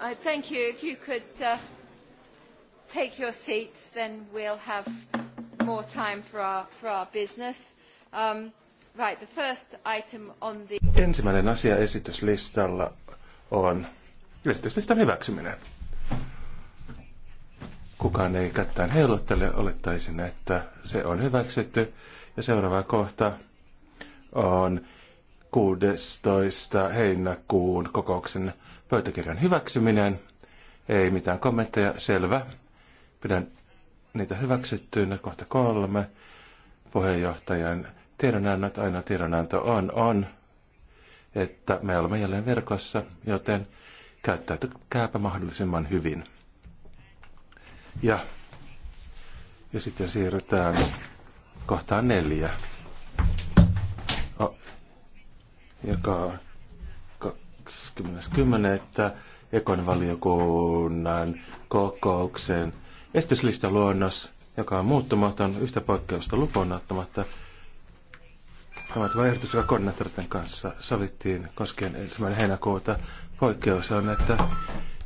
I thank you. If you could uh, take your seats, then we'll have more time for our, for our business. Um, right, the first item on the... Ensimmäinen asia esityslistalla on esityslistan hyväksyminen. Kukaan ei kättään heiluttele, olettaisin, että se on hyväksytty. Ja seuraava kohta on 16. heinäkuun kokouksen pöytäkirjan hyväksyminen. Ei mitään kommentteja, selvä. Pidän niitä hyväksyttyinä kohta kolme. Puheenjohtajan tiedonannot, aina tiedonanto on, on, että me olemme jälleen verkossa, joten käyttäytykääpä mahdollisimman hyvin. Ja, ja sitten siirrytään kohtaan neljä, oh, joka on 20.10. ekonvaliokunnan valiokunnan kokouksen esityslistaluonnos, joka on muuttumaton yhtä poikkeusta lukuun ottamatta. Tämä on ehdotus, joka koordinaattoriten kanssa sovittiin koskien ensimmäinen heinäkuuta. Poikkeus on, että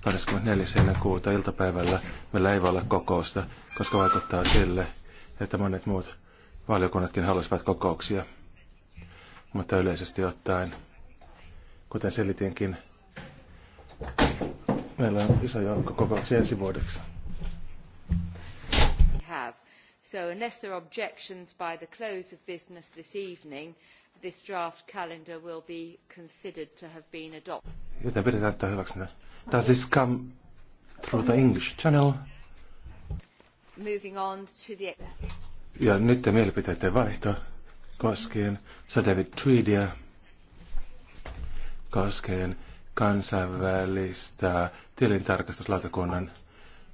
24. heinäkuuta iltapäivällä meillä ei voi olla kokousta, koska vaikuttaa sille, että monet muut valiokunnatkin halusivat kokouksia. Mutta yleisesti ottaen Kuten selitinkin, meillä on iso joukko kokouksia ensi vuodeksi. Have. So unless there are objections by the close of business this evening, this draft calendar will be considered to have been adopted. Joten pidetään Does this siis come through the English channel? Moving on to the... Ja nyt mielipiteette vaihto koskien Sir David Tweedia koskien kansainvälistä tilintarkastuslautakunnan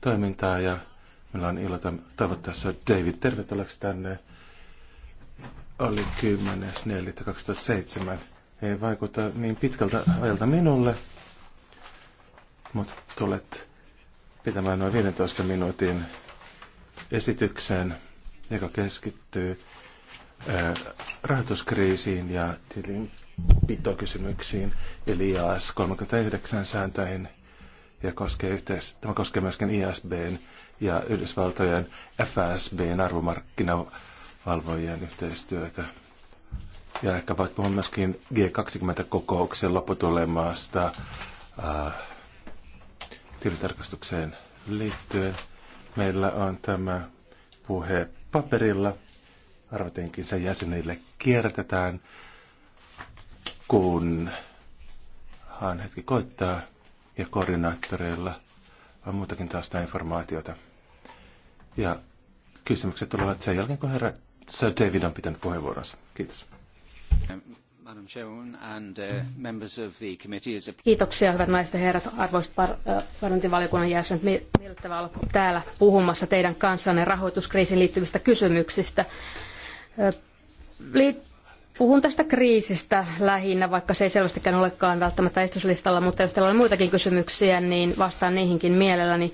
toimintaa ja meillä on ilo tavoittaa David tervetulleeksi tänne. Oli 10.4.2007. Ei vaikuta niin pitkältä ajalta minulle, mutta tulet pitämään noin 15 minuutin esityksen, joka keskittyy rahoituskriisiin ja tilin pitokysymyksiin, eli IAS 39 sääntöihin, ja koskee yhteis- tämä koskee myöskin ISBn ja Yhdysvaltojen FSBn arvomarkkinavalvojien yhteistyötä. Ja ehkä voit puhua myöskin G20-kokouksen lopputulemasta äh, liittyen. Meillä on tämä puhe paperilla. Arvatenkin sen jäsenille kiertetään kun hän hetki koittaa ja koordinaattoreilla on muutakin taas sitä informaatiota. Ja kysymykset tulevat sen jälkeen, kun herra Sir David on pitänyt puheenvuoronsa. Kiitos. Uh, Kiitoksia hyvät naiset ja herrat, arvoisat äh, parlamentin valiokunnan jäsenet. Miellyttävää olla täällä puhumassa teidän kanssanne rahoituskriisiin liittyvistä kysymyksistä. Äh, liit- Puhun tästä kriisistä lähinnä, vaikka se ei selvästikään olekaan välttämättä esityslistalla, mutta jos teillä on muitakin kysymyksiä, niin vastaan niihinkin mielelläni.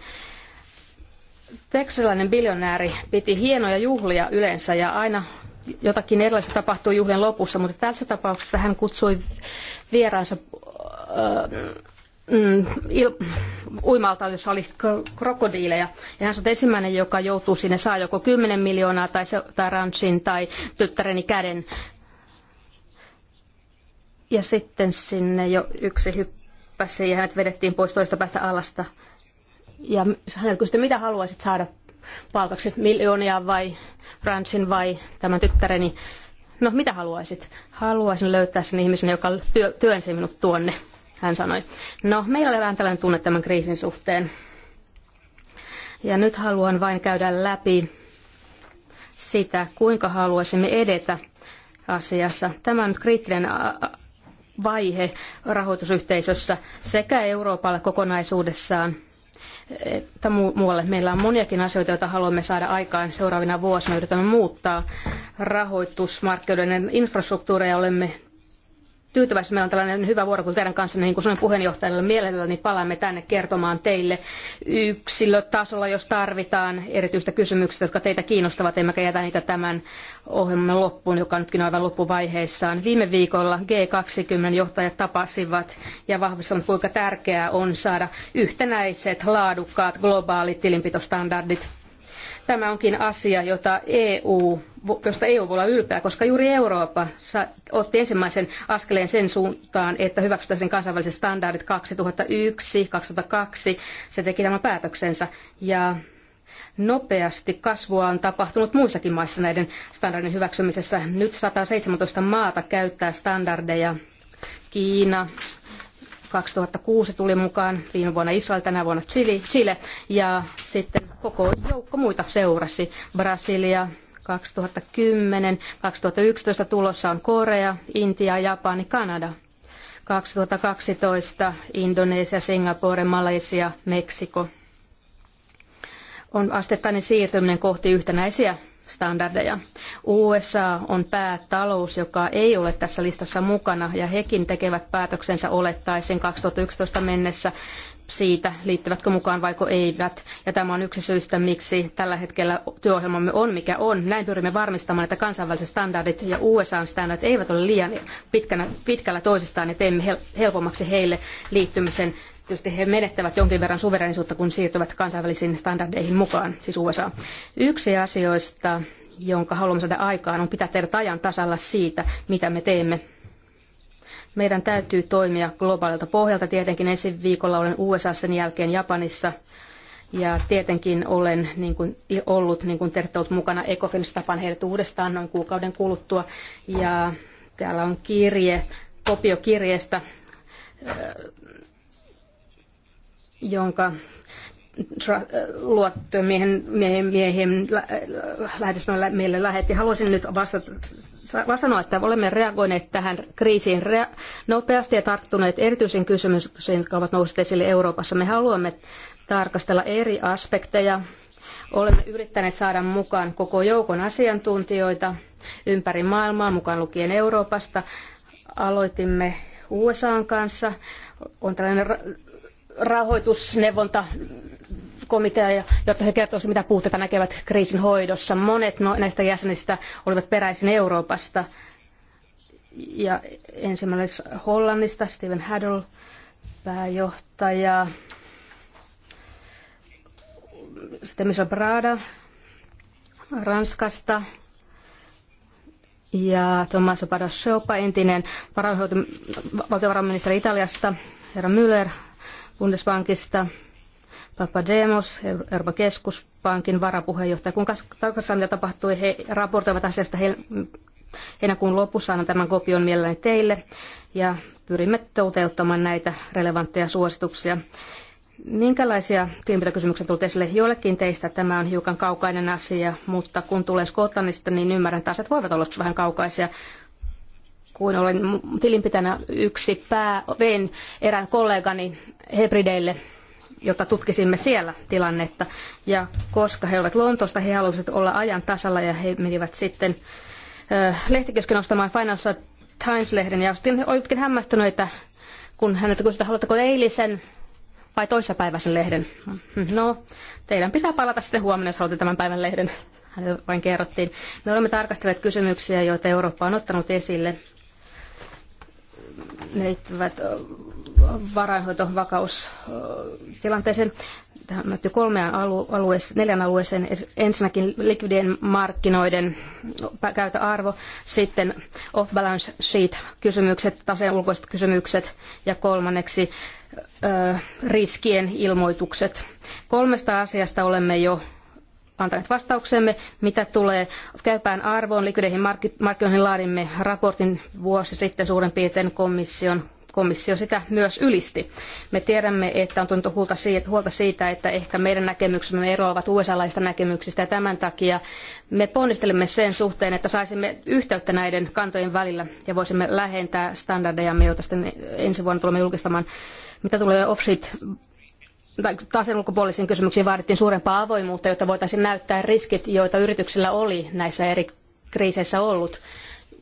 Teksasilainen biljonääri piti hienoja juhlia yleensä ja aina jotakin erilaista tapahtuu juhlien lopussa, mutta tässä tapauksessa hän kutsui vieraansa äh, mm, uimalta, jossa oli krokodiileja. Ja hän on ensimmäinen, joka joutuu sinne, saa joko 10 miljoonaa tai, se, tai ranchin tai tyttäreni käden ja sitten sinne jo yksi hyppäsi ja hänet vedettiin pois toista päästä alasta. Ja häneltä kysyi, mitä haluaisit saada palkaksi, miljoonia vai Fransin vai tämän tyttäreni. No, mitä haluaisit? Haluaisin löytää sen ihmisen, joka työ, työnsi minut tuonne, hän sanoi. No, meillä oli vähän tällainen tunne tämän kriisin suhteen. Ja nyt haluan vain käydä läpi sitä, kuinka haluaisimme edetä asiassa. Tämä on nyt kriittinen vaihe rahoitusyhteisössä sekä Euroopalle kokonaisuudessaan että mu- muualle. Meillä on moniakin asioita, joita haluamme saada aikaan seuraavina vuosina. Yritämme muuttaa rahoitusmarkkinoiden ja Olemme tyytyväisiä. Meillä on tällainen hyvä vuoropuhelu teidän kanssa, niin kuin Suomen puheenjohtajalle mielelläni niin palaamme tänne kertomaan teille yksilötasolla, jos tarvitaan erityistä kysymyksiä, jotka teitä kiinnostavat, emmekä jätä niitä tämän ohjelman loppuun, joka nytkin on aivan loppuvaiheessaan. Viime viikolla G20-johtajat tapasivat ja vahvistavat, kuinka tärkeää on saada yhtenäiset, laadukkaat, globaalit tilinpitostandardit Tämä onkin asia, jota EU, josta EU voi olla ylpeä, koska juuri Eurooppa otti ensimmäisen askeleen sen suuntaan, että hyväksyttäisiin kansainväliset standardit 2001-2002. Se teki tämän päätöksensä ja nopeasti kasvua on tapahtunut muissakin maissa näiden standardien hyväksymisessä. Nyt 117 maata käyttää standardeja. Kiina, 2006 tuli mukaan, viime vuonna Israel, tänä vuonna Chile, Chile ja sitten koko joukko muita seurasi. Brasilia, 2010, 2011 tulossa on Korea, Intia, Japani, Kanada. 2012 Indonesia, Singapore, Malesia, Meksiko. On astettainen siirtyminen kohti yhtenäisiä standardeja. USA on päätalous, joka ei ole tässä listassa mukana, ja hekin tekevät päätöksensä olettaisen 2011 mennessä siitä, liittyvätkö mukaan vaiko eivät. Ja tämä on yksi syistä, miksi tällä hetkellä työohjelmamme on mikä on. Näin pyrimme varmistamaan, että kansainväliset standardit ja USA-standardit eivät ole liian pitkänä, pitkällä toisistaan ja teemme helpommaksi heille liittymisen tietysti he menettävät jonkin verran suverenisuutta, kun siirtyvät kansainvälisiin standardeihin mukaan, siis USA. Yksi asioista, jonka haluamme saada aikaan, on pitää teidät ajan tasalla siitä, mitä me teemme. Meidän täytyy toimia globaalilta pohjalta. Tietenkin ensi viikolla olen USA sen jälkeen Japanissa. Ja tietenkin olen niin kuin, ollut, niin kuin ollut mukana Ecofinissa, tapaan heidät uudestaan noin kuukauden kuluttua. Ja täällä on kirje, kopio kirjeestä jonka äh, luottomiehen miehen, miehen lähetys meille lähetti. Haluaisin nyt vastata, sanoa, että olemme reagoineet tähän kriisiin nopeasti ja tarttuneet erityisen kysymyksiin, jotka ovat nousseet esille Euroopassa. Me haluamme tarkastella eri aspekteja. Olemme yrittäneet saada mukaan koko joukon asiantuntijoita ympäri maailmaa, mukaan lukien Euroopasta. Aloitimme USAn kanssa. On tällainen rahoitusneuvonta komitea, jotta he kertoisivat, mitä puutteita näkevät kriisin hoidossa. Monet no, näistä jäsenistä olivat peräisin Euroopasta. Ja ensimmäinen Hollannista, Steven Haddell, pääjohtaja. Sitten Michel Brada Ranskasta. Ja Tommaso Padasciopa, entinen valtiovarainministeri Italiasta, herra Müller Bundesbankista, Papademos, Euroopan keskuspankin varapuheenjohtaja. Kun katsotaan, mitä tapahtui, he raportoivat asiasta he, heinäkuun lopussa, annan tämän kopion mielelläni teille, ja pyrimme toteuttamaan näitä relevantteja suosituksia. Minkälaisia tilinpitokysymyksiä tuli esille? Joillekin teistä tämä on hiukan kaukainen asia, mutta kun tulee Skotlannista, niin ymmärrän, että asiat voivat olla vähän kaukaisia kun olen tilinpitänä yksi pää, erään kollegani Hebrideille, jotta tutkisimme siellä tilannetta. Ja koska he olivat Lontoosta, he halusivat olla ajan tasalla ja he menivät sitten lehtikesken ostamaan Financial Times-lehden. Ja sitten olitkin hämmästyneitä, kun häneltä kysyi, haluatteko eilisen vai toissapäiväisen lehden? No, teidän pitää palata sitten huomenna, jos haluatte tämän päivän lehden. Hänelle vain kerrottiin. Me olemme tarkastelleet kysymyksiä, joita Eurooppa on ottanut esille. Ne liittyvät varainhoitovakaustilanteeseen. Tähän on jo kolmea alueeseen, neljän alueeseen. Ensinnäkin likvidien markkinoiden käytä arvo, sitten off-balance sheet kysymykset, taseen ulkoiset kysymykset ja kolmanneksi ö, riskien ilmoitukset. Kolmesta asiasta olemme jo antaneet vastauksemme, mitä tulee käypään arvoon. Likvideihin markkinoihin laadimme raportin vuosi sitten suurin piirtein komission komissio sitä myös ylisti. Me tiedämme, että on tuntu huolta siitä, että ehkä meidän näkemyksemme eroavat USA-laista näkemyksistä ja tämän takia me ponnistelemme sen suhteen, että saisimme yhteyttä näiden kantojen välillä ja voisimme lähentää standardeja, joita sitten ensi vuonna tulemme julkistamaan. Mitä tulee offshore tai tasen ulkopuolisiin kysymyksiin vaadittiin suurempaa avoimuutta, jotta voitaisiin näyttää riskit, joita yrityksillä oli näissä eri kriiseissä ollut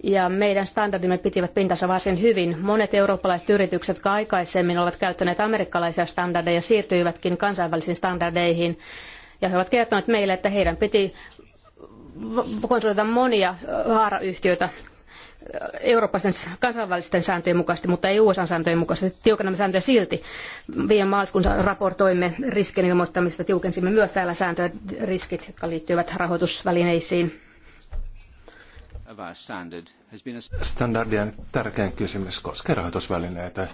ja meidän standardimme pitivät pintansa varsin hyvin. Monet eurooppalaiset yritykset, jotka aikaisemmin ovat käyttäneet amerikkalaisia standardeja, siirtyivätkin kansainvälisiin standardeihin. Ja he ovat kertoneet meille, että heidän piti konsoloida monia haarayhtiöitä eurooppalaisten kansainvälisten sääntöjen mukaisesti, mutta ei USA-sääntöjen mukaisesti. Tiukennamme sääntöjä silti. Viime maaliskuussa raportoimme riskin ilmoittamista, tiukensimme myös täällä sääntöjä riskit, jotka liittyvät rahoitusvälineisiin Standardien tärkein kysymys koskee rahoitusvälineitä.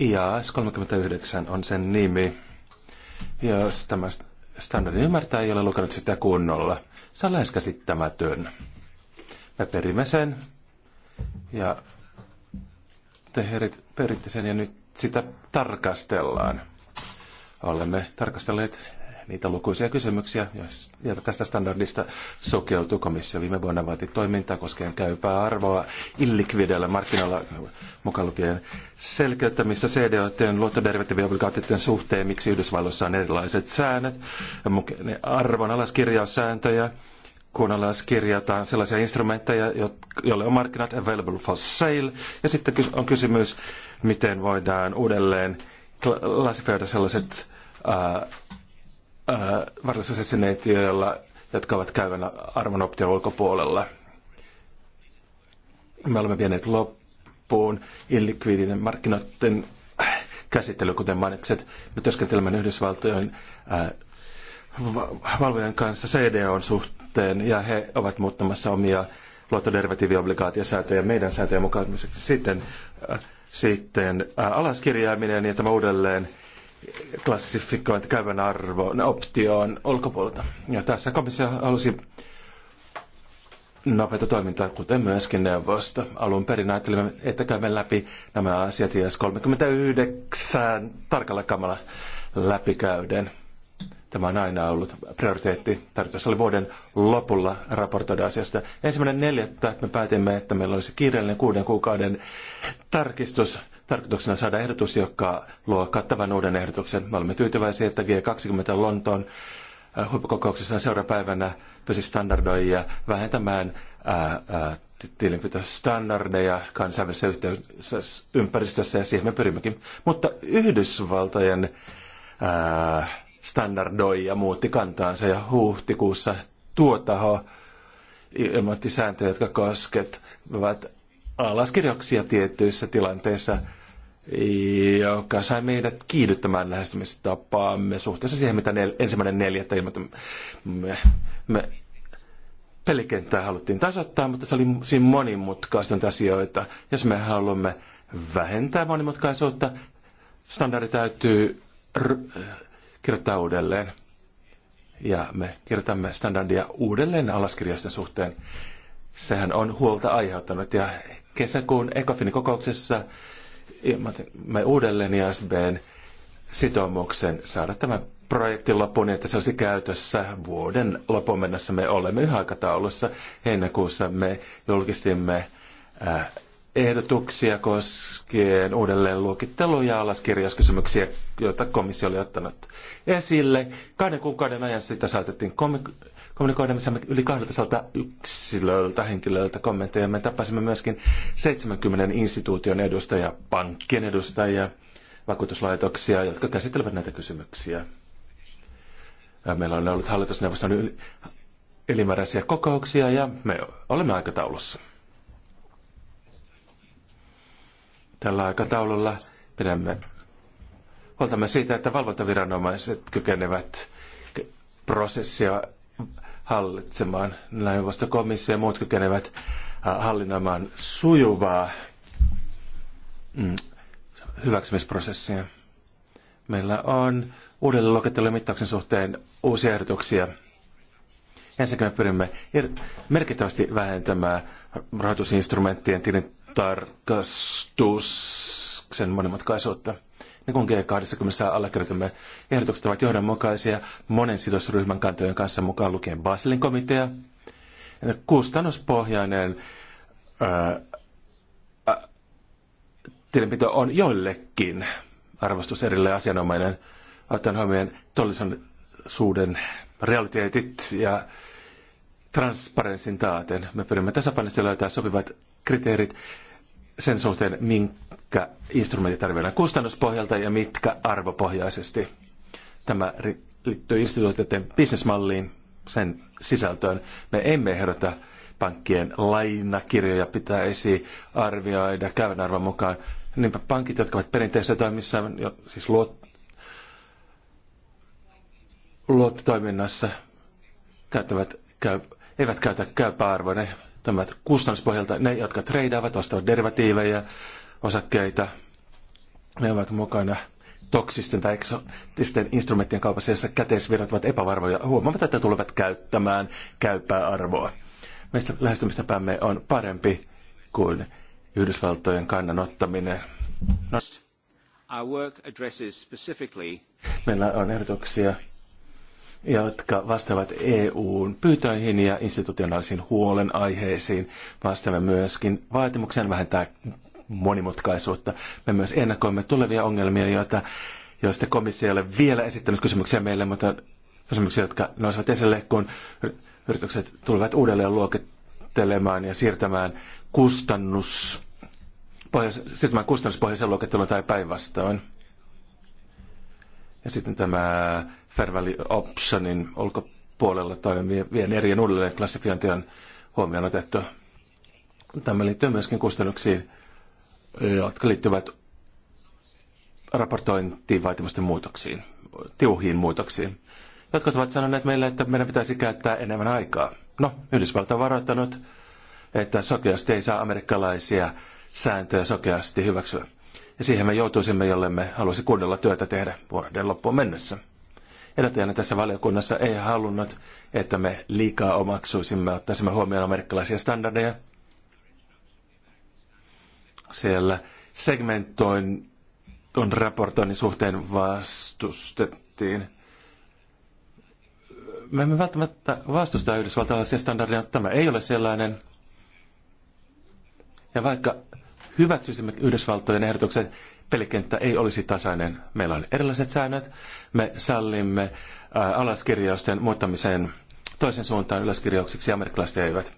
IAS 39 on sen nimi. Ja jos tämä standardi ymmärtää, ei ole lukenut sitä kunnolla. Se on lähes käsittämätön. Me perimme sen ja te herit, peritte sen ja nyt sitä tarkastellaan. Olemme tarkastelleet niitä lukuisia kysymyksiä, joita tästä standardista sokeutui komissio. Viime vuonna vaati toimintaa koskien käypää arvoa illikvideillä markkinoilla mukaan lukien selkeyttämistä CDOiden luottoderivatiiviobligaatioiden suhteen, miksi Yhdysvalloissa on erilaiset säännöt, arvon alaskirjaussääntöjä, kun alas kirjataan sellaisia instrumentteja, joille on markkinat available for sale. Ja sitten on kysymys, miten voidaan uudelleen klassifioida sellaiset varallisuusesineitiöillä, jotka ovat käyvän arvon option ulkopuolella. Me olemme vieneet loppuun illikviidinen markkinoiden käsittely, kuten mainitsit. Me työskentelemme Yhdysvaltojen äh, valvojan kanssa CDOn suhteen, ja he ovat muuttamassa omia luottoderivatiiviobligaatiosäätöjä meidän säätöjen mukaan. Sitten, äh, sitten äh, alaskirjaaminen ja tämä uudelleen klassifikointi, käyvän arvo, optioon ulkopuolelta. Ja tässä komissio halusi nopeita toimintaa, kuten myöskin neuvosto. Alun perin ajattelimme, että käymme läpi nämä asiat IS 39 tarkalla kamalla läpikäyden. Tämä on aina ollut prioriteetti. Tarkoitus oli vuoden lopulla raportoida asiasta. Ensimmäinen neljättä me päätimme, että meillä olisi kiireellinen kuuden kuukauden tarkistus tarkoituksena saada ehdotus, joka luo kattavan uuden ehdotuksen. Me olemme tyytyväisiä, että G20 Lontoon äh, huippukokouksessa seurapäivänä pysi standardoijia vähentämään äh, äh, tilinpitostandardeja kansainvälisessä yhteydessä, ympäristössä ja siihen me pyrimmekin. Mutta Yhdysvaltojen ää, standardoija muutti kantaansa ja huhtikuussa tuo taho ilmoitti sääntöjä, jotka koskevat alaskirjauksia tietyissä tilanteissa – joka sai meidät kiihdyttämään lähestymistapaamme suhteessa siihen, mitä nel- ensimmäinen neljättä ilmoitamme. Me, me pelikenttää haluttiin tasoittaa, mutta se oli siinä monimutkaistunut asioita. Jos me haluamme vähentää monimutkaisuutta, standardi täytyy r- kirjoittaa uudelleen. Ja me kirjoitamme standardia uudelleen alaskirjaston suhteen. Sehän on huolta aiheuttanut. Ja kesäkuun ECOFIN kokouksessa me uudelleen ISBn sitoumuksen saada tämä projektin loppuun, niin että se olisi käytössä vuoden lopun mennessä. Me olemme yhä aikataulussa. Heinäkuussa me julkistimme äh, ehdotuksia koskien uudelleen ja alaskirjauskysymyksiä, joita komissio oli ottanut esille. Kahden kuukauden ajan sitä saatettiin komi- kommunikoidamme yli 200 yksilöltä, henkilöltä kommentteja. Me tapasimme myöskin 70 instituution edustajia, pankkien edustajia, vakuutuslaitoksia, jotka käsittelevät näitä kysymyksiä. Meillä on ollut hallitusneuvoston yli, ylimääräisiä kokouksia ja me olemme aikataulussa. Tällä aikataululla pidämme huoltamme siitä, että valvontaviranomaiset kykenevät prosessia hallitsemaan. Neuvostokomissio ja muut kykenevät hallinnoimaan sujuvaa mm, hyväksymisprosessia. Meillä on uudelle luokittelun mittauksen suhteen uusia ehdotuksia. Ensinnäkin me pyrimme merkittävästi vähentämään rahoitusinstrumenttien tilintarkastuksen monimutkaisuutta. Ne kun G20 allekirjoitamme ehdotukset ovat johdonmukaisia monen sidosryhmän kantojen kanssa mukaan lukien Baselin komitea, kustannuspohjainen ää, ää, tilinpito on joillekin arvostus erille asianomainen, ottaen huomioon todellisuuden realiteetit ja transparensin taaten. Me pyrimme tasapainoisesti löytämään sopivat kriteerit sen suhteen, minkä instrumentit arvioidaan kustannuspohjalta ja mitkä arvopohjaisesti. Tämä liittyy instituutioiden bisnesmalliin, sen sisältöön. Me emme ehdota pankkien lainakirjoja pitäisi arvioida käyvän arvon mukaan. Niinpä pankit, jotka ovat perinteisessä toimissa, siis luot, luottotoiminnassa, käyttävät, käy, eivät käytä käypäarvoa. Ne tämä kustannuspohjalta. Ne, jotka treidaavat, ostavat derivatiiveja, osakkeita. Ne ovat mukana toksisten tai eksotisten instrumenttien kaupassa, jossa käteisvirrat ovat epävarmoja. Huomaavat, että tulevat käyttämään käypää arvoa. Meistä lähestymistäpämme on parempi kuin Yhdysvaltojen kannan ottaminen. No. Meillä on ehdotuksia, jotka vastaavat EUn pyytöihin ja institutionaalisiin huolenaiheisiin. Vastaamme myöskin vaatimukseen vähentää monimutkaisuutta. Me myös ennakoimme tulevia ongelmia, joita, joista komissio ei ole vielä esittänyt kysymyksiä meille, mutta kysymyksiä, jotka nousevat esille, kun yritykset tulevat uudelleen luokittelemaan ja siirtämään kustannus siirtymään kustannuspohjaisen luokittelun tai päinvastoin. Ja sitten tämä Fair Value Optionin ulkopuolella toimivien erien uudelleen klassifiointi on huomioon otettu. Tämä liittyy myöskin kustannuksiin, jotka liittyvät raportointiin vaatimusten muutoksiin, tiuhiin muutoksiin. Jotkut ovat sanoneet meille, että meidän pitäisi käyttää enemmän aikaa. No, Yhdysvalta on varoittanut, että sokeasti ei saa amerikkalaisia sääntöjä sokeasti hyväksyä. Ja siihen me joutuisimme, jolle me haluaisi kunnolla työtä tehdä vuoden loppuun mennessä. Edeltäjänä tässä valiokunnassa ei halunnut, että me liikaa omaksuisimme, ottaisimme huomioon amerikkalaisia standardeja – siellä segmentoin raportoinnin suhteen vastustettiin. Me emme välttämättä vastusta yhdysvaltalaisia standardeja, tämä ei ole sellainen. Ja vaikka hyväksyisimme Yhdysvaltojen ehdotuksen, pelikenttä ei olisi tasainen. Meillä on erilaiset säännöt. Me sallimme alaskirjausten muuttamiseen toisen suuntaan yläskirjauksiksi, amerikkalaiset eivät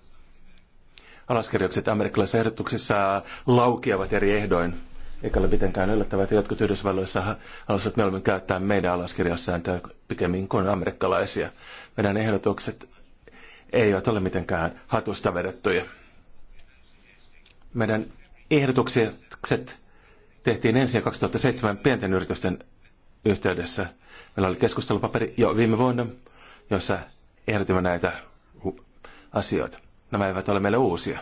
alaskirjaukset amerikkalaisissa ehdotuksissa laukeavat eri ehdoin. Eikä ole mitenkään yllättävää, että jotkut Yhdysvalloissa halusivat mieluummin käyttää meidän alaskirjassääntöä pikemmin kuin amerikkalaisia. Meidän ehdotukset eivät ole mitenkään hatusta vedettyjä. Meidän ehdotukset tehtiin ensin 2007 pienten yritysten yhteydessä. Meillä oli keskustelupaperi jo viime vuonna, jossa ehdotimme näitä asioita. Nämä eivät ole meille uusia.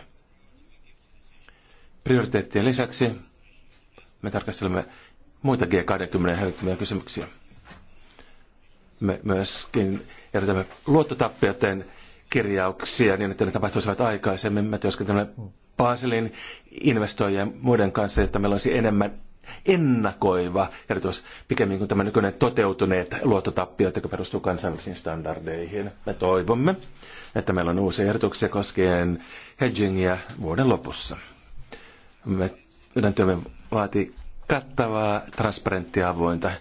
Prioriteettien lisäksi me tarkastelemme muita G20-hälyttämiä kysymyksiä. Me myöskin erotamme luottotappioiden kirjauksia niin, että ne tapahtuisivat aikaisemmin. Me työskentelemme Baselin investoijien muiden kanssa, jotta meillä olisi enemmän ennakoiva olisi pikemmin kuin tämä nykyinen toteutuneet luottotappiot, joka perustuu kansainvälisiin standardeihin. Me toivomme, että meillä on uusia ehdotuksia koskien hedgingia vuoden lopussa. Me, meidän työmme vaatii kattavaa, transparenttia avointa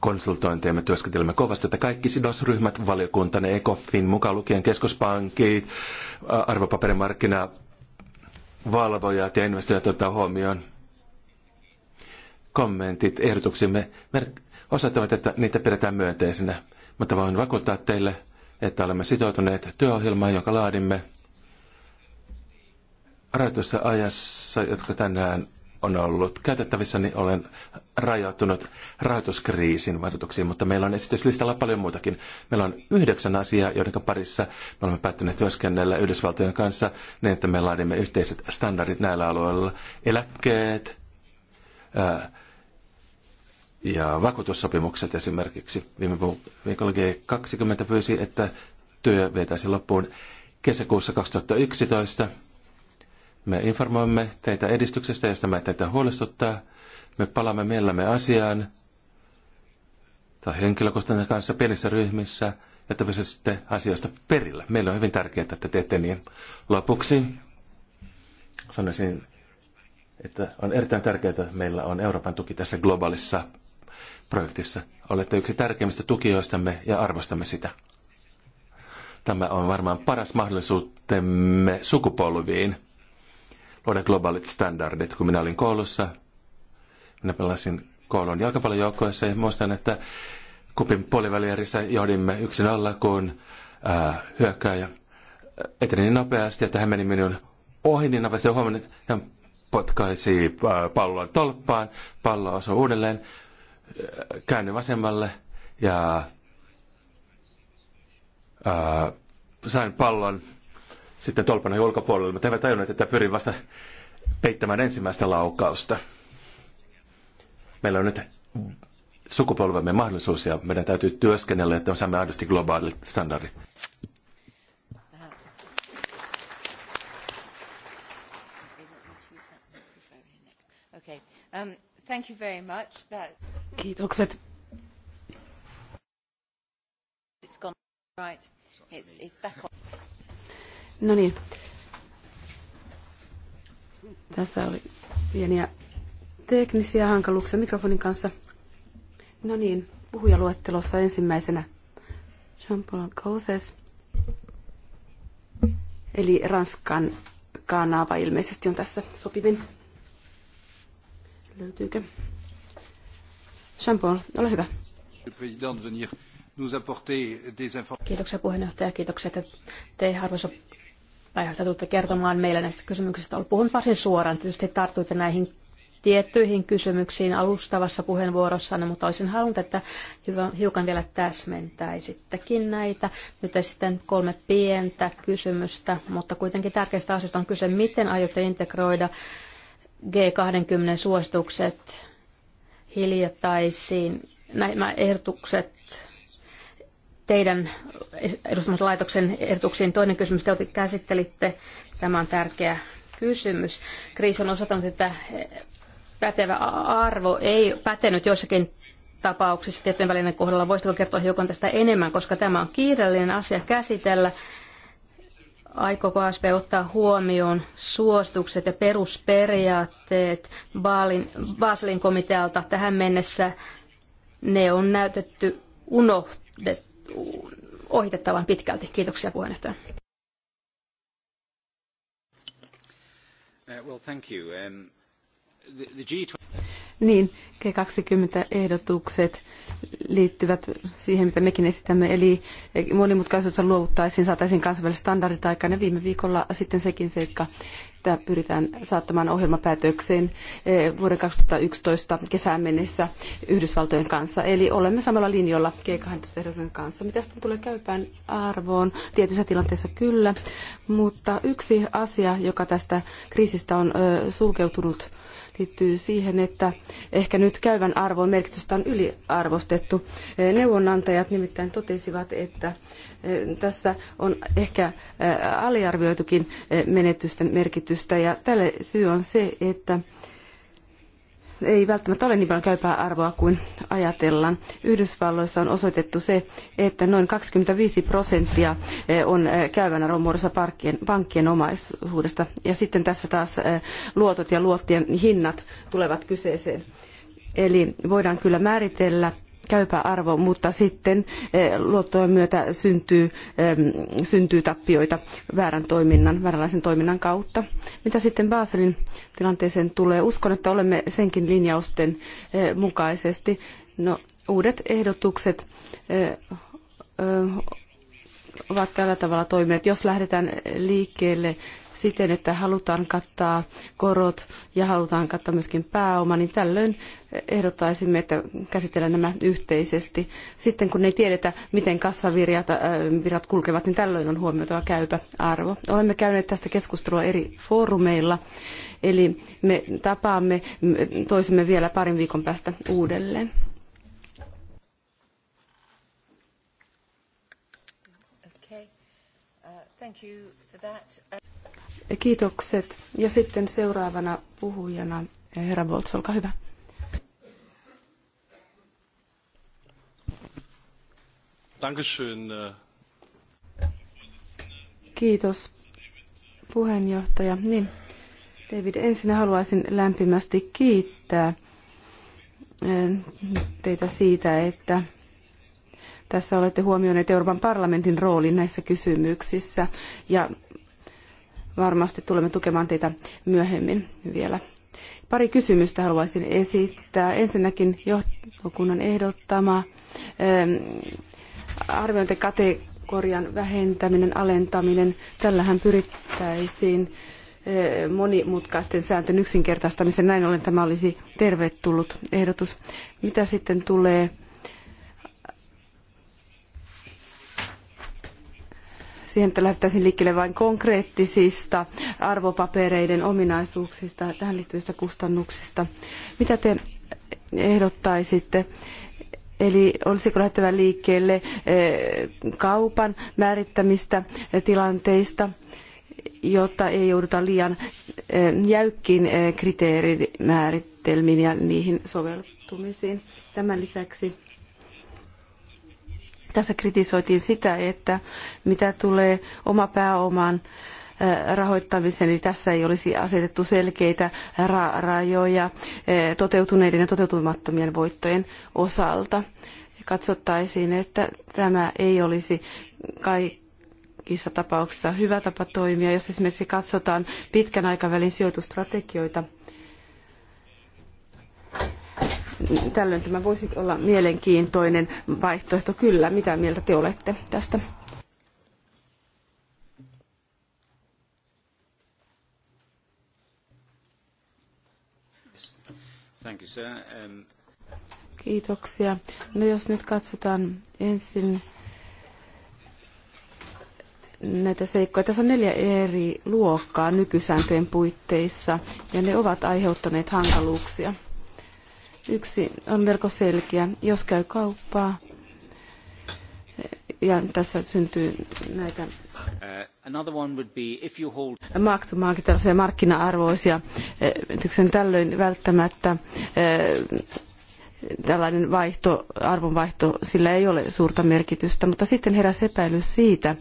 konsultointeja. Me työskentelemme kovasti, että kaikki sidosryhmät, valiokuntanne, ECOFIN, mukaan lukien keskuspankit, arvopaperimarkkina, valvojat ja investoijat ottaa huomioon kommentit ehdotuksimme osoittavat, että niitä pidetään myönteisenä, mutta voin vakuuttaa teille, että olemme sitoutuneet työohjelmaan, jonka laadimme rajoitussa ajassa, jotka tänään on ollut käytettävissä, niin olen rajoittunut rahoituskriisin vaikutuksiin, mutta meillä on esityslistalla paljon muutakin. Meillä on yhdeksän asiaa, joiden parissa me olemme päättäneet työskennellä Yhdysvaltojen kanssa niin, että me laadimme yhteiset standardit näillä alueilla. Eläkkeet, ää, ja vakuutussopimukset esimerkiksi. Viime viikolla G20 pyysi, että työ vetäisi loppuun kesäkuussa 2011. Me informoimme teitä edistyksestä, jos tämä teitä huolestuttaa. Me palaamme mielellämme asiaan tai henkilökohtainen kanssa pienissä ryhmissä, että pysyisitte asioista perillä. Meillä on hyvin tärkeää, että teette niin. Lopuksi sanoisin, että on erittäin tärkeää, että meillä on Euroopan tuki tässä globaalissa projektissa. Olette yksi tärkeimmistä tukijoistamme ja arvostamme sitä. Tämä on varmaan paras mahdollisuutemme sukupolviin luoda globaalit standardit. Kun minä olin koulussa, minä pelasin koulun jalkapallojoukkoissa ja muistan, että kupin puolivälierissä johdimme yksin alla, kun äh, hyökkääjä eteni niin nopeasti, että hän meni minun ohi niin nopeasti ja huomannut, että hän potkaisi äh, pallon tolppaan, pallo osui uudelleen, käänny vasemmalle ja ää, sain pallon sitten tolpan ulkopuolelle, mutta eivät tajunneet, että pyrin vasta peittämään ensimmäistä laukausta. Meillä on nyt sukupolvemme mahdollisuus ja meidän täytyy työskennellä, että saamme aidosti globaalit standardit. Thank you very much. Kiitokset. No niin. Tässä oli pieniä teknisiä hankaluuksia mikrofonin kanssa. No niin, puhujaluettelossa ensimmäisenä Jean-Paul Gauzes. Eli Ranskan kanava ilmeisesti on tässä sopivin. Löytyykö? Jean-Paul, ole hyvä. Kiitoksia puheenjohtaja, kiitoksia, että te arvoisa pääjohtaja tulitte kertomaan meille näistä kysymyksistä. Olen puhunut varsin suoraan, tietysti tartuitte näihin tiettyihin kysymyksiin alustavassa puheenvuorossanne, mutta olisin halunnut, että hiukan vielä täsmentäisittekin näitä. Nyt sitten kolme pientä kysymystä, mutta kuitenkin tärkeistä asioista on kyse, miten aiotte integroida G20 suositukset hiljattaisiin, nämä ehdotukset teidän edustamislaitoksen ehdotuksiin. Toinen kysymys, te käsittelitte, tämä on tärkeä kysymys. Kriisi on osoittanut, että pätevä arvo ei pätenyt joissakin tapauksissa tiettyjen välinen kohdalla. Voisitko kertoa hiukan tästä enemmän, koska tämä on kiireellinen asia käsitellä Aikooko ASP ottaa huomioon suositukset ja perusperiaatteet Baalin, Baselin komitealta tähän mennessä? Ne on näytetty unohdettu, ohitettavan pitkälti. Kiitoksia puheenjohtaja. Uh, um, niin, G20-ehdotukset liittyvät siihen, mitä mekin esitämme, eli monimutkaisuudessa luovuttaisiin, saataisiin kansainväliset standardit aikaan, ja viime viikolla sitten sekin seikka, että pyritään saattamaan ohjelmapäätökseen eh, vuoden 2011 kesään mennessä Yhdysvaltojen kanssa. Eli olemme samalla linjalla g 20 ehdotuksen kanssa. Mitä sitten tulee käypään arvoon? Tietyissä tilanteissa kyllä, mutta yksi asia, joka tästä kriisistä on eh, sulkeutunut liittyy siihen, että ehkä nyt käyvän arvon merkitystä on yliarvostettu. Eh, neuvonantajat nimittäin totesivat, että eh, tässä on ehkä eh, aliarvioitukin menetysten merkitystä ja tälle syy on se, että ei välttämättä ole niin paljon käypää arvoa kuin ajatellaan. Yhdysvalloissa on osoitettu se, että noin 25 prosenttia eh, on eh, käyvänä muodossa pankkien omaisuudesta. Ja sitten tässä taas eh, luotot ja luottien hinnat tulevat kyseeseen. Eli voidaan kyllä määritellä käypä arvo, mutta sitten eh, luottojen myötä syntyy, syntyy tappioita väärän toiminnan, vääränlaisen toiminnan kautta. Mitä sitten Baselin tilanteeseen tulee? Uskon, että olemme senkin linjausten eh, mukaisesti. No, uudet ehdotukset eh, ovat tällä tavalla toimineet. Jos lähdetään liikkeelle siten, että halutaan kattaa korot ja halutaan kattaa myöskin pääoma, niin tällöin ehdottaisimme, että käsitellään nämä yhteisesti. Sitten kun ei tiedetä, miten kassavirrat äh, kulkevat, niin tällöin on huomioitava käypä arvo. Olemme käyneet tästä keskustelua eri foorumeilla, eli me tapaamme toisemme vielä parin viikon päästä uudelleen. Uh, thank you for that. Kiitokset. Ja sitten seuraavana puhujana herra Boltz, olkaa hyvä. Dankeschön. Äh. Kiitos puheenjohtaja. Niin, David, ensin haluaisin lämpimästi kiittää äh, teitä siitä, että tässä olette huomioineet Euroopan parlamentin roolin näissä kysymyksissä ja varmasti tulemme tukemaan teitä myöhemmin vielä. Pari kysymystä haluaisin esittää. Ensinnäkin johtokunnan ehdottama ähm, arviointikategorian vähentäminen, alentaminen. Tällähän pyrittäisiin äh, monimutkaisten sääntöjen yksinkertaistamisen. Näin ollen tämä olisi tervetullut ehdotus. Mitä sitten tulee siihen, että lähdettäisiin liikkeelle vain konkreettisista arvopapereiden ominaisuuksista ja tähän liittyvistä kustannuksista. Mitä te ehdottaisitte? Eli olisiko lähtevä liikkeelle eh, kaupan määrittämistä eh, tilanteista, jotta ei jouduta liian eh, jäykkiin kriteerimäärittelmiin ja niihin soveltumisiin. Tämän lisäksi tässä kritisoitiin sitä, että mitä tulee oma pääoman rahoittamiseen, niin tässä ei olisi asetettu selkeitä ra- rajoja toteutuneiden ja toteutumattomien voittojen osalta. Katsottaisiin, että tämä ei olisi kaikissa tapauksissa hyvä tapa toimia, jos esimerkiksi katsotaan pitkän aikavälin sijoitustrategioita – Tällöin tämä voisi olla mielenkiintoinen vaihtoehto. Kyllä, mitä mieltä te olette tästä? Um, Kiitoksia. No jos nyt katsotaan ensin näitä seikkoja. Tässä on neljä eri luokkaa nykysääntöjen puitteissa ja ne ovat aiheuttaneet hankaluuksia. Yksi on melko selkeä. Jos käy kauppaa, ja tässä syntyy näitä uh, mark-to-market, tällaisia markkina-arvoisia. Eh, tällöin välttämättä eh, tällainen vaihto, arvonvaihto, sillä ei ole suurta merkitystä, mutta sitten heräsi epäilys siitä,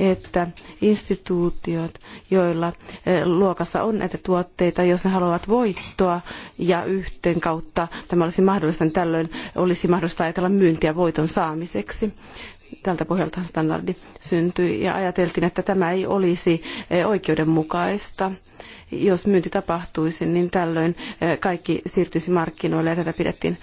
että instituutiot, joilla eh, luokassa on näitä tuotteita, jos ne haluavat voittoa ja yhteen kautta tämä olisi mahdollista, niin tällöin olisi mahdollista ajatella myyntiä voiton saamiseksi tältä pohjalta standardi syntyi ja ajateltiin, että tämä ei olisi eh, oikeudenmukaista jos myynti tapahtuisi, niin tällöin eh, kaikki siirtyisi markkinoille ja tätä pidettiin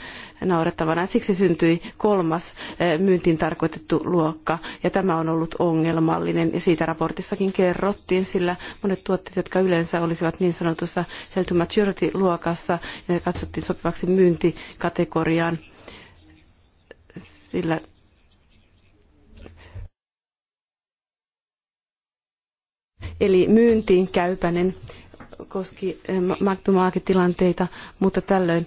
naurettavana. Siksi syntyi kolmas eh, myyntiin tarkoitettu luokka ja tämä on ollut ongelmallinen ja siitä raportissakin kerrottiin, sillä monet tuotteet, jotka yleensä olisivat niin sanotussa health maturity-luokassa ja katsottiin sopivaksi myyntikategoriaan, sillä eli myyntiin käypäinen koski eh, mark tilanteita mutta tällöin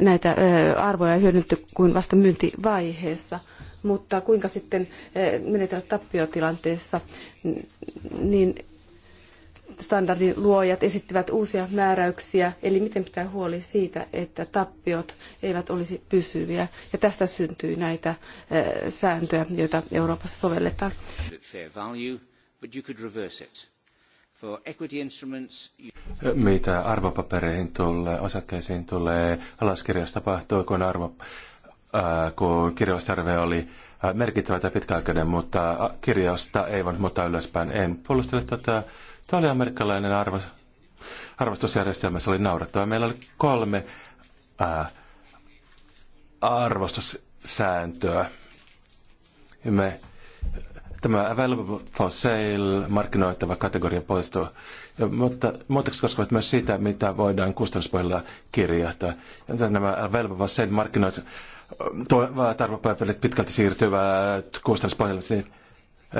näitä eh, arvoja ei hyödynnetty kuin vasta myyntivaiheessa. Mutta kuinka sitten eh, menetellä tappiotilanteessa, niin standardin luojat esittivät uusia määräyksiä, eli miten pitää huoli siitä, että tappiot eivät olisi pysyviä. Ja tästä syntyy näitä sääntöjä, joita Euroopassa sovelletaan. but you could reverse it mitä arvopapereihin tulee, osakkeisiin tulee, alaskirjaus tapahtui, kun, arvo, äh, kun kirjaustarve oli merkittävä tai pitkäaikainen, mutta kirjausta ei voinut muuttaa ylöspäin. En puolustele tätä. Tämä oli amerikkalainen arvo, arvostusjärjestelmä, se oli naurattava. Meillä oli kolme äh, arvostussääntöä. Me tämä available for sale markkinoitava kategoria poistuu, ja, mutta muutokset koskevat myös sitä, mitä voidaan kustannuspohjalla kirjata. Ja nämä available for sale markkinoit tarvopäiväilet pitkälti siirtyvät kustannuspohjalle.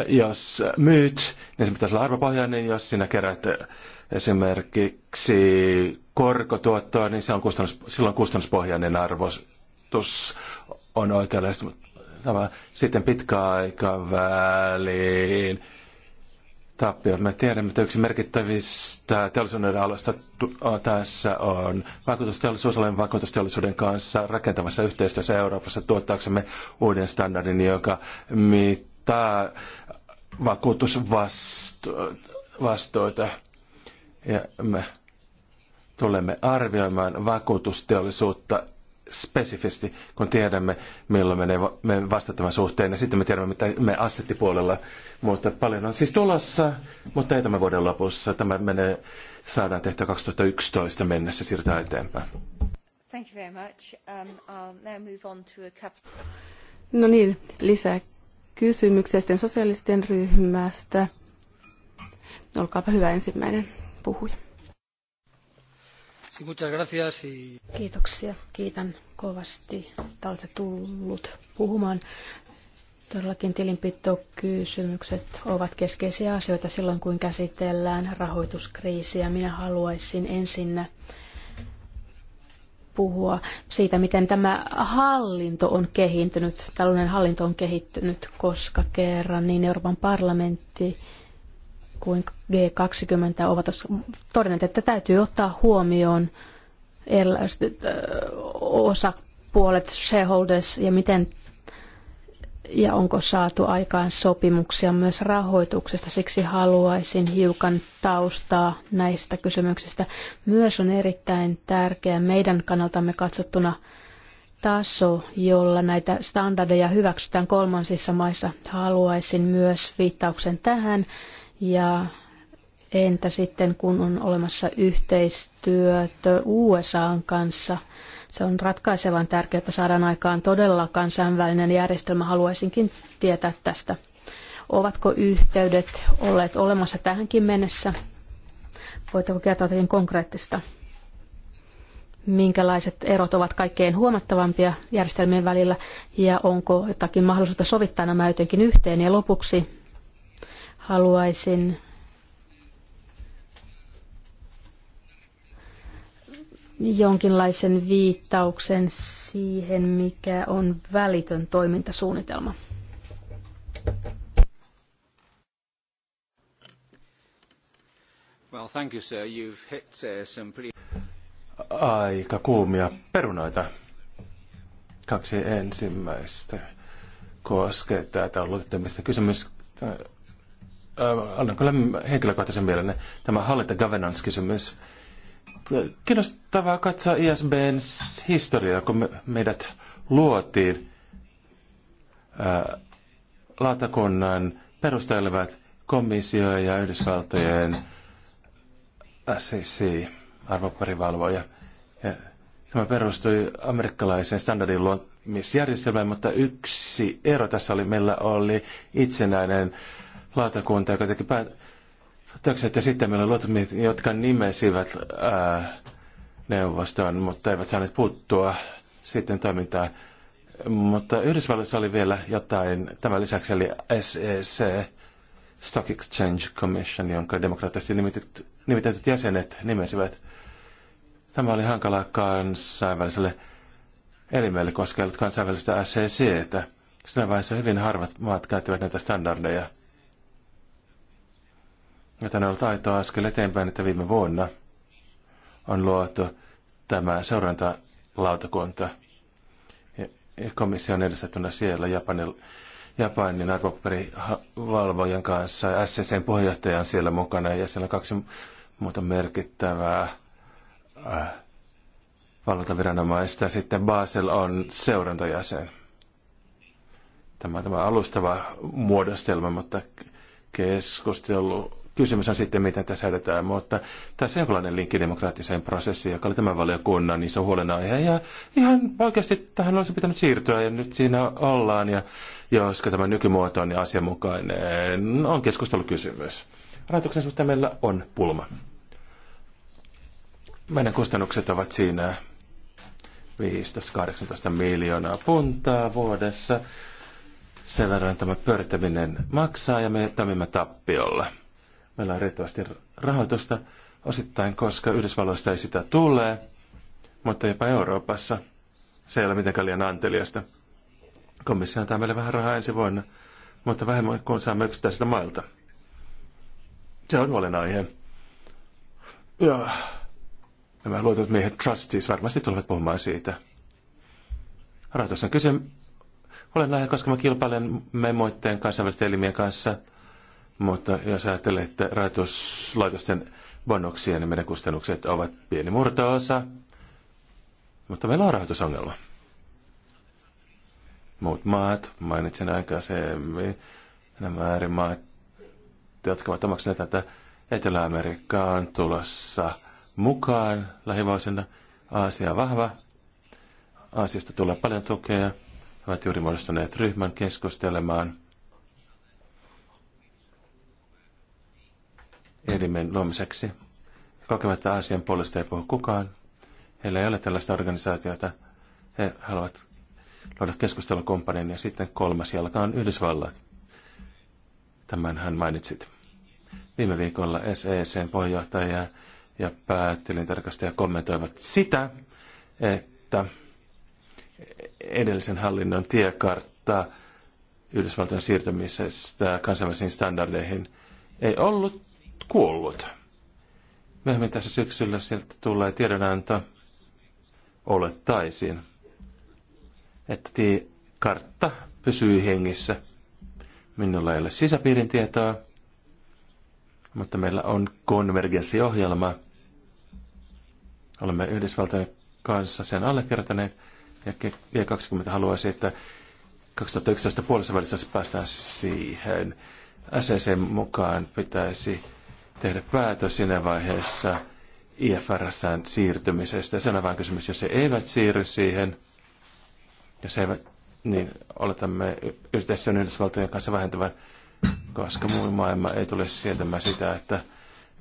Jos myyt, niin se pitäisi olla arvopohjainen, niin jos sinä kerät esimerkiksi korkotuottoa, niin se on kustannus, silloin kustannuspohjainen arvostus on oikeanlaista tämä sitten pitkäaikaväliin tappiot. Me tiedämme, että yksi merkittävistä teollisuuden aloista tässä on vaikutusteollisuus. Olemme vaikutusteollisuuden kanssa rakentavassa yhteistyössä Euroopassa tuottaaksemme uuden standardin, joka mittaa vakuutusvastuita. Ja me tulemme arvioimaan vakuutusteollisuutta spesifisti, kun tiedämme, milloin menee me tämän suhteen, ja sitten me tiedämme, mitä me assettipuolella. Mutta paljon on siis tulossa, mutta ei tämän vuoden lopussa. Tämä menee, saadaan tehtyä 2011 mennessä, siirrytään eteenpäin. Thank you very much. Um, I'll now move on to a couple... No niin, lisää kysymyksiä sitten sosiaalisten ryhmästä. Olkaapa hyvä ensimmäinen puhuja muchas gracias y... Kiitoksia. Kiitän kovasti. että olette tullut puhumaan. Todellakin tilinpitokysymykset ovat keskeisiä asioita silloin, kun käsitellään rahoituskriisiä. Minä haluaisin ensin puhua siitä, miten tämä hallinto on kehittynyt, talouden hallinto on kehittynyt, koska kerran niin Euroopan parlamentti kuin G20 ovat todenneet, että täytyy ottaa huomioon erilaiset osapuolet, shareholders ja miten ja onko saatu aikaan sopimuksia myös rahoituksesta. Siksi haluaisin hiukan taustaa näistä kysymyksistä. Myös on erittäin tärkeä meidän kannaltamme katsottuna taso, jolla näitä standardeja hyväksytään kolmansissa maissa. Haluaisin myös viittauksen tähän ja entä sitten, kun on olemassa yhteistyötä USAn kanssa? Se on ratkaisevan tärkeää, että saadaan aikaan todella kansainvälinen järjestelmä. Haluaisinkin tietää tästä. Ovatko yhteydet olleet olemassa tähänkin mennessä? Voitteko kertoa jotakin konkreettista? minkälaiset erot ovat kaikkein huomattavampia järjestelmien välillä ja onko jotakin mahdollisuutta sovittaa nämä jotenkin yhteen. Ja lopuksi haluaisin jonkinlaisen viittauksen siihen, mikä on välitön toimintasuunnitelma. Well, thank you, sir. You've hit, uh, some pretty... Aika kuumia perunoita. Kaksi ensimmäistä koskee tätä luotettavista kysymystä äh, annan kyllä henkilökohtaisen mielenne, tämä hallinta governance-kysymys. Kiinnostavaa katsoa ISBn historiaa, kun me, meidät luotiin. Äh, lautakunnan perustelevat komissio ja Yhdysvaltojen SEC, arvoparivalvoja. Ja tämä perustui amerikkalaiseen standardin luomisjärjestelmään, mutta yksi ero tässä oli, meillä oli itsenäinen äh, lautakunta, joka teki päätökset, ja sitten meillä on luotamit, jotka nimesivät ää, neuvoston, mutta eivät saaneet puuttua sitten toimintaan. Mutta Yhdysvalloissa oli vielä jotain tämän lisäksi, eli SEC, Stock Exchange Commission, jonka demokraattisesti nimitetyt, nimitetyt jäsenet nimesivät. Tämä oli hankalaa kansainväliselle elimelle, koska ei ollut kansainvälistä SECtä. Siinä vaiheessa hyvin harvat maat käyttivät näitä standardeja – Joten on ollut aitoa askel eteenpäin, että viime vuonna on luotu tämä seurantalautakunta komission edustettuna siellä Japanin, Japanin arvopaperivalvojan kanssa. SCCn puheenjohtaja on siellä mukana ja siellä on kaksi muuta merkittävää äh, valvontaviranomaista. Sitten Basel on seurantajäsen. Tämä, tämä alustava muodostelma, mutta keskustelu kysymys on sitten, miten tässä edetään mutta tässä on jonkinlainen linkki demokraattiseen prosessiin, joka oli tämän valiokunnan iso huolenaihe. Ja ihan oikeasti tähän olisi pitänyt siirtyä ja nyt siinä ollaan. Ja jos tämä nykymuoto on niin asianmukainen, on keskustelukysymys. Rahoituksen suhteen meillä on pulma. Meidän kustannukset ovat siinä 15-18 miljoonaa puntaa vuodessa. Sen verran tämä pyörittäminen maksaa ja me toimimme tappiolla meillä on riittävästi rahoitusta, osittain koska Yhdysvalloista ei sitä tule, mutta jopa Euroopassa. Se ei ole mitenkään liian anteliasta. Komissio antaa meille vähän rahaa ensi vuonna, mutta vähemmän kuin saamme yksittäisiltä mailta. Se on huolenaihe. Ja nämä luotut miehet trustees varmasti tulevat puhumaan siitä. Rahoitus on kyse. Olen lähellä, koska mä kilpailen memoitteen kansainvälisten elimien kanssa – mutta jos ajattelee, että rahoituslaitosten bonoksia, niin meidän kustannukset ovat pieni murtoosa. Mutta meillä on rahoitusongelma. Muut maat, mainitsen aikaisemmin, nämä äärimaat, jotka ovat omaksuneet tätä etelä amerikkaan tulossa mukaan lähivuosina. Aasia on vahva. Aasiasta tulee paljon tukea. He ovat juuri muodostaneet ryhmän keskustelemaan – elimen luomiseksi. Kokevat, että Aasian puolesta ei puhu kukaan. Heillä ei ole tällaista organisaatiota. He haluavat luoda keskustelukumppanin ja sitten kolmas jalka on Yhdysvallat. Tämän hän mainitsit. Viime viikolla SECn puheenjohtaja ja päätilintarkastaja kommentoivat sitä, että edellisen hallinnon tiekartta Yhdysvaltojen siirtymisestä kansainvälisiin standardeihin ei ollut kuollut. Myöhemmin tässä syksyllä sieltä tulee tiedonanto olettaisiin, että kartta pysyy hengissä. Minulla ei ole sisäpiirin tietoa, mutta meillä on konvergenssiohjelma. Olemme Yhdysvaltojen kanssa sen allekirjoittaneet ja G20 haluaisi, että 2011 puolessa välissä päästään siihen. SEC mukaan pitäisi tehdä päätös siinä vaiheessa IFRSään siirtymisestä. Se on vain kysymys, jos he eivät siirry siihen, jos he eivät, niin oletamme yhteistyön Yhdysvaltojen kanssa vähentävän, koska muu maailma ei tule sietämään sitä, että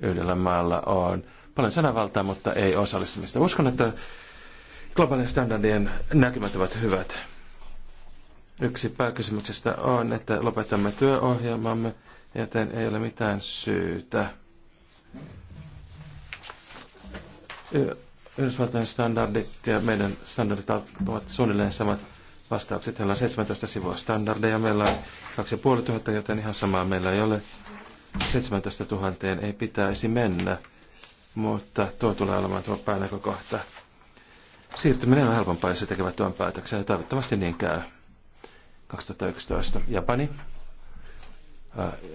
yhdellä maalla on paljon sananvaltaa, mutta ei osallistumista. Uskon, että globaalien standardien näkymät ovat hyvät. Yksi pääkysymyksestä on, että lopetamme työohjelmamme, joten ei ole mitään syytä Yhdysvaltain standardit ja meidän standardit ovat suunnilleen samat vastaukset. Heillä on 17 sivua standardeja, meillä on 2500, joten ihan samaa meillä ei ole. 17 000 ei pitäisi mennä, mutta tuo tulee olemaan tuo päänäkökohta. Siirtyminen on helpompaa, jos he tekevät tuon päätöksen, ja toivottavasti niin käy. 2011 Japani.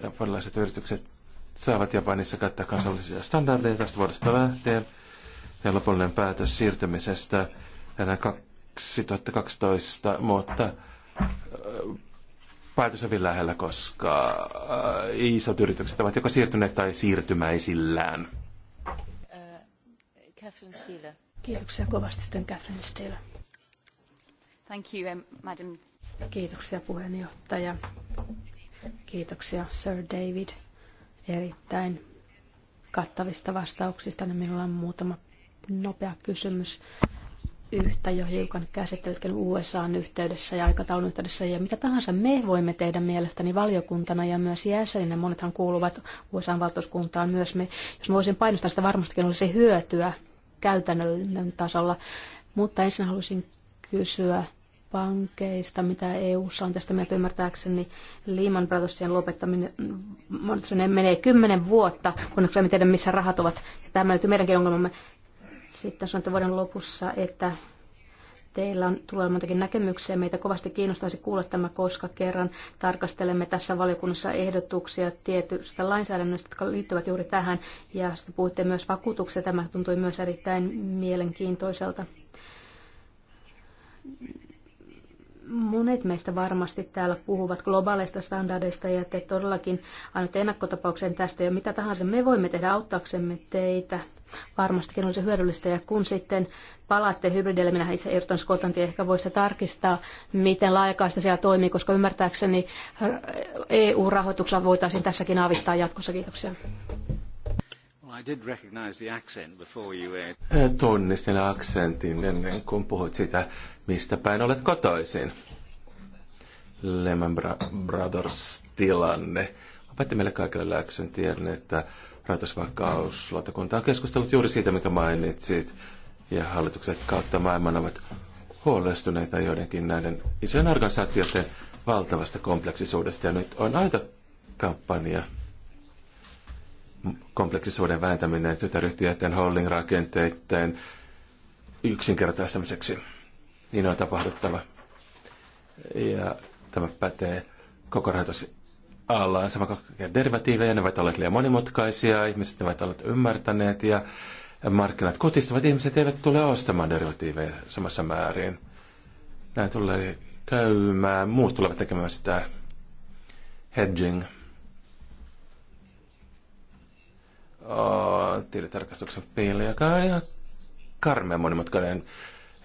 Japanilaiset yritykset saavat Japanissa käyttää kansallisia standardeja tästä vuodesta lähtien – ja lopullinen päätös siirtymisestä enää 2012, mutta päätös on vielä lähellä, koska isot yritykset ovat joko siirtyneet tai siirtymäisillään. Catherine Steele. Kiitoksia kovasti sitten Catherine Steele. Thank you, um, madam. Kiitoksia puheenjohtaja. Kiitoksia Sir David erittäin kattavista vastauksista. Minulla on muutama nopea kysymys yhtä jo hiukan käsittelitkin USAn yhteydessä ja aikataulun yhteydessä ja mitä tahansa me voimme tehdä mielestäni valiokuntana ja myös jäseninä. Monethan kuuluvat USAn valtuuskuntaan myös me. Jos mä voisin painostaa sitä varmastikin olisi hyötyä käytännön tasolla. Mutta ensin haluaisin kysyä pankeista, mitä EU:ssa on tästä mieltä ymmärtääkseni. Lehman Brothersien lopettaminen menee kymmenen vuotta, kun emme tiedä, missä rahat ovat. Ja tämä löytyy meidänkin ongelmamme. Sitten sanoitte vuoden lopussa, että teillä on tulee montakin näkemyksiä. Meitä kovasti kiinnostaisi kuulla tämä, koska kerran tarkastelemme tässä valiokunnassa ehdotuksia tietystä lainsäädännöstä, jotka liittyvät juuri tähän. Ja sitten puhutte myös vakuutuksia. Tämä tuntui myös erittäin mielenkiintoiselta. Monet meistä varmasti täällä puhuvat globaaleista standardeista ja te todellakin annatte ennakkotapauksen tästä ja mitä tahansa me voimme tehdä auttaaksemme teitä. Varmastikin on se hyödyllistä ja kun sitten palaatte hybridille, minä itse Irton Scotlantia ehkä voisi tarkistaa, miten laajakaista siellä toimii, koska ymmärtääkseni EU-rahoituksella voitaisiin tässäkin avittaa jatkossa. Kiitoksia. Tunnistin aksentin ennen kuin puhuit sitä Mistä päin olet kotoisin? Lehman Brothers-tilanne. Opetti meille kaikille läksyn tiedon, että rahoitusvakauslautakunta on keskustellut juuri siitä, mikä mainitsit. Ja hallitukset kautta maailman ovat huolestuneita joidenkin näiden isojen organisaatioiden valtavasta kompleksisuudesta. Ja nyt on aito kampanja kompleksisuuden vääntäminen tytäryhtiöiden holding-rakenteiden yksinkertaistamiseksi. Niin on tapahduttava. Ja tämä pätee koko alla Sama kaikkea derivatiiveja, ne ovat olleet liian monimutkaisia, ihmiset ovat olleet ymmärtäneet ja markkinat kutistavat, ihmiset eivät tule ostamaan derivatiiveja samassa määrin. Näin tulee käymään, muut tulevat tekemään sitä hedging. Oh, tilitarkastuksen piili, joka on ihan karmea monimutkainen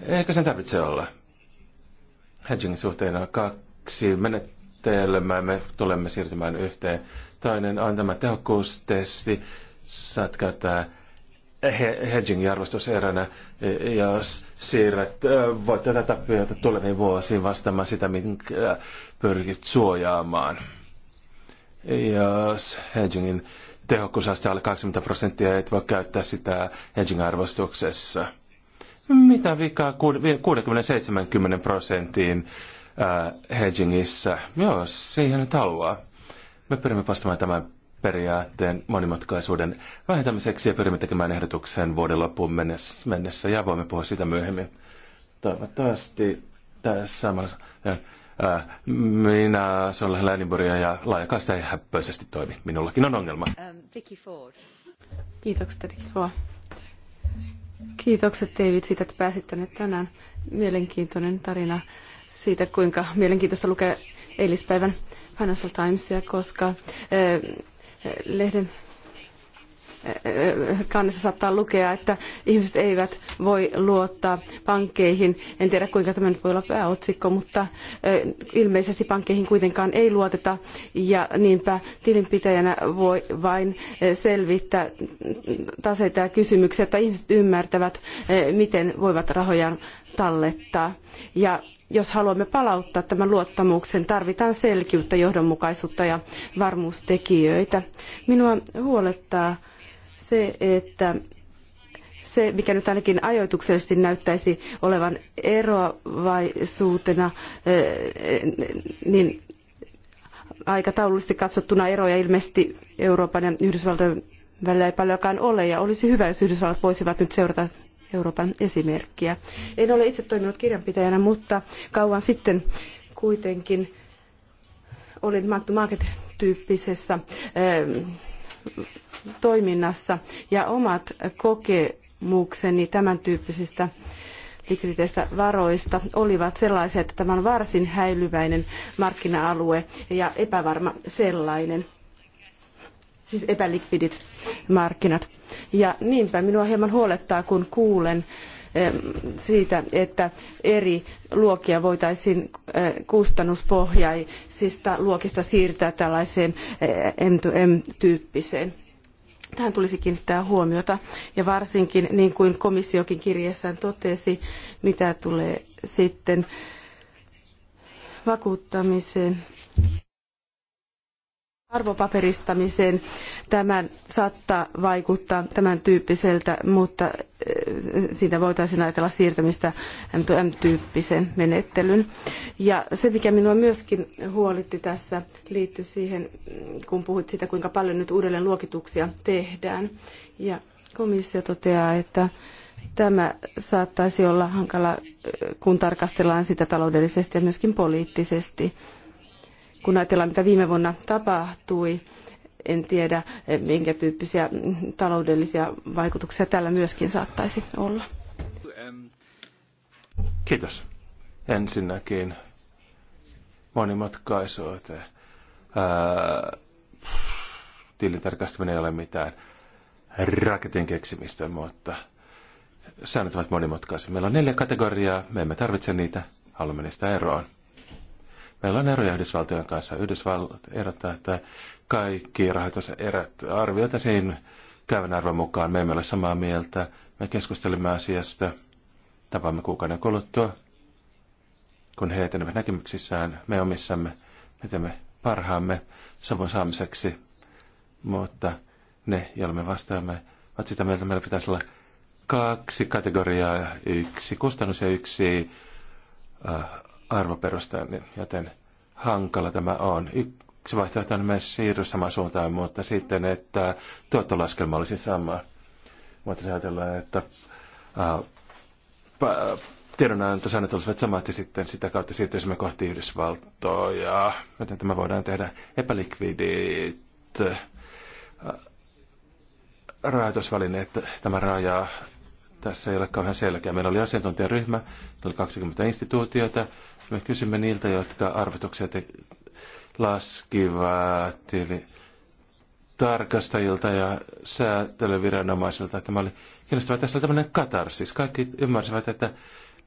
Eikö sen tarvitse olla? Hedging suhteena on kaksi menetelmää. Me tulemme siirtymään yhteen. Toinen on tämä tehokkuustesti. Saat käyttää hedging arvostuseränä, jos siirrät voittoja tätä tappioita tuleviin vuosiin vastaamaan sitä, minkä pyrkit suojaamaan. Jos hedgingin tehokkuusaste alle 80 prosenttia, et voi käyttää sitä hedging-arvostuksessa – mitä vikaa 60-70 äh, hedgingissä, Joo, siihen nyt haluaa? Me pyrimme vastaamaan tämän periaatteen monimutkaisuuden vähentämiseksi ja pyrimme tekemään ehdotuksen vuoden loppuun mennessä ja voimme puhua sitä myöhemmin. Toivottavasti tässä äh, minä asun lähellä Edinburghia ja laajakasta ei häppöisesti toimi. Minullakin on ongelma. Um, Vicky Ford. Kiitokset, Vicky Ford. Kiitokset David siitä, että pääsit tänne tänään. Mielenkiintoinen tarina siitä, kuinka mielenkiintoista lukea eilispäivän Financial Timesia, koska eh, lehden kannessa saattaa lukea, että ihmiset eivät voi luottaa pankkeihin. En tiedä kuinka tämä nyt voi olla pääotsikko, mutta ilmeisesti pankkeihin kuitenkaan ei luoteta ja niinpä tilinpitäjänä voi vain selvittää taseita ja kysymyksiä, että ihmiset ymmärtävät, miten voivat rahojaan tallettaa. Ja jos haluamme palauttaa tämän luottamuksen, tarvitaan selkeyttä, johdonmukaisuutta ja varmuustekijöitä. Minua huolettaa se, että se, mikä nyt ainakin ajoituksellisesti näyttäisi olevan eroavaisuutena, eh, niin aikataulullisesti katsottuna eroja ilmeisesti Euroopan ja Yhdysvaltojen välillä ei paljonkaan ole, ja olisi hyvä, jos Yhdysvallat voisivat nyt seurata Euroopan esimerkkiä. En ole itse toiminut kirjanpitäjänä, mutta kauan sitten kuitenkin olin mark-to-market-tyyppisessä eh, toiminnassa ja omat kokemukseni tämän tyyppisistä likviteistä varoista olivat sellaisia, että tämä on varsin häilyväinen markkina-alue ja epävarma sellainen, siis epälikvidit markkinat. Ja niinpä minua hieman huolettaa, kun kuulen siitä, että eri luokia voitaisiin eh, kustannuspohjaisista luokista siirtää tällaiseen eh, M2M-tyyppiseen Tähän tulisi kiinnittää huomiota ja varsinkin, niin kuin komissiokin kirjeessään totesi, mitä tulee sitten vakuuttamiseen arvopaperistamiseen tämän saattaa vaikuttaa tämän tyyppiseltä, mutta eh, siitä voitaisiin ajatella siirtämistä M2M-tyyppisen menettelyn. Ja se, mikä minua myöskin huolitti tässä, liittyy siihen, kun puhut siitä, kuinka paljon nyt uudelleen luokituksia tehdään. Ja komissio toteaa, että tämä saattaisi olla hankala, eh, kun tarkastellaan sitä taloudellisesti ja myöskin poliittisesti kun ajatellaan, mitä viime vuonna tapahtui, en tiedä, minkä tyyppisiä taloudellisia vaikutuksia tällä myöskin saattaisi olla. Kiitos. Ensinnäkin monimutkaisuuteen. Ää, tilin tarkastaminen ei ole mitään raketin keksimistä, mutta säännöt ovat monimutkaisia. Meillä on neljä kategoriaa, me emme tarvitse niitä, haluamme niistä eroon. Meillä on eroja Yhdysvaltojen kanssa. Yhdysvallat erottaa, että kaikki rahoituserät arvioitaisiin käyvän arvon mukaan. Me emme ole samaa mieltä. Me keskustelimme asiasta. Tapaamme kuukauden kuluttua, kun he etenevät näkemyksissään, me omissamme, me teemme parhaamme savun saamiseksi. Mutta ne, joilla me vastaamme, ovat sitä mieltä, meillä pitäisi olla kaksi kategoriaa, yksi kustannus ja yksi äh, arvoperustainen, niin joten hankala tämä on. Yksi vaihtoehto on myös siirry samaan suuntaan, mutta sitten, että tuottolaskelma olisi sama. Mutta ajatellaan, että äh, tiedonantosäännöt olisivat samat ja sitten sitä kautta siirtyisimme kohti Yhdysvaltoja. Joten tämä voidaan tehdä epälikvidit äh, rahoitusvälineet, tämä rajaa tässä ei ole kauhean selkeä. Meillä oli asiantuntijaryhmä, meillä oli 20 instituutiota. Me kysymme niiltä, jotka arvotuksia te- laskivat, eli tarkastajilta ja säätelyviranomaisilta. Tämä oli kiinnostavaa. Tässä oli tämmöinen katarsis. Kaikki ymmärsivät, että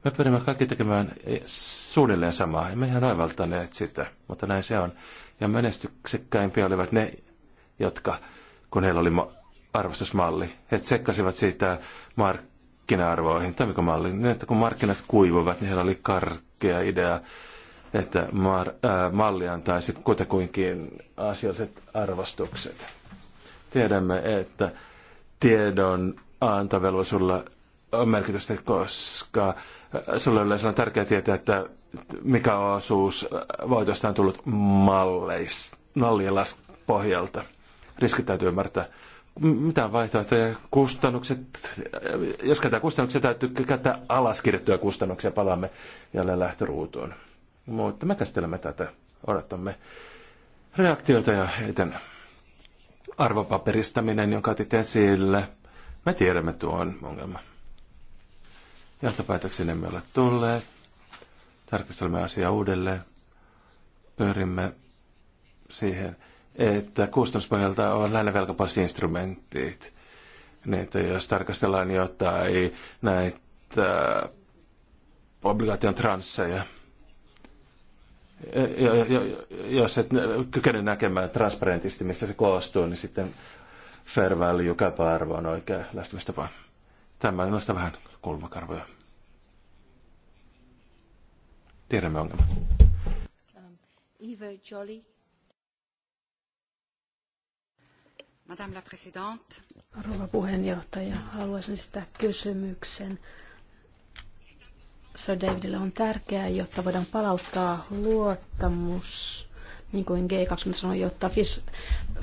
me pyrimme kaikki tekemään suunnilleen samaa. Emme ihan oivaltaneet sitä, mutta näin se on. Ja menestyksekkäimpiä olivat ne, jotka, kun heillä oli arvostusmalli, he tsekkasivat siitä markkinoilta markkina-arvoihin, malli, niin että kun markkinat kuivuvat, niin heillä oli karkea idea, että mar, äh, malli antaisi kutakuinkin asialliset arvostukset. Tiedämme, että tiedon antovelvollisuudella on merkitystä, koska äh, sulle yleensä on tärkeää tietää, että mikä osuus äh, voitosta on tullut malleista, mallien pohjalta. Riskit täytyy ymmärtää mitään vaihtoehtoja. Kustannukset, jos käytetään kustannuksia, täytyy käyttää alaskirjattuja kustannuksia. Palaamme jälleen lähtöruutuun. Mutta me käsittelemme tätä. Odotamme reaktioita ja eten arvopaperistaminen, jonka otit esille. Me tiedämme tuon ongelman. Johtopäätöksiin emme ole tulleet. Tarkastelemme asiaa uudelleen. Pyörimme siihen että kustannuspohjalta on lähinnä velkapassiinstrumentit. että jos tarkastellaan jotain näitä obligaation transseja, jos et kykene näkemään transparentisti, mistä se koostuu, niin sitten fair value, käpäarvo on oikea lähestymistapa. Tämä on noista vähän kulmakarvoja. Tiedämme ongelman. Eva um, Jolly. Madame la Présidente. Rouva puheenjohtaja, haluaisin esittää kysymyksen. Sir Davidille on tärkeää, jotta voidaan palauttaa luottamus, niin kuin G20 sanoi, jotta fis-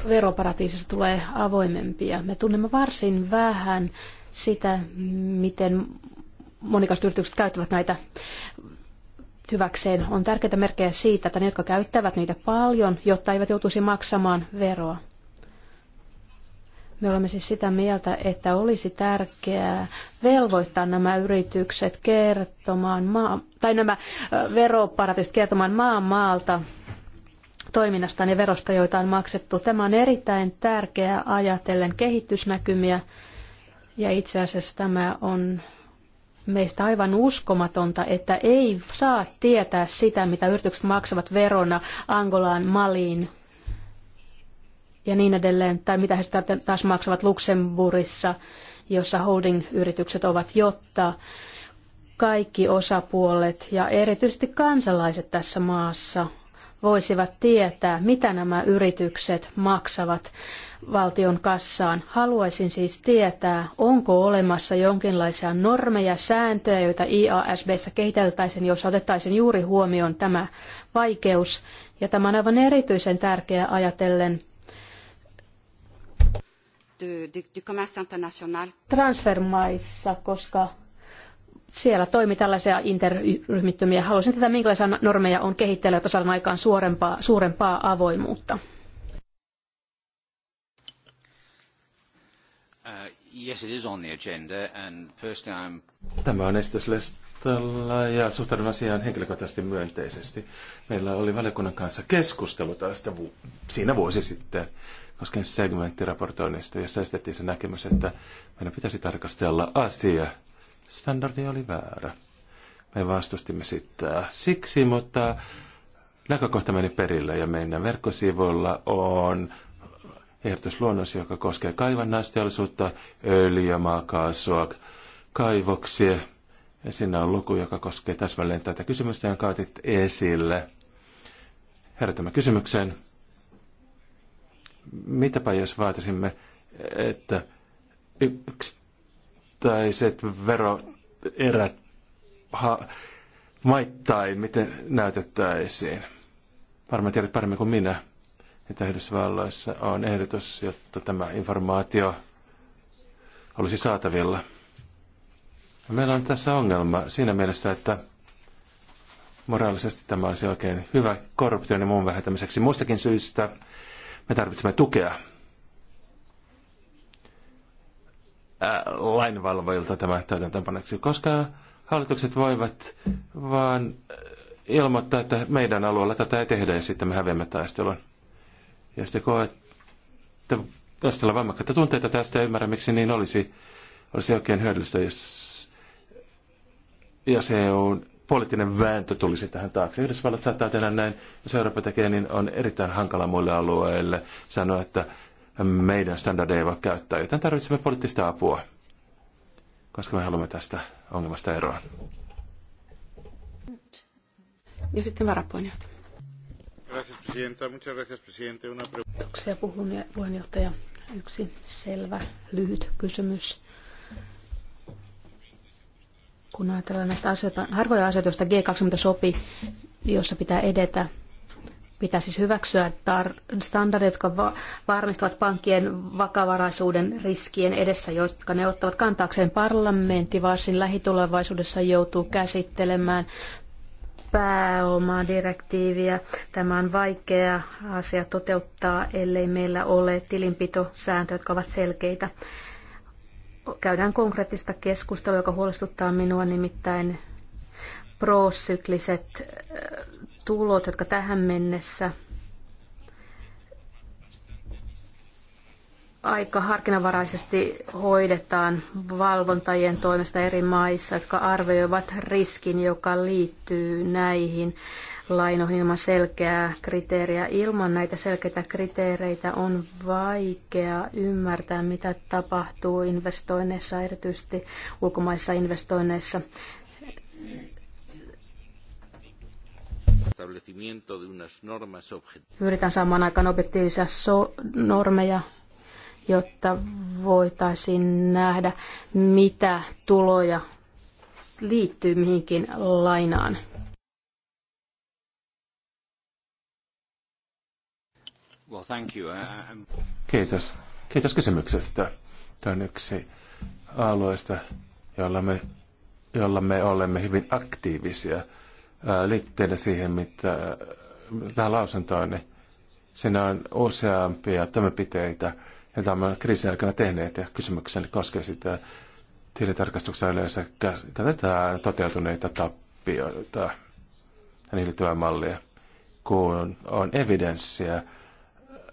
veroparatiisista tulee avoimempia. Me tunnemme varsin vähän sitä, miten monikaiset yritykset käyttävät näitä hyväkseen. On tärkeää merkkejä siitä, että ne, jotka käyttävät niitä paljon, jotta eivät joutuisi maksamaan veroa. Me olemme siis sitä mieltä, että olisi tärkeää velvoittaa nämä yritykset kertomaan, maa, tai nämä veroparatiisit kertomaan maan maalta toiminnastaan ja verosta, joita on maksettu. Tämä on erittäin tärkeää ajatellen kehitysnäkymiä, ja itse asiassa tämä on meistä aivan uskomatonta, että ei saa tietää sitä, mitä yritykset maksavat verona Angolaan, Maliin, ja niin edelleen, tai mitä he sitten taas maksavat Luxemburgissa, jossa holding-yritykset ovat, jotta kaikki osapuolet ja erityisesti kansalaiset tässä maassa voisivat tietää, mitä nämä yritykset maksavat valtion kassaan. Haluaisin siis tietää, onko olemassa jonkinlaisia normeja, sääntöjä, joita IASBssä kehiteltäisiin, jossa otettaisiin juuri huomioon tämä vaikeus. Ja tämä on aivan erityisen tärkeää ajatellen du, du, du commerce international. Transfermaissa, koska siellä toimii tällaisia interryhmittymiä. Haluaisin tätä, minkälaisia no- normeja on kehitteillä, jotta saadaan aikaan suurempaa, suurempaa avoimuutta. Uh, Tämä on esityslistalla ja suhtaudun asiaan henkilökohtaisesti myönteisesti. Meillä oli valiokunnan kanssa keskustelu tästä vu- siinä vuosi sitten myöskin segmenttiraportoinnista, jossa estettiin se näkemys, että meidän pitäisi tarkastella asia. Standardi oli väärä. Me vastustimme sitä siksi, mutta näkökohta meni perille ja meidän verkkosivuilla on ehdotusluonnos, joka koskee kaivannaisteollisuutta, öljyä, maakaasua, kaivoksia. Ja siinä on luku, joka koskee täsmälleen tätä kysymystä, jonka otit esille. Herätämme kysymyksen, mitäpä jos vaatisimme, että yksittäiset veroerät ha, maittain, miten näytettäisiin. Varmaan tiedät paremmin kuin minä, että Yhdysvalloissa on ehdotus, jotta tämä informaatio olisi saatavilla. Meillä on tässä ongelma siinä mielessä, että moraalisesti tämä olisi oikein hyvä korruptio ja muun vähentämiseksi. Muistakin syystä. Me tarvitsemme tukea lainvalvojilta tämä täytäntöönpanoksi, koska hallitukset voivat vaan ilmoittaa, että meidän alueella tätä ei tehdä ja sitten me häviämme taistelun. Ja sitten että taistella vammakkaita tunteita tästä ja ymmärrä, miksi niin olisi, olisi oikein hyödyllistä, jos, jos EU poliittinen vääntö tulisi tähän taakse. Yhdysvallat saattaa tehdä näin, jos Eurooppa tekee, niin on erittäin hankala muille alueille sanoa, että meidän standardeja ei voi käyttää, joten tarvitsemme poliittista apua, koska me haluamme tästä ongelmasta eroa. Ja sitten varapuheenjohtaja. Kiitoksia puheenjohtaja. Yksi selvä, lyhyt kysymys kun ajatellaan näistä asioita, harvoja asioita, joista G20 sopi, jossa pitää edetä, pitää siis hyväksyä tar- standardit, jotka va- varmistavat pankkien vakavaraisuuden riskien edessä, jotka ne ottavat kantaakseen. Parlamentti varsin lähitulevaisuudessa joutuu käsittelemään direktiiviä. Tämä on vaikea asia toteuttaa, ellei meillä ole tilinpitosääntöjä, jotka ovat selkeitä käydään konkreettista keskustelua, joka huolestuttaa minua nimittäin prosykliset tulot, jotka tähän mennessä aika harkinnanvaraisesti hoidetaan valvontajien toimesta eri maissa, jotka arvioivat riskin, joka liittyy näihin lainoihin ilman selkeää kriteeriä. Ilman näitä selkeitä kriteereitä on vaikea ymmärtää, mitä tapahtuu investoinneissa, erityisesti ulkomaissa investoinneissa. Yritän saamaan aikaan objektiivisia so- normeja, jotta voitaisiin nähdä, mitä tuloja liittyy mihinkin lainaan. Well, thank you. Uh, um, Kiitos. Kiitos kysymyksestä. Tämä on yksi alueesta, jolla me, jolla me olemme hyvin aktiivisia liittyen siihen, mitä tähän lausuntoon, niin siinä on useampia toimenpiteitä, joita olemme kriisin aikana tehneet, ja kysymykseni koskee sitä tilintarkastuksessa yleensä käytetään toteutuneita tappioita ja liittyvää mallia, kun on evidenssiä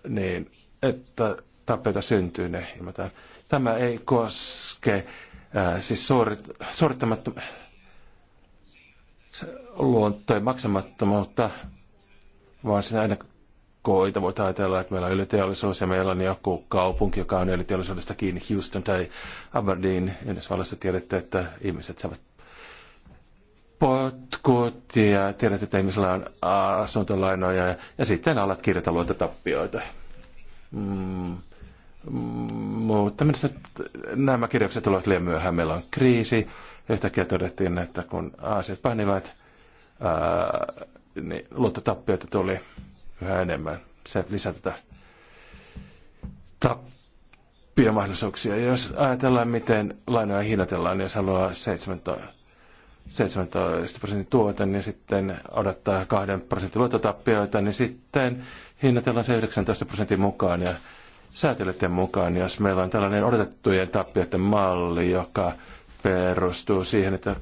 niin että tappeita syntyy, ne ilmoitetaan. Tämä ei koske ää, siis suorit, suorittamattom- luontoja maksamattomuutta, vaan siinä aina koita voi ajatella, että meillä on yliteollisuus ja meillä on joku kaupunki, joka on yliteollisuudesta kiinni, Houston tai Aberdeen. Yhdysvalloissa tiedätte, että ihmiset saavat potkut ja tiedät, että ihmisellä on asuntolainoja ja, ja sitten alat kirjata luontotappioita. Mm. mm, mutta minusta nämä kirjaukset tulevat liian myöhään. Meillä on kriisi. Yhtäkkiä todettiin, että kun asiat painivat, ää, niin luottotappioita tuli yhä enemmän. Se lisää tätä tappiomahdollisuuksia. Jos ajatellaan, miten lainoja hinnatellaan, niin jos haluaa 17 17 prosentin tuoton niin ja sitten odottaa 2 prosentin luottotappioita, niin sitten hinnatellaan se 19 prosentin mukaan ja säätelyiden mukaan, jos meillä on tällainen odotettujen tappioiden malli, joka perustuu siihen, että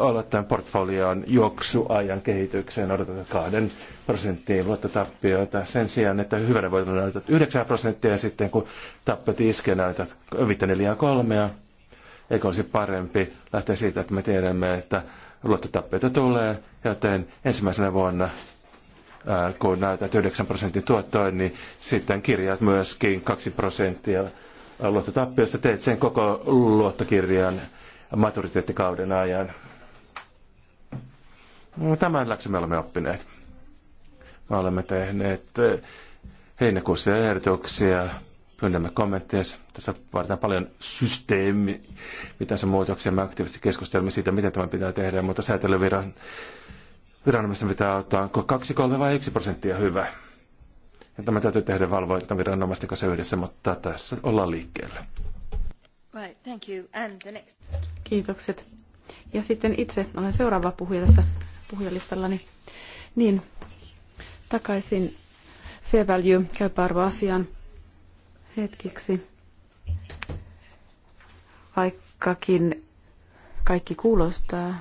olettaen portfolioon juoksuajan kehitykseen odotetaan 2 prosenttia luottotappioita sen sijaan, että hyvänä voidaan odottaa 9 prosenttia ja sitten kun tappiot iskee näytät 5, 4, 3 Eikö olisi parempi lähteä siitä, että me tiedämme, että luottotappioita tulee, joten ensimmäisenä vuonna kun näytät 9 prosentin tuottoa, niin sitten kirjaat myöskin 2 prosenttia luottotappiosta. Teet sen koko luottokirjan maturiteettikauden ajan. No, tämän läksyn me olemme oppineet. Me olemme tehneet heinäkuussa ehdotuksia pyydämme kommentteja. Tässä vaaditaan paljon systeemi, mitä se muutoksia. Me aktiivisesti keskustelemme siitä, miten tämä pitää tehdä, mutta säätelyviran viranomaisten pitää ottaa onko 2, 3 vai 1 prosenttia hyvä. Ja tämä täytyy tehdä valvoita viranomaisten kanssa yhdessä, mutta tässä ollaan liikkeellä. Right, thank you. And the next. Kiitokset. Ja sitten itse olen seuraava puhuja tässä puhujalistallani. Niin, takaisin Fair Value käypäarvoasiaan hetkiksi. Vaikkakin kaikki kuulostaa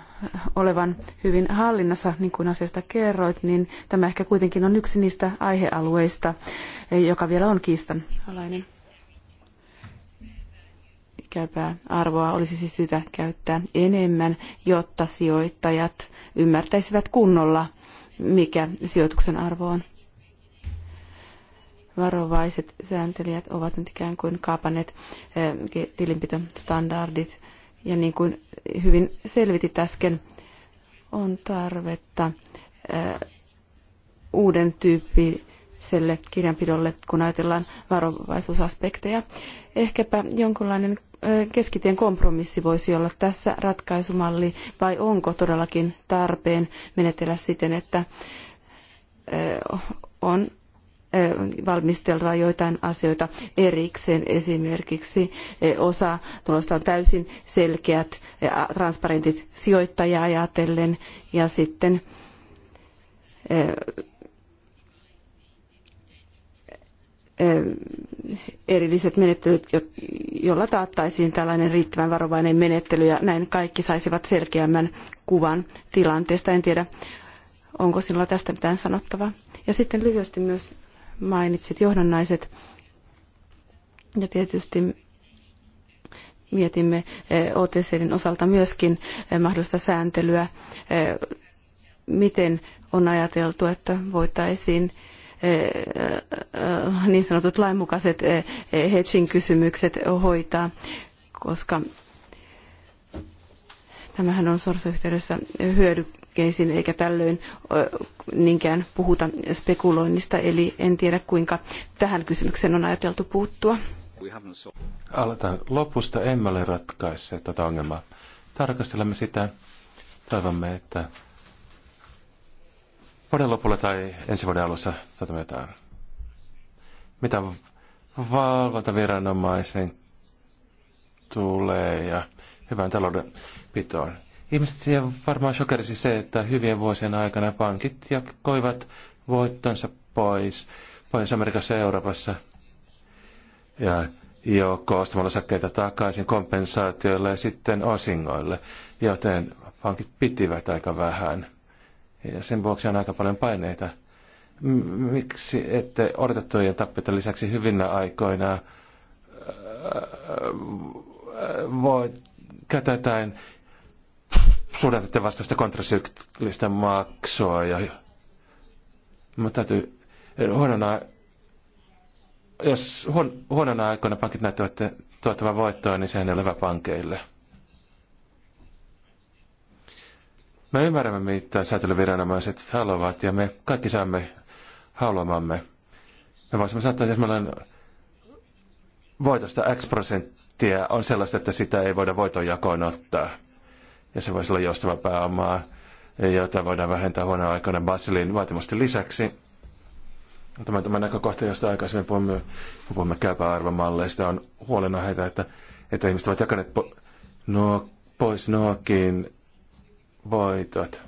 olevan hyvin hallinnassa, niin kuin asiasta kerroit, niin tämä ehkä kuitenkin on yksi niistä aihealueista, joka vielä on kiistan alainen. Ikäpää arvoa olisi siis syytä käyttää enemmän, jotta sijoittajat ymmärtäisivät kunnolla, mikä sijoituksen arvo on varovaiset sääntelijät ovat nyt ikään kuin kaapaneet eh, tilinpitostandardit. Ja niin kuin hyvin selvitit äsken, on tarvetta eh, uuden tyyppiselle kirjanpidolle, kun ajatellaan varovaisuusaspekteja. Ehkäpä jonkinlainen eh, keskitien kompromissi voisi olla tässä ratkaisumalli, vai onko todellakin tarpeen menetellä siten, että on valmisteltava joitain asioita erikseen. Esimerkiksi osa tulosta on täysin selkeät, transparentit sijoittajia ajatellen ja sitten erilliset menettelyt, joilla taattaisiin tällainen riittävän varovainen menettely ja näin kaikki saisivat selkeämmän kuvan tilanteesta. En tiedä, onko sinulla tästä mitään sanottavaa. Ja sitten lyhyesti myös mainitsit johdannaiset. Ja tietysti mietimme eh, OTCn osalta myöskin eh, mahdollista sääntelyä, eh, miten on ajateltu, että voitaisiin niin sanotut lainmukaiset hedging-kysymykset hoitaa, koska tämähän on sorsa-yhteydessä hyödy lääkkeisiin, eikä tällöin niinkään puhuta spekuloinnista, eli en tiedä kuinka tähän kysymykseen on ajateltu puuttua. Aloitan lopusta, emme ole ratkaisseet tätä ongelmaa. Tarkastelemme sitä, toivomme, että vuoden lopulla tai ensi vuoden alussa saatamme jotain. Mitä valvontaviranomaisen tulee ja hyvän talouden pitoon. Ihmisiä varmaan shokerisi se, että hyvien vuosien aikana pankit jakoivat voittonsa pois Pohjois-Amerikassa ja Euroopassa. Ja joko ostamalla sakkeita takaisin kompensaatioille ja sitten osingoille, joten pankit pitivät aika vähän. Ja sen vuoksi on aika paljon paineita. Miksi ette odotettujen tappeita lisäksi hyvinä aikoina äh, äh, voi kätätään suhdanteiden vastaista kontrasyklistä maksoa Ja, mutta täytyy huonona, jos huon, huonona aikoina pankit näyttävät tuottavan voittoa, niin sehän ei ole hyvä pankeille. Me ymmärrämme, mitä säätelyviranomaiset haluavat, ja me kaikki saamme haluamamme. Me voisimme sanoa, että meillä voitosta X prosenttia on sellaista, että sitä ei voida voitonjakoon ottaa ja se voisi olla joustava pääomaa, jota voidaan vähentää huonoa aikana Basilin vaatimusten lisäksi. Tämä, tämä näkökohta, josta aikaisemmin puhumme, puhumme käypäarvomalleista, on huolenaiheita, että, että ihmiset ovat jakaneet po- nuo, pois nuokin voitot.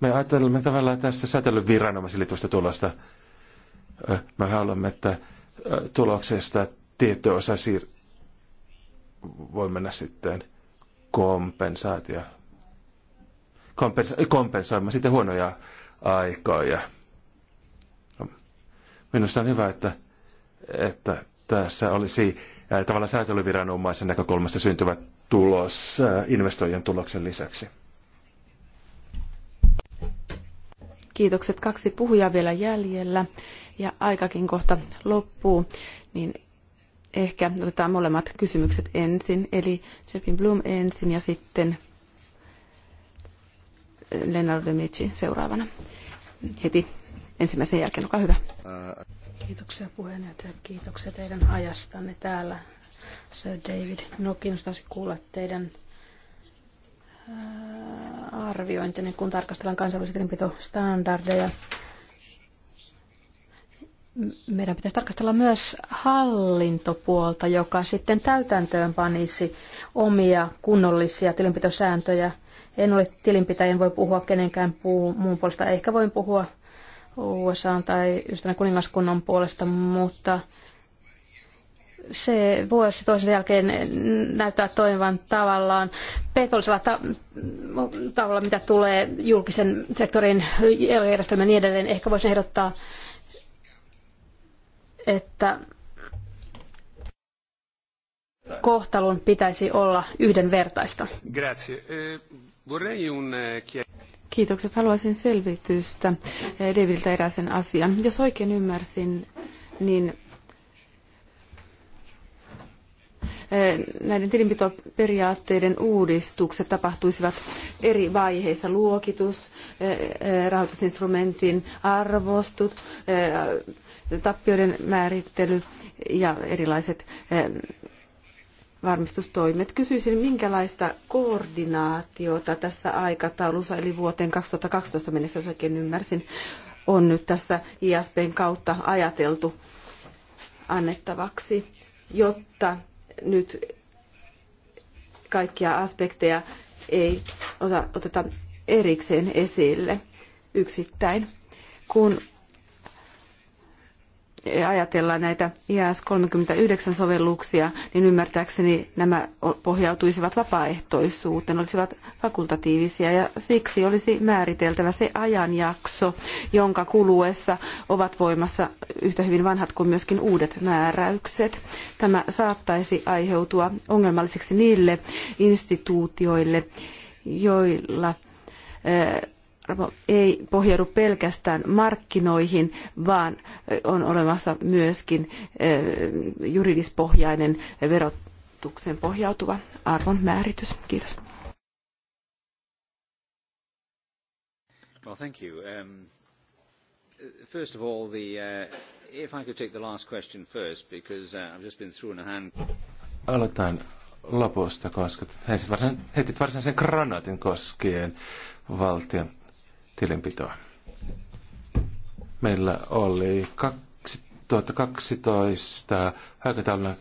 Me ajattelemme tavallaan tästä säätelyn tuosta, tulosta. Me haluamme, että tuloksesta tietty osa siir- voi mennä sitten – kompensaatio. Kompensa- kompensoimaan sitten huonoja aikoja. Minusta on hyvä, että, että tässä olisi ää, äh, tavallaan säätelyviranomaisen näkökulmasta syntyvä tulos ää, äh, investoijan tuloksen lisäksi. Kiitokset. Kaksi puhujaa vielä jäljellä ja aikakin kohta loppuu, niin ehkä otetaan molemmat kysymykset ensin, eli Jeffin Bloom ensin ja sitten eh, Leonardo Michi seuraavana heti ensimmäisen jälkeen. Olkaa hyvä. Kiitoksia puheenjohtaja. Kiitoksia teidän ajastanne täällä. Sir David, no kiinnostaisi kuulla teidän eh, arviointinen, kun tarkastellaan kansainvälisiä tilinpitostandardeja meidän pitäisi tarkastella myös hallintopuolta, joka sitten täytäntöön panisi omia kunnollisia tilinpitosääntöjä. En ole tilinpitäjä, en voi puhua kenenkään puu, muun puolesta. Ehkä voin puhua USA tai ystävän kuningaskunnan puolesta, mutta se vuosi toisen jälkeen näyttää toimivan tavallaan petollisella ta- tavalla, mitä tulee julkisen sektorin järjestelmän niin edelleen. Ehkä voisi ehdottaa että kohtalon pitäisi olla yhdenvertaista. Eh, eh, Kiitokset. Haluaisin selvitystä eh, Davidiltä eräisen asian. Jos oikein ymmärsin, niin näiden tilinpitoperiaatteiden uudistukset tapahtuisivat eri vaiheissa. Luokitus, rahoitusinstrumentin arvostut, tappioiden määrittely ja erilaiset varmistustoimet. Kysyisin, minkälaista koordinaatiota tässä aikataulussa, eli vuoteen 2012 mennessä, jos oikein ymmärsin, on nyt tässä ISPn kautta ajateltu annettavaksi, jotta nyt kaikkia aspekteja ei oteta erikseen esille yksittäin. Kun Ajatella näitä IAS 39 sovelluksia, niin ymmärtääkseni nämä pohjautuisivat vapaaehtoisuuteen, olisivat fakultatiivisia ja siksi olisi määriteltävä se ajanjakso, jonka kuluessa ovat voimassa yhtä hyvin vanhat kuin myöskin uudet määräykset. Tämä saattaisi aiheutua ongelmalliseksi niille instituutioille, joilla eh, arvo ei pohjaudu pelkästään markkinoihin, vaan on olemassa myöskin eh, juridispohjainen verotukseen pohjautuva arvon määritys. Kiitos. Well, thank you. Um, first of all, the, uh, if I could take the last question first, because uh, I've just been through a hand. Aloitan lopusta, koska varsinaisen, heitit varsinaisen granaatin koskien valtion tilinpitoa. Meillä oli 2012 aikataulun äh,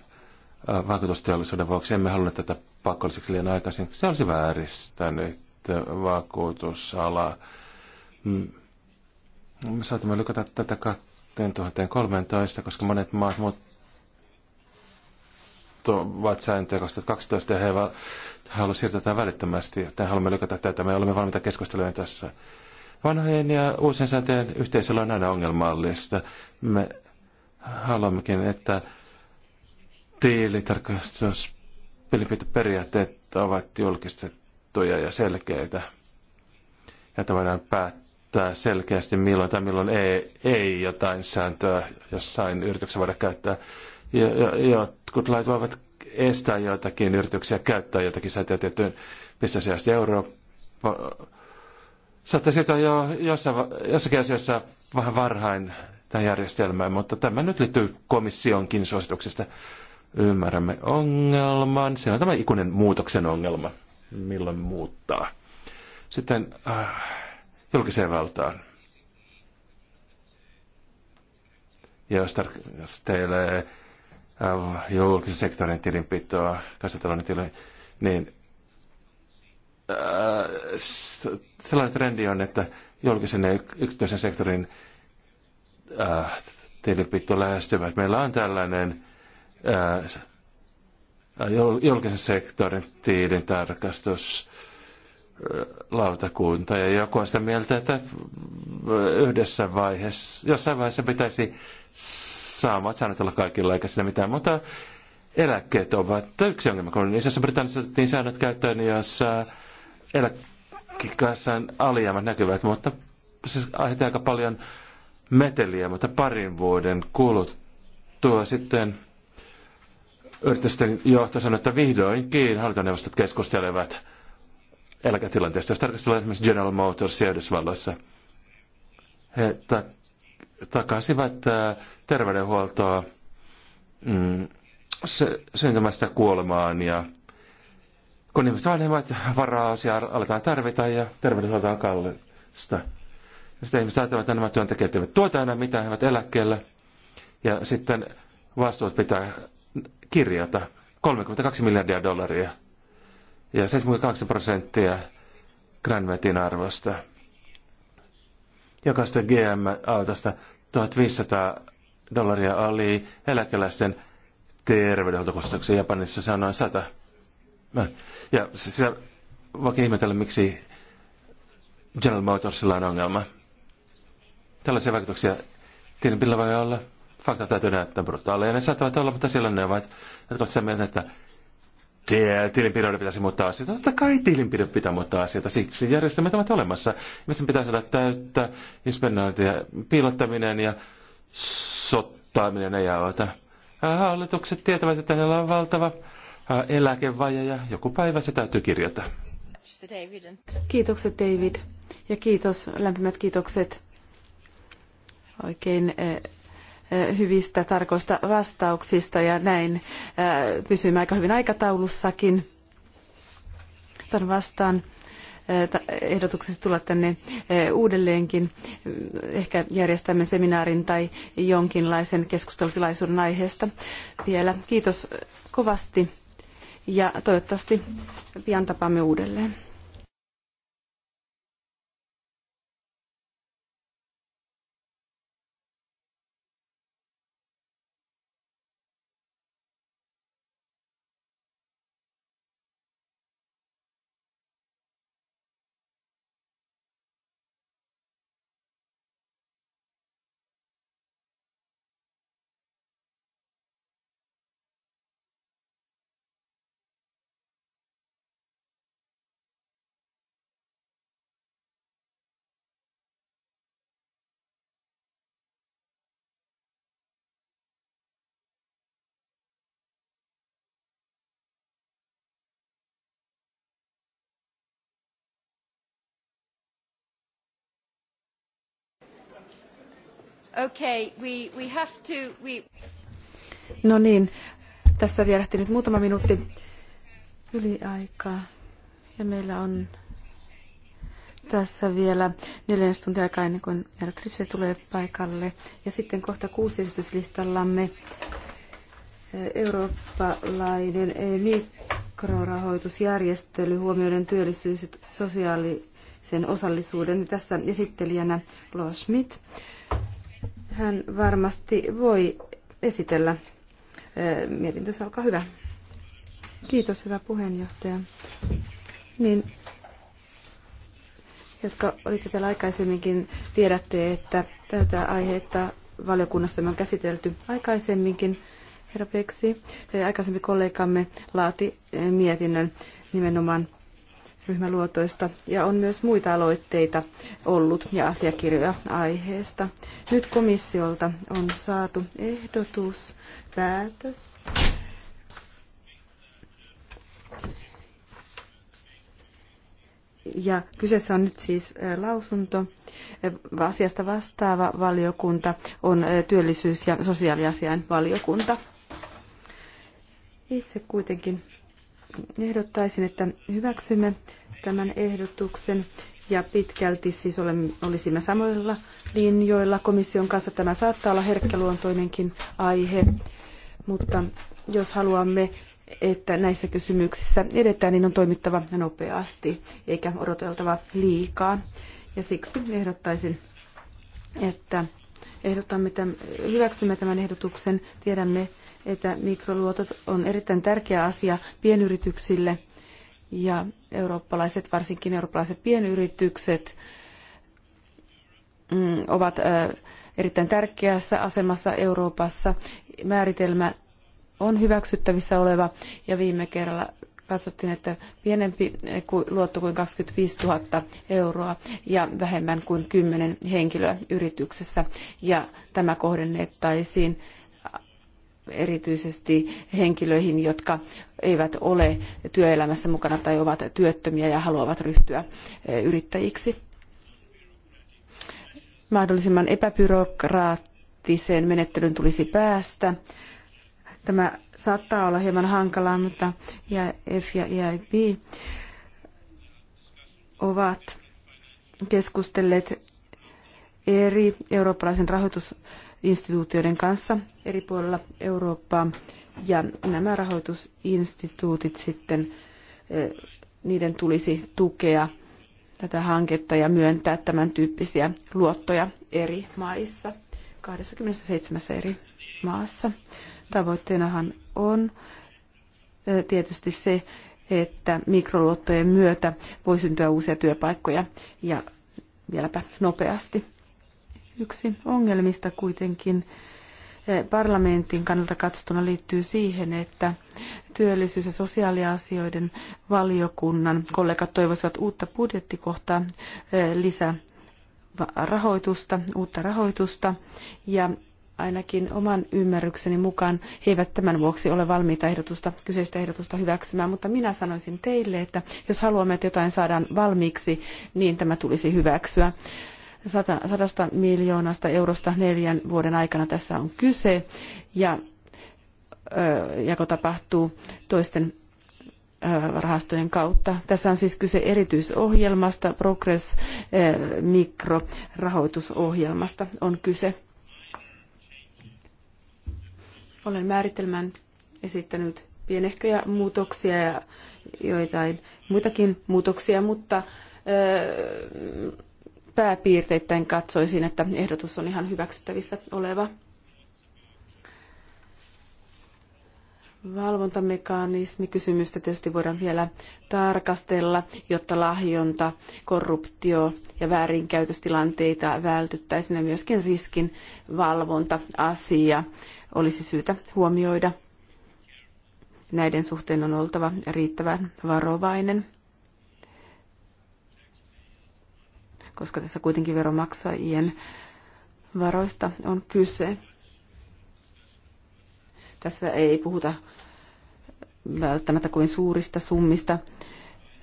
vakuutusteollisuuden vuoksi emme halunneet tätä pakolliseksi liian aikaisin. Se olisi vääristänyt vakuutusalaa. Mm. Me saatamme lykätä tätä 2013, koska monet maat muut ovat sääntöjä 2012 ja he haluavat siirtää tätä välittömästi. Tämä haluamme lykätä tätä. Me olemme valmiita keskustelemaan tässä Vanhojen ja uusien sääntöjen yhteisöllä on aina ongelmallista. Me haluammekin, että tiilitarkastus periaatteet ovat julkistettuja ja selkeitä. Ja että voidaan päättää selkeästi milloin tai milloin ei, ei jotain sääntöä jossain yrityksessä voida käyttää. Ja, ja, jotkut lait voivat estää joitakin yrityksiä käyttää jotakin sääntöä tiettyyn pisteeseen asti Eurooppa saattaa siirtyä jo jossain, jossakin asiassa vähän varhain tähän järjestelmään, mutta tämä nyt liittyy komissionkin suosituksesta. Ymmärrämme ongelman. Se on tämä ikuinen muutoksen ongelma, milloin muuttaa. Sitten äh, julkiseen valtaan. Ja jos tarkastelee äh, julkisen sektorin tilinpitoa, kansantalouden tilin, niin Äh, sellainen trendi on, että julkisen ja yksityisen sektorin äh, tilipitto lähestyvät. Meillä on tällainen äh, julkisen sektorin tiilin tarkastus äh, lautakunta ja joku on sitä mieltä, että äh, yhdessä vaiheessa, jossain vaiheessa pitäisi saamat säännöt olla kaikilla eikä siinä mitään, mutta eläkkeet ovat yksi ongelma, kun Isossa Britannissa otettiin säännöt käyttöön, jossa äh, eläkkikassan alijäämät näkyvät, mutta se aiheuttaa aika paljon meteliä, mutta parin vuoden kuluttua sitten yritysten johto sanoi, että vihdoinkin hallintoneuvostot keskustelevat eläketilanteesta. Jos tarkastellaan esimerkiksi General Motors Yhdysvalloissa, he ta- takasivat äh, terveydenhuoltoa mm, syntymästä kuolemaan ja kun ihmiset vanhemmat varaa asiaa aletaan tarvita ja terveydenhuolto on kallista. Ja sitten ihmiset ajattelevat, että nämä työntekijät eivät tuota enää mitään, he ovat eläkkeellä. Ja sitten vastuut pitää kirjata. 32 miljardia dollaria ja 72 prosenttia Granvetin arvosta. Jokaista GM-autosta 1500 dollaria oli eläkeläisten terveydenhuoltokustannuksia Japanissa, se on noin 100. Ja sitä voikin ihmetellä, miksi General Motorsilla on ongelma. Tällaisia vaikutuksia tilinpillä voi olla. Fakta täytyy näyttää brutaaleja. Ne saattavat olla, mutta siellä ne ovat, Jotkut ovat sitä mieltä, että tilinpidon pitäisi muuttaa asioita. Totta kai tilinpidon pitää muuttaa asioita. Siksi järjestelmät ovat olemassa. Ihmisten pitää saada täyttää, inspenointi ja piilottaminen ja sottaaminen ei auta. Hallitukset tietävät, että niillä on valtava Äh, eläkevaje ja joku päivä se täytyy kirjata. Kiitokset David ja kiitos, lämpimät kiitokset oikein äh, äh, hyvistä tarkoista vastauksista ja näin pysymme aika hyvin aikataulussakin. Otan vastaan ehdotukset tulla tänne uudelleenkin. Ehkä järjestämme seminaarin tai jonkinlaisen keskustelutilaisuuden aiheesta vielä. Kiitos kovasti ja toivottavasti pian tapaamme uudelleen. Okay, we, we have to, we... No niin, tässä vierähti nyt muutama minuutti yli aikaa. Ja meillä on tässä vielä neljännes tuntia aikaa ennen kuin Erkrise tulee paikalle. Ja sitten kohta kuusi esityslistallamme eurooppalainen mikrorahoitusjärjestely huomioiden työllisyys- ja sosiaalisen osallisuuden. Tässä esittelijänä Loa Schmidt. Hän varmasti voi esitellä mietintönsä. Olkaa hyvä. Kiitos, hyvä puheenjohtaja. Niin, jotka olitte täällä aikaisemminkin, tiedätte, että tätä aihetta valiokunnassa me on käsitelty aikaisemminkin. Herra Peksi, aikaisempi kollegamme laati mietinnön nimenomaan ryhmäluotoista ja on myös muita aloitteita ollut ja asiakirjoja aiheesta. Nyt komissiolta on saatu ehdotus, päätös. Ja kyseessä on nyt siis lausunto. Asiasta vastaava valiokunta on työllisyys- ja sosiaaliasian valiokunta. Itse kuitenkin ehdottaisin, että hyväksymme tämän ehdotuksen ja pitkälti siis olisimme samoilla linjoilla komission kanssa. Tämä saattaa olla herkkäluontoinenkin aihe, mutta jos haluamme, että näissä kysymyksissä edetään, niin on toimittava nopeasti eikä odoteltava liikaa. Ja siksi ehdottaisin, että ehdotamme tämän, hyväksymme tämän ehdotuksen. Tiedämme, että mikroluotot on erittäin tärkeä asia pienyrityksille ja eurooppalaiset, varsinkin eurooppalaiset pienyritykset, mm, ovat erittäin tärkeässä asemassa Euroopassa. Määritelmä on hyväksyttävissä oleva ja viime kerralla katsottiin, että pienempi luotto kuin 25 000 euroa ja vähemmän kuin 10 henkilöä yrityksessä. Ja tämä kohdennettaisiin erityisesti henkilöihin, jotka eivät ole työelämässä mukana tai ovat työttömiä ja haluavat ryhtyä e, yrittäjiksi. Mahdollisimman epäbyrokraattiseen menettelyyn tulisi päästä. Tämä saattaa olla hieman hankalaa, mutta F ja EIP ovat keskustelleet eri eurooppalaisen rahoitusinstituutioiden kanssa eri puolilla Eurooppaa. Ja nämä rahoitusinstituutit sitten, eh, niiden tulisi tukea tätä hanketta ja myöntää tämän tyyppisiä luottoja eri maissa, 27 eri maassa. Tavoitteenahan on tietysti se, että mikroluottojen myötä voi syntyä uusia työpaikkoja ja vieläpä nopeasti. Yksi ongelmista kuitenkin parlamentin kannalta katsottuna liittyy siihen, että työllisyys- ja sosiaaliasioiden valiokunnan kollegat toivoisivat uutta budjettikohtaa lisää rahoitusta, uutta rahoitusta ja ainakin oman ymmärrykseni mukaan he eivät tämän vuoksi ole valmiita ehdotusta, kyseistä ehdotusta hyväksymään, mutta minä sanoisin teille, että jos haluamme, että jotain saadaan valmiiksi, niin tämä tulisi hyväksyä. Sata, sadasta miljoonasta eurosta neljän vuoden aikana tässä on kyse ja ö, jako tapahtuu toisten rahastojen kautta. Tässä on siis kyse erityisohjelmasta, Progress mikrorahoitusohjelmasta on kyse. Olen määritelmän esittänyt pienehköjä muutoksia ja joitain muitakin muutoksia, mutta pääpiirteittäin katsoisin, että ehdotus on ihan hyväksyttävissä oleva. Valvontamekanismi kysymystä tietysti voidaan vielä tarkastella, jotta lahjonta, korruptio ja väärinkäytöstilanteita vältyttäisiin ja myöskin riskin valvonta-asia olisi syytä huomioida. Näiden suhteen on oltava riittävän varovainen, koska tässä kuitenkin veromaksajien varoista on kyse. Tässä ei puhuta välttämättä kuin suurista summista,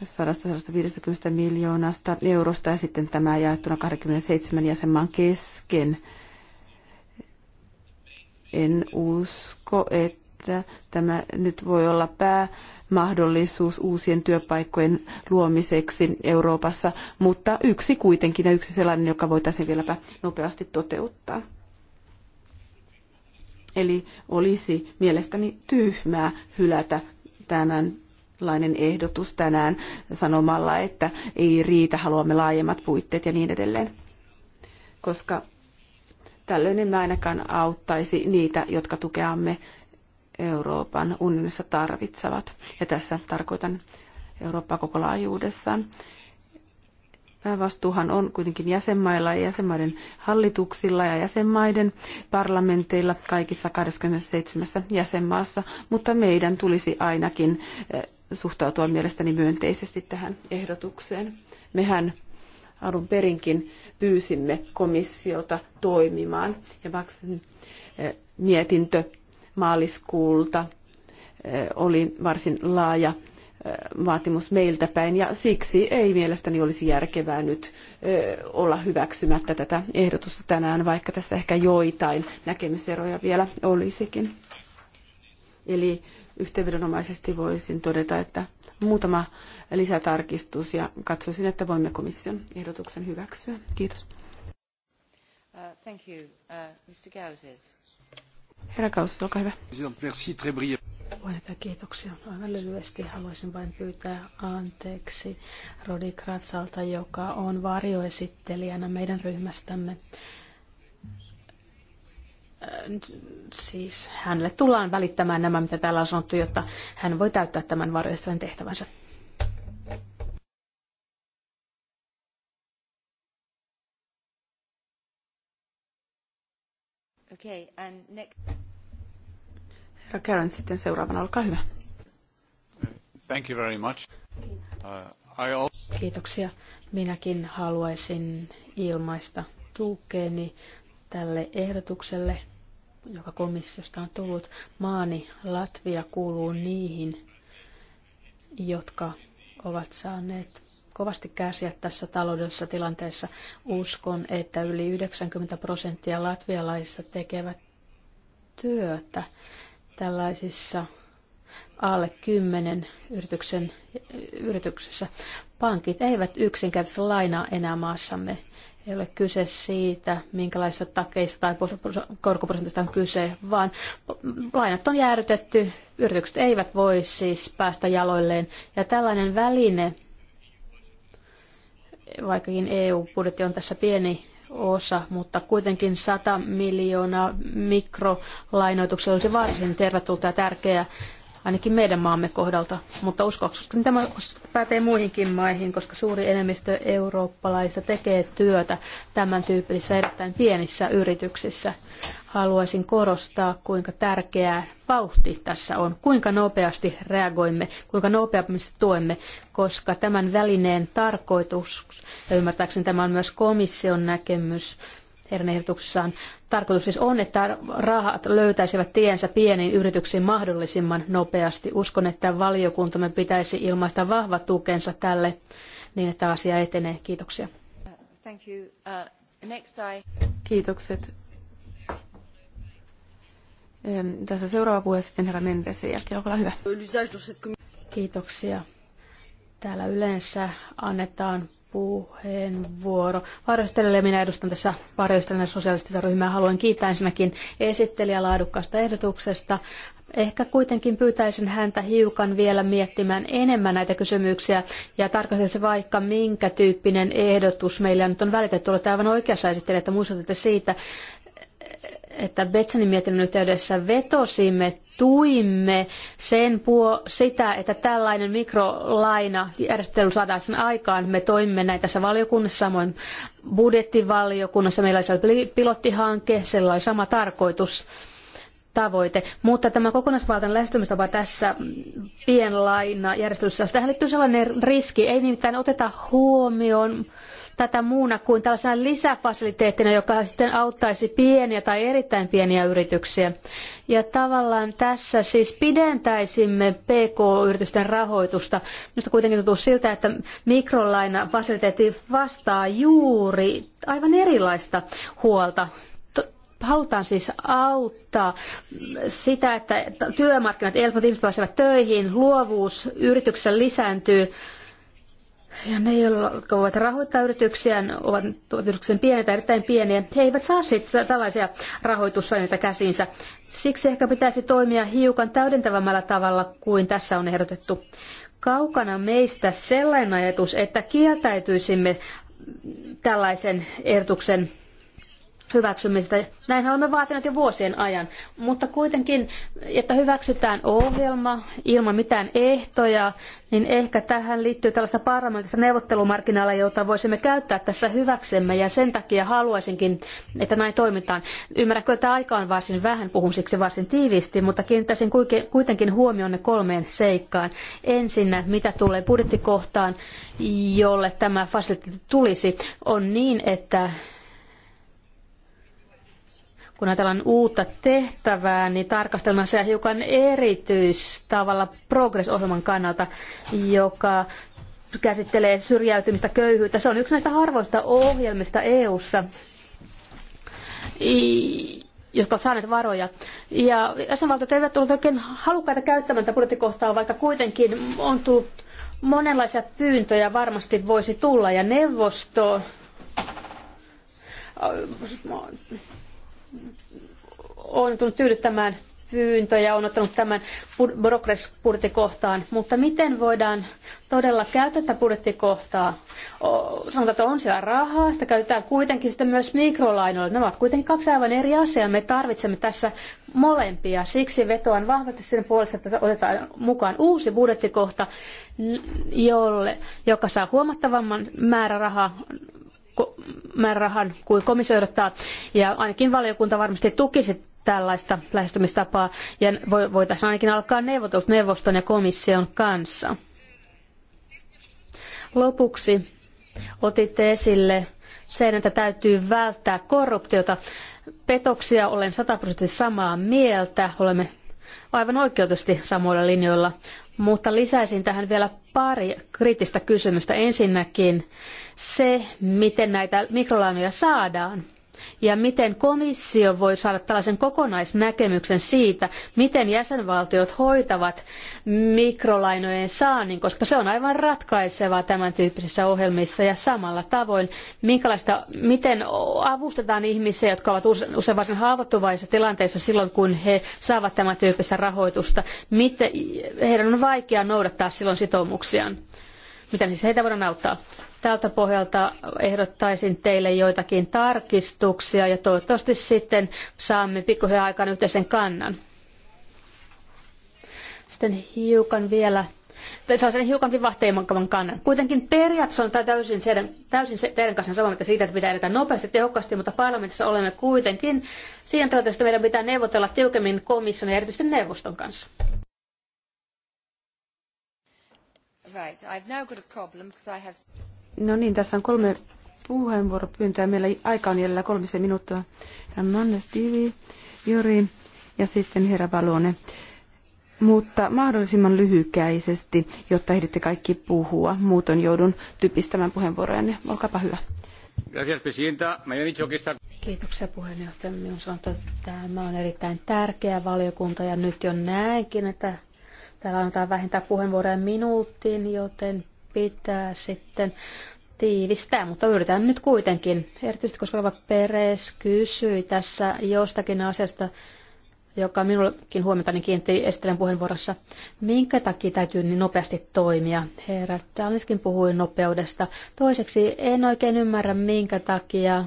100-150 miljoonasta eurosta ja sitten tämä jaettuna 27 jäsenmaan kesken – en usko, että tämä nyt voi olla päämahdollisuus uusien työpaikkojen luomiseksi Euroopassa, mutta yksi kuitenkin ja yksi sellainen, joka voitaisiin vieläpä nopeasti toteuttaa. Eli olisi mielestäni tyhmää hylätä tämänlainen ehdotus tänään sanomalla, että ei riitä, haluamme laajemmat puitteet ja niin edelleen. Koska Tällöin emme ainakaan auttaisi niitä, jotka tukeamme Euroopan unionissa tarvitsevat. Ja tässä tarkoitan Eurooppaa koko laajuudessaan. Päävastuuhan on kuitenkin jäsenmailla ja jäsenmaiden hallituksilla ja jäsenmaiden parlamenteilla kaikissa 27 jäsenmaassa, mutta meidän tulisi ainakin eh, suhtautua mielestäni myönteisesti tähän ehdotukseen. Mehän alun perinkin pyysimme komissiota toimimaan. Ja Baksen eh, mietintö maaliskuulta eh, oli varsin laaja eh, vaatimus meiltä päin ja siksi ei mielestäni olisi järkevää nyt olla hyväksymättä tätä ehdotusta tänään, vaikka tässä ehkä joitain näkemyseroja vielä olisikin. Eli yhteenvedonomaisesti voisin todeta, että muutama lisätarkistus ja katsoisin, että voimme komission ehdotuksen hyväksyä. Kiitos. Uh, thank you. Uh, Mr. Gauzes. Herra olkaa hyvä. Merci, très kiitoksia. Aivan lyhyesti haluaisin vain pyytää anteeksi Rodi Kratsalta, joka on varjoesittelijänä meidän ryhmästämme siis hänelle tullaan välittämään nämä, mitä täällä on sanottu, jotta hän voi täyttää tämän varjoistajan tehtävänsä. Okay, and next... Herra Karen, sitten seuraavana, olkaa hyvä. Thank you very much. Uh, I also... Kiitoksia. Minäkin haluaisin ilmaista tukeni tälle ehdotukselle joka komissiosta on tullut, maani Latvia kuuluu niihin, jotka ovat saaneet kovasti kärsiä tässä taloudellisessa tilanteessa. Uskon, että yli 90 prosenttia latvialaisista tekevät työtä tällaisissa alle kymmenen yrityksen, yrityksessä. Pankit eivät yksinkertaisesti lainaa enää maassamme ei ole kyse siitä, minkälaisista takeista tai korkoprosentista on kyse, vaan lainat on jäädytetty, yritykset eivät voi siis päästä jaloilleen. Ja tällainen väline, vaikkakin EU-budjetti on tässä pieni osa, mutta kuitenkin 100 miljoonaa mikrolainoituksella olisi varsin tervetullut ja tärkeä ainakin meidän maamme kohdalta, mutta uskoakseni tämä pätee muihinkin maihin, koska suuri enemmistö eurooppalaisista tekee työtä tämän tyyppisissä erittäin pienissä yrityksissä. Haluaisin korostaa, kuinka tärkeää vauhti tässä on, kuinka nopeasti reagoimme, kuinka nopeasti tuemme, koska tämän välineen tarkoitus, ja ymmärtääkseni tämä on myös komission näkemys, heidän ehdotuksessaan. Tarkoitus siis on, että rahat löytäisivät tiensä pieniin yrityksiin mahdollisimman nopeasti. Uskon, että valiokuntamme pitäisi ilmaista vahva tukensa tälle niin, että asia etenee. Kiitoksia. Thank you. Uh, next I... Kiitokset. tässä seuraava puhe sitten herra Mendes, sen jälkeen olkaa hyvä. Kiitoksia. Täällä yleensä annetaan puheenvuoro. Varjostelijalle minä edustan tässä varjostelijan sosiaalistista ryhmää. Haluan kiittää ensinnäkin esittelijä laadukkaasta ehdotuksesta. Ehkä kuitenkin pyytäisin häntä hiukan vielä miettimään enemmän näitä kysymyksiä ja se vaikka minkä tyyppinen ehdotus meillä nyt on välitetty. Olette aivan oikeassa esittelijä, että muistutatte siitä, että Betsonin mietinnön yhteydessä vetosimme, tuimme sen puo sitä, että tällainen mikrolaina järjestely saadaan sen aikaan. Me toimme näin tässä valiokunnassa, samoin budjettivaliokunnassa. Meillä oli pilottihanke, sillä oli sama tarkoitus tavoite. Mutta tämä kokonaisvaltainen lähestymistapa tässä pienlaina järjestelyssä, tähän liittyy sellainen riski, ei nimittäin oteta huomioon tätä muuna kuin tällaisena lisäfasiliteettina, joka sitten auttaisi pieniä tai erittäin pieniä yrityksiä. Ja tavallaan tässä siis pidentäisimme PK-yritysten rahoitusta. Minusta kuitenkin tuntuu siltä, että mikrolainafasiliteetti vastaa juuri aivan erilaista huolta halutaan siis auttaa sitä, että työmarkkinat elpyvät, ihmiset pääsevät töihin, luovuus yrityksessä lisääntyy. Ja ne, jotka voivat rahoittaa yrityksiään, ovat yrityksen pieniä tai erittäin pieniä, he eivät saa sitten tällaisia rahoitusvälineitä käsiinsä. Siksi ehkä pitäisi toimia hiukan täydentävämmällä tavalla kuin tässä on ehdotettu. Kaukana meistä sellainen ajatus, että kieltäytyisimme tällaisen ehdotuksen hyväksymistä. Näin olemme vaatineet jo vuosien ajan. Mutta kuitenkin, että hyväksytään ohjelma ilman mitään ehtoja, niin ehkä tähän liittyy tällaista parlamentista neuvottelumarkkinaalia, jota voisimme käyttää tässä hyväksemme. Ja sen takia haluaisinkin, että näin toimitaan. Ymmärrän että aika on varsin vähän, puhun siksi varsin tiiviisti, mutta kiinnittäisin kuitenkin huomionne kolmeen seikkaan. Ensinnä, mitä tulee budjettikohtaan, jolle tämä fasiliteetti tulisi, on niin, että kun ajatellaan uutta tehtävää, niin tarkastelma se hiukan erityistavalla progress-ohjelman kannalta, joka käsittelee syrjäytymistä, köyhyyttä. Se on yksi näistä harvoista ohjelmista EU:ssa, jotka ovat saaneet varoja. Ja jäsenvaltiot eivät ole oikein halukkaita käyttämään tätä budjettikohtaa, vaikka kuitenkin on tullut monenlaisia pyyntöjä varmasti voisi tulla. Ja neuvosto on tullut tyydyttämään pyyntöjä, on ottanut tämän progress-budjettikohtaan, mutta miten voidaan todella käyttää tätä budjettikohtaa? Sanotaan, että on siellä rahaa, sitä käytetään kuitenkin sitten myös mikrolainoilla. Nämä ovat kuitenkin kaksi aivan eri asiaa. Me tarvitsemme tässä molempia. Siksi vetoan vahvasti sen puolesta, että otetaan mukaan uusi budjettikohta, jolle, joka saa huomattavamman rahaa määrärahan kuin komissio ehdottaa. Ja ainakin valiokunta varmasti tukisi tällaista lähestymistapaa ja voitaisiin ainakin alkaa neuvottelut neuvoston ja komission kanssa. Lopuksi otitte esille sen, että täytyy välttää korruptiota. Petoksia olen sataprosenttisesti samaa mieltä, olemme aivan oikeutusti samoilla linjoilla, mutta lisäisin tähän vielä pari kriittistä kysymystä. Ensinnäkin se, miten näitä mikrolainoja saadaan ja miten komissio voi saada tällaisen kokonaisnäkemyksen siitä, miten jäsenvaltiot hoitavat mikrolainojen saannin, koska se on aivan ratkaisevaa tämän tyyppisissä ohjelmissa ja samalla tavoin, minkälaista, miten avustetaan ihmisiä, jotka ovat usein varsin haavoittuvaisissa tilanteissa silloin, kun he saavat tämän tyyppistä rahoitusta, miten, heidän on vaikea noudattaa silloin sitoumuksiaan. Miten siis heitä voidaan auttaa? Tältä pohjalta ehdottaisin teille joitakin tarkistuksia ja toivottavasti sitten saamme pikkuhiljaa aikaan yhteisen kannan. Sitten hiukan vielä sellaisen hiukan vivahteimankavan kannan. Kuitenkin periaatteessa on täysin, seidän, täysin se, teidän kanssa samaa mieltä siitä, että pitää edetä nopeasti ja tehokkaasti, mutta parlamentissa olemme kuitenkin siihen tilanteeseen että meidän pitää neuvotella tiukemmin komission ja erityisesti neuvoston kanssa. Right. I've now got a problem because I have... No niin, tässä on kolme puheenvuoropyyntöä. Meillä aika on jäljellä kolmisen minuuttia. Hermannes Divi, Juri ja sitten herra Valone. Mutta mahdollisimman lyhykäisesti, jotta ehditte kaikki puhua. Muutoin joudun typistämään puheenvuorojanne. Olkaapa hyvä. Kiitoksia puheenjohtaja. Minun sanotaan, että tämä on erittäin tärkeä valiokunta ja nyt jo näenkin, että täällä annetaan vähintään puheenvuoroja minuuttiin, joten pitää sitten tiivistää, mutta yritän nyt kuitenkin. Erityisesti koska Rova Peres kysyi tässä jostakin asiasta, joka minullekin huomiotani niin kiinnitti Estelän puheenvuorossa. Minkä takia täytyy niin nopeasti toimia? Herra Dalliskin puhui nopeudesta. Toiseksi en oikein ymmärrä, minkä takia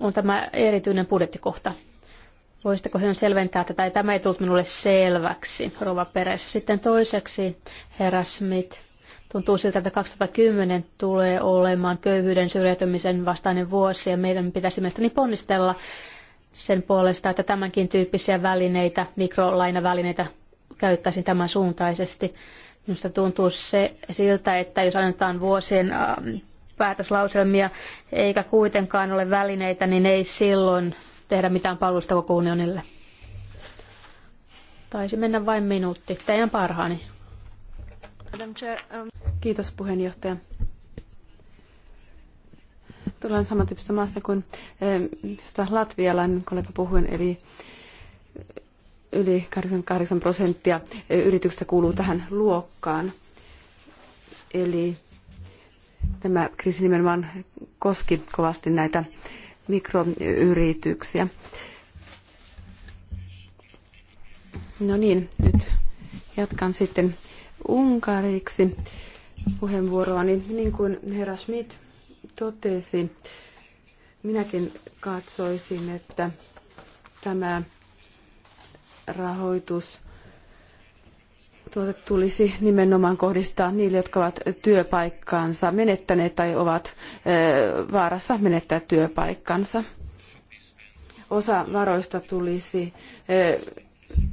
on tämä erityinen budjettikohta. Voisitteko hieman selventää tätä? Tämä ei tullut minulle selväksi, Rova Peres. Sitten toiseksi, herra Smith. Tuntuu siltä, että 2010 tulee olemaan köyhyyden syrjäytymisen vastainen vuosi ja meidän pitäisi mielestäni ponnistella sen puolesta, että tämänkin tyyppisiä välineitä, mikrolainavälineitä käyttäisin tämän suuntaisesti. Minusta tuntuu se, siltä, että jos annetaan vuosien ähm, päätöslauselmia eikä kuitenkaan ole välineitä, niin ei silloin tehdä mitään palvelusta koko unionille. Taisi mennä vain minuutti. Teidän parhaani. Um, Kiitos puheenjohtaja. Tulen samantyyppistä maasta kuin josta eh, latvialainen kollega puhuin, eli eh, yli 88 prosenttia eh, yrityksistä kuuluu tähän luokkaan. Eli tämä kriisi nimenomaan koski kovasti näitä mikroyrityksiä. No niin, nyt jatkan sitten unkariksi puheenvuoroani. Niin kuin herra Schmidt totesi, minäkin katsoisin, että tämä rahoitus tuote tulisi nimenomaan kohdistaa niille, jotka ovat työpaikkaansa menettäneet tai ovat vaarassa menettää työpaikkansa. Osa varoista tulisi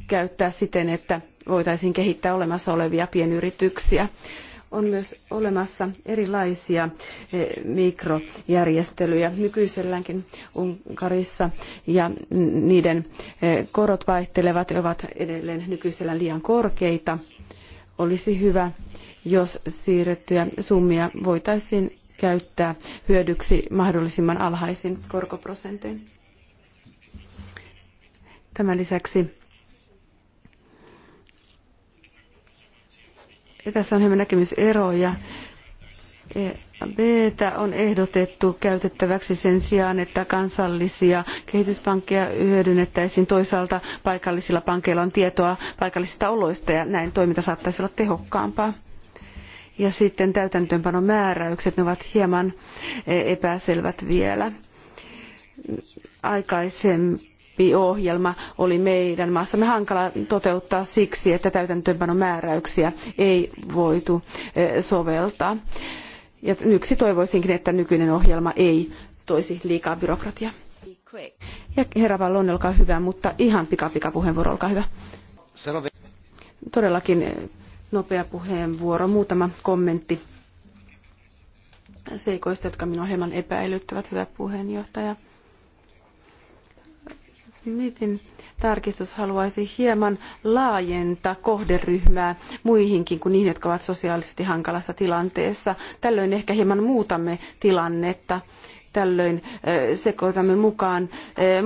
käyttää siten, että voitaisiin kehittää olemassa olevia pienyrityksiä on myös olemassa erilaisia eh, mikrojärjestelyjä nykyiselläänkin Unkarissa ja niiden eh, korot vaihtelevat ja ovat edelleen nykyisellä liian korkeita. Olisi hyvä, jos siirrettyjä summia voitaisiin käyttää hyödyksi mahdollisimman alhaisin korkoprosentein. Tämän lisäksi Ja tässä on hieman näkemyseroja. E, b on ehdotettu käytettäväksi sen sijaan, että kansallisia kehityspankkeja hyödynnettäisiin. Toisaalta paikallisilla pankeilla on tietoa paikallisista oloista ja näin toiminta saattaisi olla tehokkaampaa. Ja sitten täytäntöönpanon määräykset, ne ovat hieman e, epäselvät vielä aikaisemmin ohjelma oli meidän maassamme hankala toteuttaa siksi, että täytäntöönpanomääräyksiä ei voitu eh, soveltaa. Ja yksi toivoisinkin, että nykyinen ohjelma ei toisi liikaa byrokratiaa. Ja herra Vallon, olkaa hyvä, mutta ihan pika puheenvuoro, olkaa hyvä. Todellakin eh, nopea puheenvuoro, muutama kommentti seikoista, jotka minua hieman epäilyttävät, hyvä puheenjohtaja. Mietin, tarkistus haluaisi hieman laajentaa kohderyhmää muihinkin kuin niihin, jotka ovat sosiaalisesti hankalassa tilanteessa. Tällöin ehkä hieman muutamme tilannetta. Tällöin sekoitamme mukaan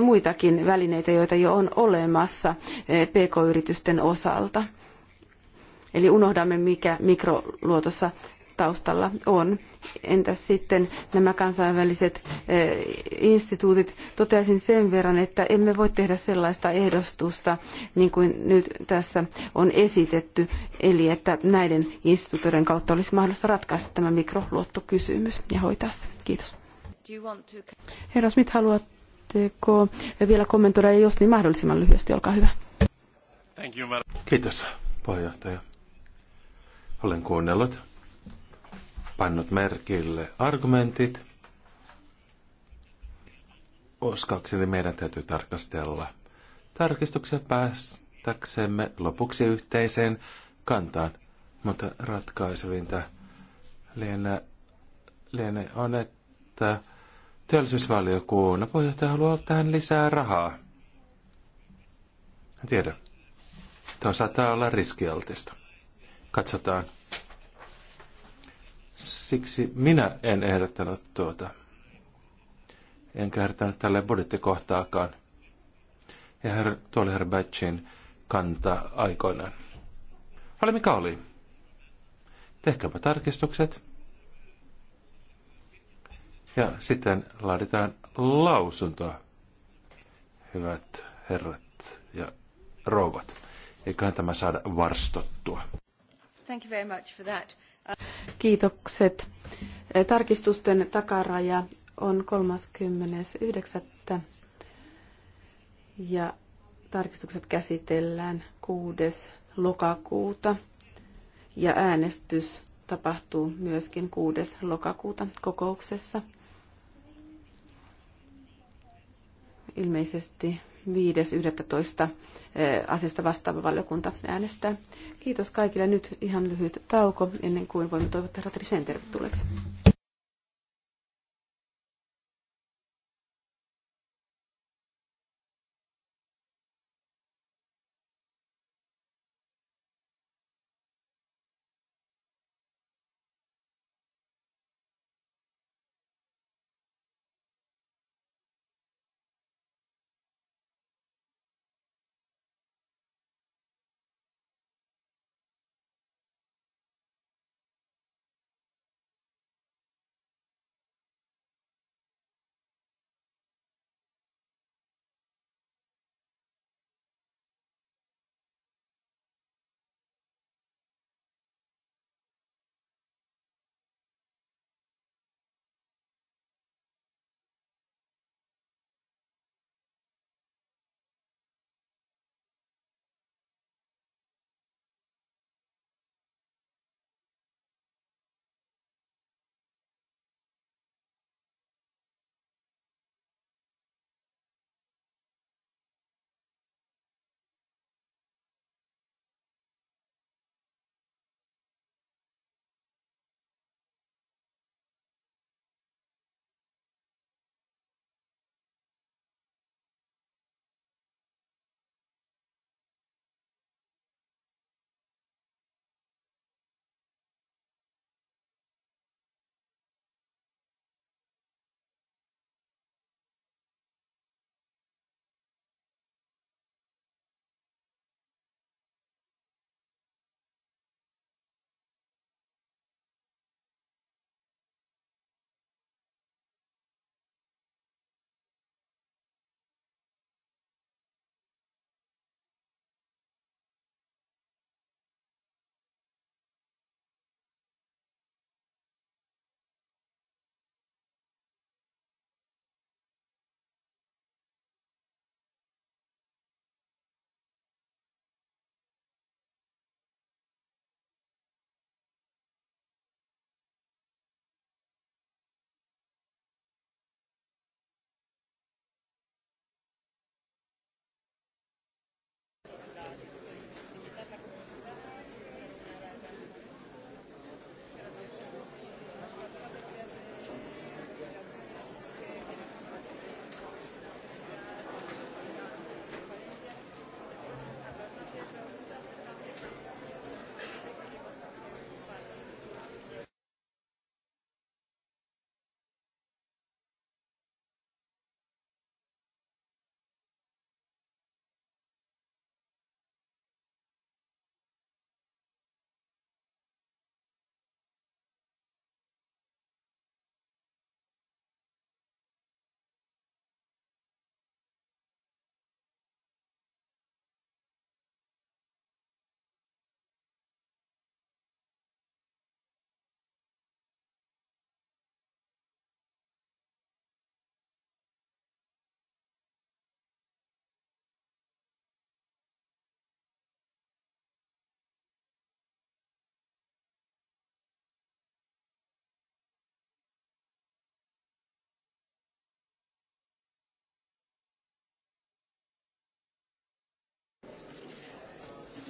muitakin välineitä, joita jo on olemassa pk-yritysten osalta. Eli unohdamme, mikä mikroluotossa taustalla on. Entäs sitten nämä kansainväliset eh, instituutit? Toteaisin sen verran, että emme voi tehdä sellaista ehdostusta, niin kuin nyt tässä on esitetty, eli että näiden instituutioiden kautta olisi mahdollista ratkaista tämä mikroluottokysymys ja hoitaa se. Kiitos. Herra Smith, haluatteko vielä kommentoida, ja jos niin mahdollisimman lyhyesti, olkaa hyvä. Kiitos, puheenjohtaja. Olen kuunnellut pannut merkille argumentit. Uskoakseni meidän täytyy tarkastella tarkistuksia päästäksemme lopuksi yhteiseen kantaan, mutta ratkaisevinta lienee, lienee on, että työllisyysvaliokunnan puheenjohtaja haluaa tähän lisää rahaa. En tiedä. Tuo saattaa olla riskialtista. Katsotaan. Siksi minä en ehdottanut tuota. en kertanut tälle budjettikohtaakaan. Ja her, tuo herra Batchin kanta aikoinaan. Oli mikä oli. Tehkääpä tarkistukset. Ja sitten laaditaan lausuntoa, hyvät herrat ja rouvat. Eiköhän tämä saada varstottua. Thank you very much for that. Kiitokset. Tarkistusten takaraja on 30.9. ja tarkistukset käsitellään 6. lokakuuta ja äänestys tapahtuu myöskin 6. lokakuuta kokouksessa. Ilmeisesti 5.11. Eh, asiasta vastaava valiokunta äänestää. Kiitos kaikille. Nyt ihan lyhyt tauko ennen kuin voimme toivottaa Ratri sen tervetulleeksi.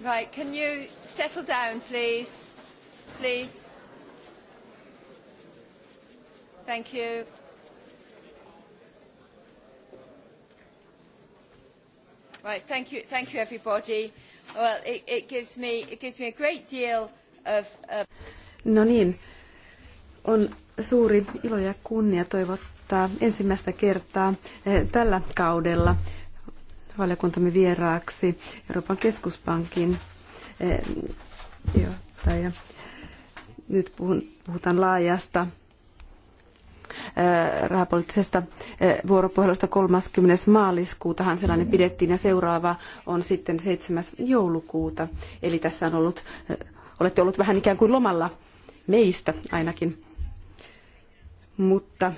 Right, can you settle down, please? Please. Thank you. Right, thank you, thank you everybody. Well, it, it, gives me, it gives me a great deal of... Uh... No niin, on suuri ilo ja kunnia toivottaa ensimmäistä kertaa eh, tällä kaudella valiokuntamme vieraaksi Euroopan keskuspankin eh, johtaja. Nyt puhutaan laajasta eh, rahapoliittisesta eh, vuoropuhelusta 30. maaliskuutahan sellainen pidettiin ja seuraava on sitten 7. joulukuuta. Eli tässä on ollut, olette ollut vähän ikään kuin lomalla meistä ainakin. Mutta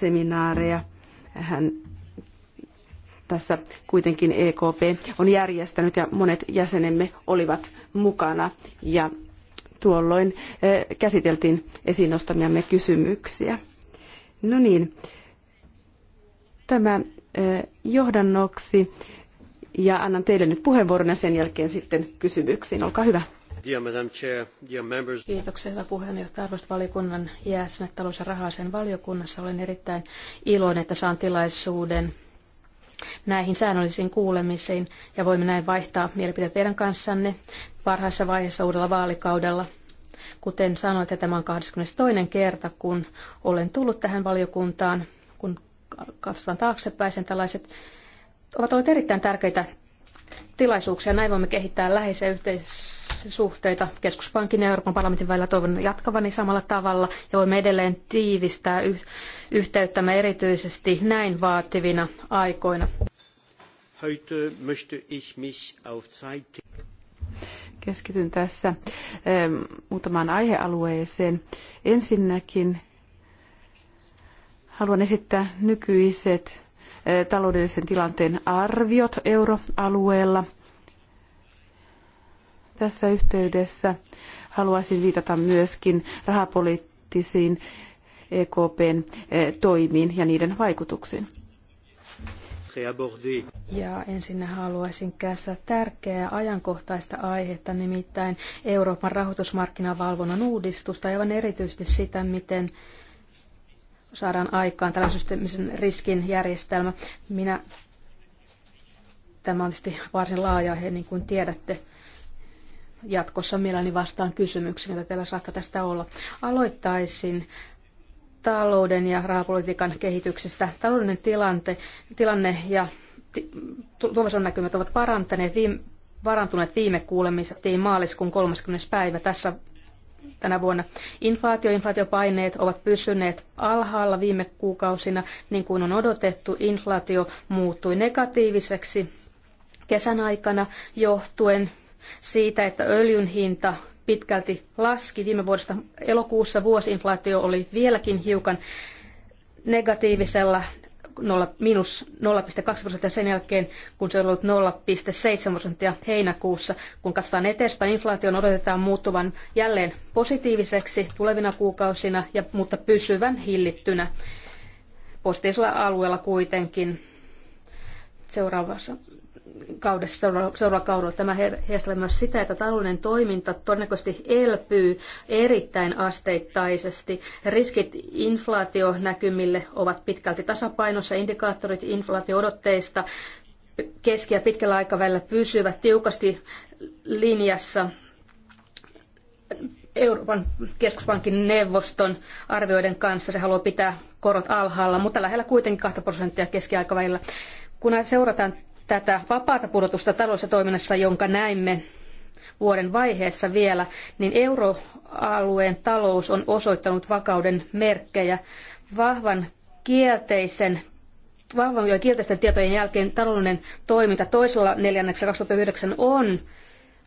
seminaareja hän tässä kuitenkin EKP on järjestänyt ja monet jäsenemme olivat mukana ja tuolloin eh, käsiteltiin esiin nostamiamme kysymyksiä. No niin, tämä eh, johdannoksi ja annan teille nyt puheenvuoron ja sen jälkeen sitten kysymyksiin. Olkaa hyvä. Kiitoksia, hyvä puheenjohtaja. Arvoisat valiokunnan jäsenet talous- ja rahaisen valiokunnassa. Olen erittäin iloinen, että saan tilaisuuden näihin säännöllisiin kuulemisiin ja voimme näin vaihtaa mielipiteet teidän kanssanne varhaisessa vaiheessa uudella vaalikaudella. Kuten sanoit, tämä on 22. kerta, kun olen tullut tähän valiokuntaan, kun katsotaan taaksepäin, sen tällaiset ovat olleet erittäin tärkeitä tilaisuuksia. Näin voimme kehittää läheisiä yhteis- suhteita keskuspankin ja Euroopan parlamentin välillä toivon jatkavani samalla tavalla ja voimme edelleen tiivistää yh- yhteyttämme erityisesti näin vaativina aikoina. Heute möchte ich mich auf Keskityn tässä ähm, muutamaan aihealueeseen. Ensinnäkin haluan esittää nykyiset eh, taloudellisen tilanteen arviot euroalueella tässä yhteydessä haluaisin viitata myöskin rahapoliittisiin EKPn e, toimiin ja niiden vaikutuksiin. Ja ensin haluaisin käsitellä tärkeää ajankohtaista aihetta, nimittäin Euroopan rahoitusmarkkinavalvonnan uudistusta, aivan erityisesti sitä, miten saadaan aikaan tällaisen systeemisen riskin järjestelmä. Minä, tämä on tietysti varsin laaja aihe, niin kuin tiedätte, jatkossa mielelläni vastaan kysymyksiin, joita teillä saattaa tästä olla. Aloittaisin talouden ja rahapolitiikan kehityksestä. Talouden tilante, tilanne ja tulevaisuuden näkymät ovat parantaneet viime, parantuneet viime kuulemiset maaliskuun 30. päivä tässä tänä vuonna. Inflaatio ja inflaatiopaineet ovat pysyneet alhaalla viime kuukausina, niin kuin on odotettu. Inflaatio muuttui negatiiviseksi kesän aikana johtuen siitä, että öljyn hinta pitkälti laski viime vuodesta. Elokuussa vuosinflaatio oli vieläkin hiukan negatiivisella nolla, miinus 0,2 prosenttia sen jälkeen, kun se on ollut 0,7 prosenttia heinäkuussa. Kun katsotaan eteenpäin, inflaation odotetaan muuttuvan jälleen positiiviseksi tulevina kuukausina, ja, mutta pysyvän hillittynä positiivisella alueella kuitenkin seuraavassa kaudessa, seuraavalla kaudella. Tämä heijastelee myös sitä, että talouden toiminta todennäköisesti elpyy erittäin asteittaisesti. Riskit inflaationäkymille ovat pitkälti tasapainossa. Indikaattorit inflaatioodotteista keski- ja pitkällä aikavälillä pysyvät tiukasti linjassa Euroopan keskuspankin neuvoston arvioiden kanssa. Se haluaa pitää korot alhaalla, mutta lähellä kuitenkin 2 prosenttia keskiaikavälillä. Kun seurataan tätä vapaata pudotusta taloudellisessa toiminnassa, jonka näimme vuoden vaiheessa vielä, niin euroalueen talous on osoittanut vakauden merkkejä. Vahvan kielteisen vahvan ja kielteisten tietojen jälkeen taloudellinen toiminta toisella neljänneksellä 2009 on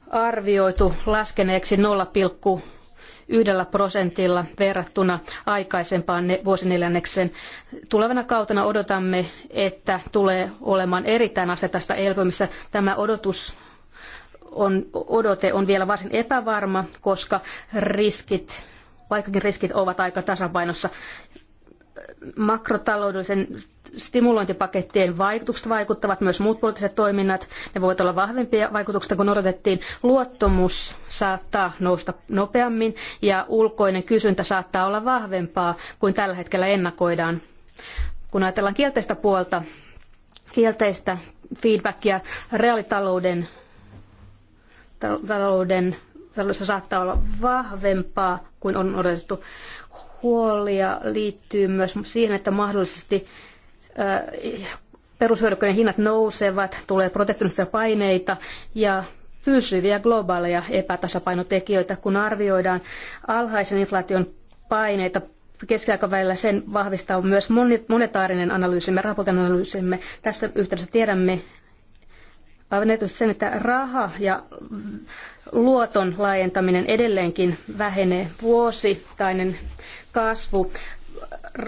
arvioitu laskeneeksi 0,5 yhdellä prosentilla verrattuna aikaisempaan vuosineljännekseen. Tulevana kautena odotamme, että tulee olemaan erittäin asetasta elpymistä. Tämä odotus on, odote on vielä varsin epävarma, koska riskit, vaikkakin riskit ovat aika tasapainossa makrotaloudellisen stimulointipakettien vaikutukset vaikuttavat, myös muut poliittiset toiminnat, ne voivat olla vahvempia vaikutuksia kuin odotettiin. Luottamus saattaa nousta nopeammin ja ulkoinen kysyntä saattaa olla vahvempaa kuin tällä hetkellä ennakoidaan. Kun ajatellaan kielteistä puolta, kielteistä feedbackia reaalitalouden talouden, taloudessa saattaa olla vahvempaa kuin on odotettu huolia liittyy myös siihen, että mahdollisesti perushyödykkeiden hinnat nousevat, tulee protektionistisia paineita ja pysyviä globaaleja epätasapainotekijöitä, kun arvioidaan alhaisen inflaation paineita keskiaikavälillä sen vahvistaa myös monetaarinen analyysimme, raportin analyysimme. Tässä yhteydessä tiedämme aivan erityisesti sen, että raha ja luoton laajentaminen edelleenkin vähenee vuosittainen kasvu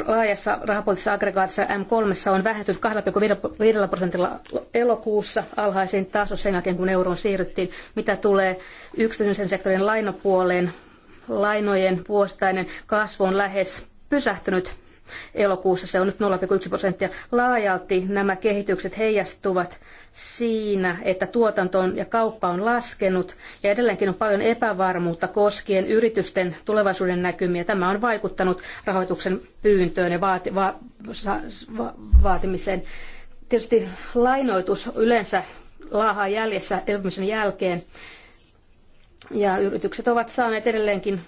laajassa rahapoliittisessa aggregaatissa M3 on vähentynyt 2,5 prosentilla elokuussa alhaisin taso sen jälkeen, kun euroon siirryttiin. Mitä tulee yksityisen sektorin lainapuoleen, lainojen vuosittainen kasvu on lähes pysähtynyt elokuussa, se on nyt 0,1 prosenttia. Laajalti nämä kehitykset heijastuvat siinä, että tuotanto ja kauppa on laskenut ja edelleenkin on paljon epävarmuutta koskien yritysten tulevaisuuden näkymiä. Tämä on vaikuttanut rahoituksen pyyntöön ja vaati, va, va, vaatimiseen. Tietysti lainoitus yleensä laahaa jäljessä elpymisen jälkeen ja yritykset ovat saaneet edelleenkin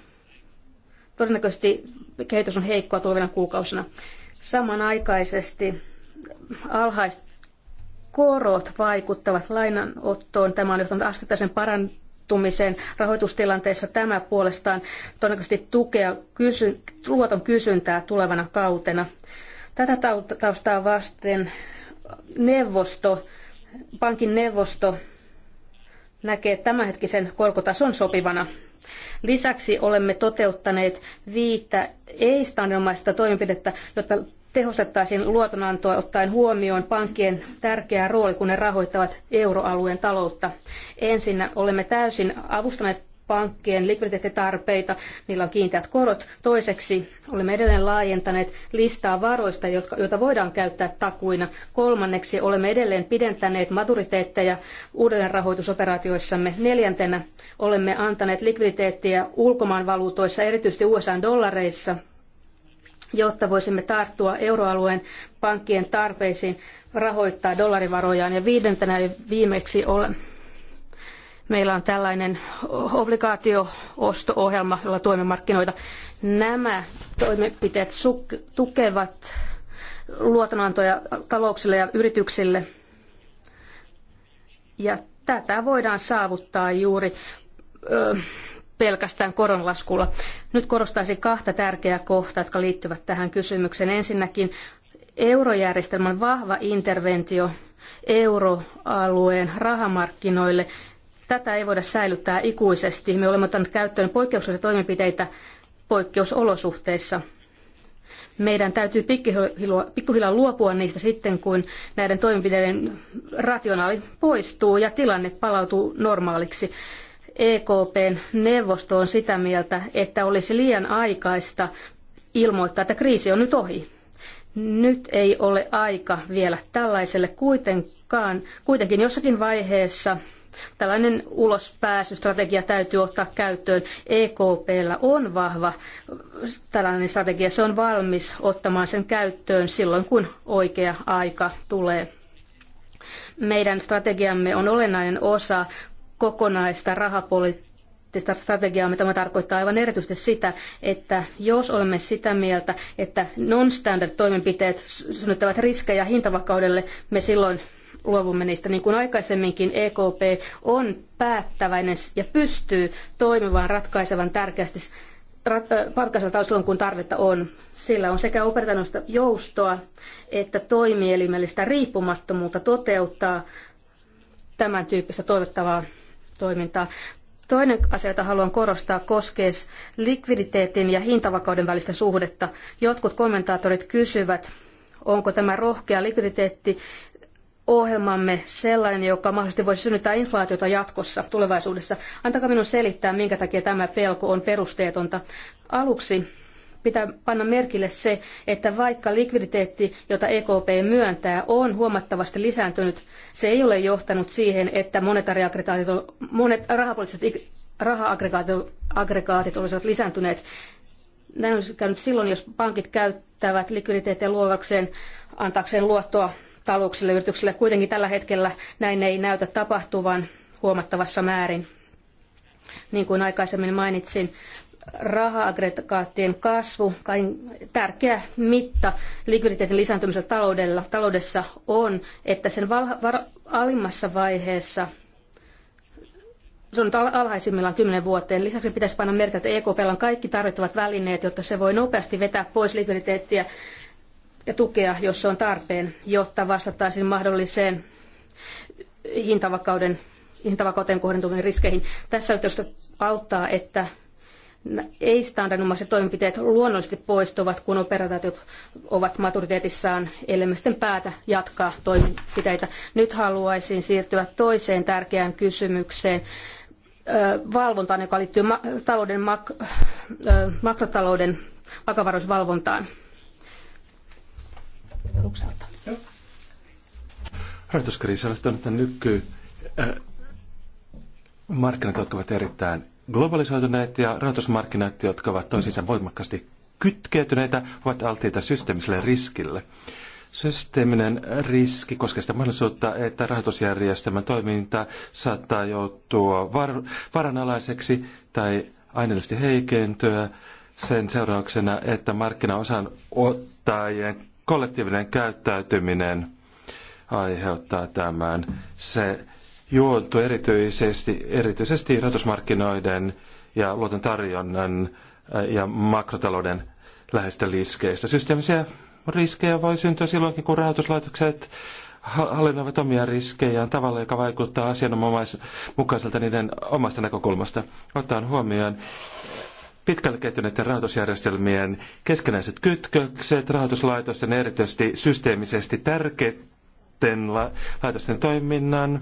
todennäköisesti kehitys on heikkoa tulevina kuukausina. Samanaikaisesti alhaiset korot vaikuttavat lainanottoon. Tämä on johtanut asteittaisen parantumiseen rahoitustilanteessa. Tämä puolestaan todennäköisesti tukea kysy- luoton kysyntää tulevana kautena. Tätä taustaa vasten neuvosto, pankin neuvosto näkee tämänhetkisen korkotason sopivana. Lisäksi olemme toteuttaneet viittä ei-standardomaista toimenpidettä, jotta tehostettaisiin luotonantoa ottaen huomioon pankkien tärkeä rooli, kun ne rahoittavat euroalueen taloutta. Ensinnä olemme täysin avustaneet pankkien likviditeettitarpeita, niillä on kiinteät korot. Toiseksi olemme edelleen laajentaneet listaa varoista, jotka, joita voidaan käyttää takuina. Kolmanneksi olemme edelleen pidentäneet maturiteetteja uudelleenrahoitusoperaatioissamme. Neljäntenä olemme antaneet likviditeettiä ulkomaan valuutoissa, erityisesti USA dollareissa – jotta voisimme tarttua euroalueen pankkien tarpeisiin rahoittaa dollarivarojaan. Ja viidentenä viimeksi ole, meillä on tällainen obligaatio-osto-ohjelma, jolla tuemme markkinoita. Nämä toimenpiteet tukevat luotonantoja talouksille ja yrityksille. Ja tätä voidaan saavuttaa juuri ö, pelkästään koronlaskulla. Nyt korostaisin kahta tärkeää kohtaa, jotka liittyvät tähän kysymykseen. Ensinnäkin eurojärjestelmän vahva interventio euroalueen rahamarkkinoille. Tätä ei voida säilyttää ikuisesti. Me olemme ottaneet käyttöön poikkeuksellisia toimenpiteitä poikkeusolosuhteissa. Meidän täytyy pikkuhiljaa luopua niistä sitten, kun näiden toimenpiteiden rationaali poistuu ja tilanne palautuu normaaliksi. EKPn neuvosto on sitä mieltä, että olisi liian aikaista ilmoittaa, että kriisi on nyt ohi. Nyt ei ole aika vielä tällaiselle kuitenkaan. Kuitenkin jossakin vaiheessa tällainen ulospääsystrategia täytyy ottaa käyttöön. EKPllä on vahva tällainen strategia. Se on valmis ottamaan sen käyttöön silloin, kun oikea aika tulee. Meidän strategiamme on olennainen osa kokonaista rahapoliittista strategiaa, mitä tämä tarkoittaa aivan erityisesti sitä, että jos olemme sitä mieltä, että non-standard toimenpiteet synnyttävät riskejä hintavakaudelle, me silloin luovumme niistä. Niin kuin aikaisemminkin EKP on päättäväinen ja pystyy toimimaan ratkaisevan tärkeästi äh, ratkaisella silloin, kun tarvetta on. Sillä on sekä operatiivista joustoa että toimielimellistä riippumattomuutta toteuttaa tämän tyyppistä toivottavaa toimintaa. Toinen asia, jota haluan korostaa, koskee likviditeetin ja hintavakauden välistä suhdetta. Jotkut kommentaattorit kysyvät, onko tämä rohkea likviditeetti ohjelmamme sellainen, joka mahdollisesti voisi synnyttää inflaatiota jatkossa tulevaisuudessa. Antakaa minun selittää, minkä takia tämä pelko on perusteetonta. Aluksi pitää panna merkille se, että vaikka likviditeetti, jota EKP myöntää, on huomattavasti lisääntynyt, se ei ole johtanut siihen, että monet rahapoliittiset raha-aggregaatit olisivat lisääntyneet. Näin olisi käynyt silloin, jos pankit käyttävät likviditeettiä luovakseen antaakseen luottoa talouksille yrityksille. Kuitenkin tällä hetkellä näin ei näytä tapahtuvan huomattavassa määrin. Niin kuin aikaisemmin mainitsin, raha-aggregaattien kasvu, tärkeä mitta likviditeetin lisääntymisellä taloudella, taloudessa on, että sen alimmassa vaiheessa se on nyt alhaisimmillaan 10 vuoteen. Lisäksi pitäisi panna merkitä, että EKPllä on kaikki tarvittavat välineet, jotta se voi nopeasti vetää pois likviditeettiä ja tukea, jos se on tarpeen, jotta vastattaisiin mahdolliseen hintavakauden, hintavakauteen kohdentuviin riskeihin. Tässä yhteydessä auttaa, että ei-standardinomaiset toimenpiteet luonnollisesti poistuvat, kun operaatiot ovat maturiteetissaan, ellei sitten päätä jatkaa toimenpiteitä. Nyt haluaisin siirtyä toiseen tärkeään kysymykseen valvontaan, joka liittyy talouden mak- makrotalouden vakavaraisuusvalvontaan. Rahoituskriisi on ottanut nyky markkinat, jotka ovat erittäin Globalisoituneet ja rahoitusmarkkinat, jotka ovat toisiinsa voimakkaasti kytkeytyneitä, ovat alttiita systeemiselle riskille. Systeeminen riski koskee sitä mahdollisuutta, että rahoitusjärjestelmän toiminta saattaa joutua var- varanalaiseksi tai aineellisesti heikentyä sen seurauksena, että markkinaosan ottajien kollektiivinen käyttäytyminen aiheuttaa tämän. Se juontu erityisesti, erityisesti rahoitusmarkkinoiden ja luoton tarjonnan äh, ja makrotalouden läheistä liskeistä. Systeemisiä riskejä voi syntyä silloinkin, kun rahoituslaitokset hallinnoivat omia riskejään tavalla, joka vaikuttaa asianomaiselta niiden omasta näkökulmasta. Ottaen huomioon pitkälle kehittyneiden rahoitusjärjestelmien keskenäiset kytkökset, rahoituslaitosten erityisesti systeemisesti tärkeiden laitosten toiminnan,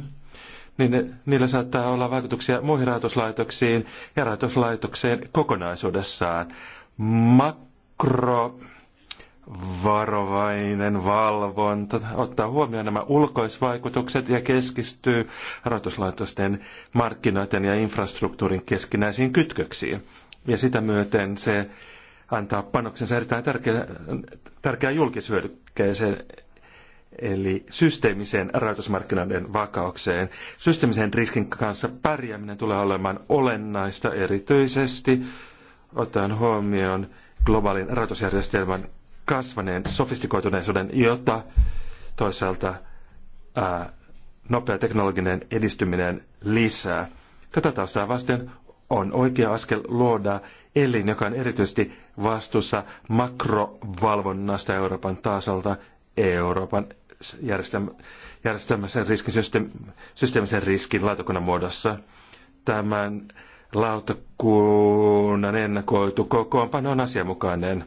niin ne, niillä saattaa olla vaikutuksia muihin rahoituslaitoksiin ja rahoituslaitokseen kokonaisuudessaan. Makro varovainen valvonta ottaa huomioon nämä ulkoisvaikutukset ja keskistyy rahoituslaitosten markkinoiden ja infrastruktuurin keskinäisiin kytköksiin. Ja sitä myöten se antaa panoksensa erittäin tärkeä, tärkeä julkishyödykkeeseen eli systeemiseen rahoitusmarkkinoiden vakaukseen. Systeemisen riskin kanssa pärjääminen tulee olemaan olennaista erityisesti ottaen huomioon globaalin rahoitusjärjestelmän kasvaneen sofistikoituneisuuden, jota toisaalta ää, nopea teknologinen edistyminen lisää. Tätä taustaa vasten on oikea askel luoda elin, joka on erityisesti vastuussa makrovalvonnasta Euroopan tasolta Euroopan järjestelmäisen riskin, systeemisen riskin lautakunnan muodossa. Tämän lautakunnan ennakoitu kokoonpano on asianmukainen.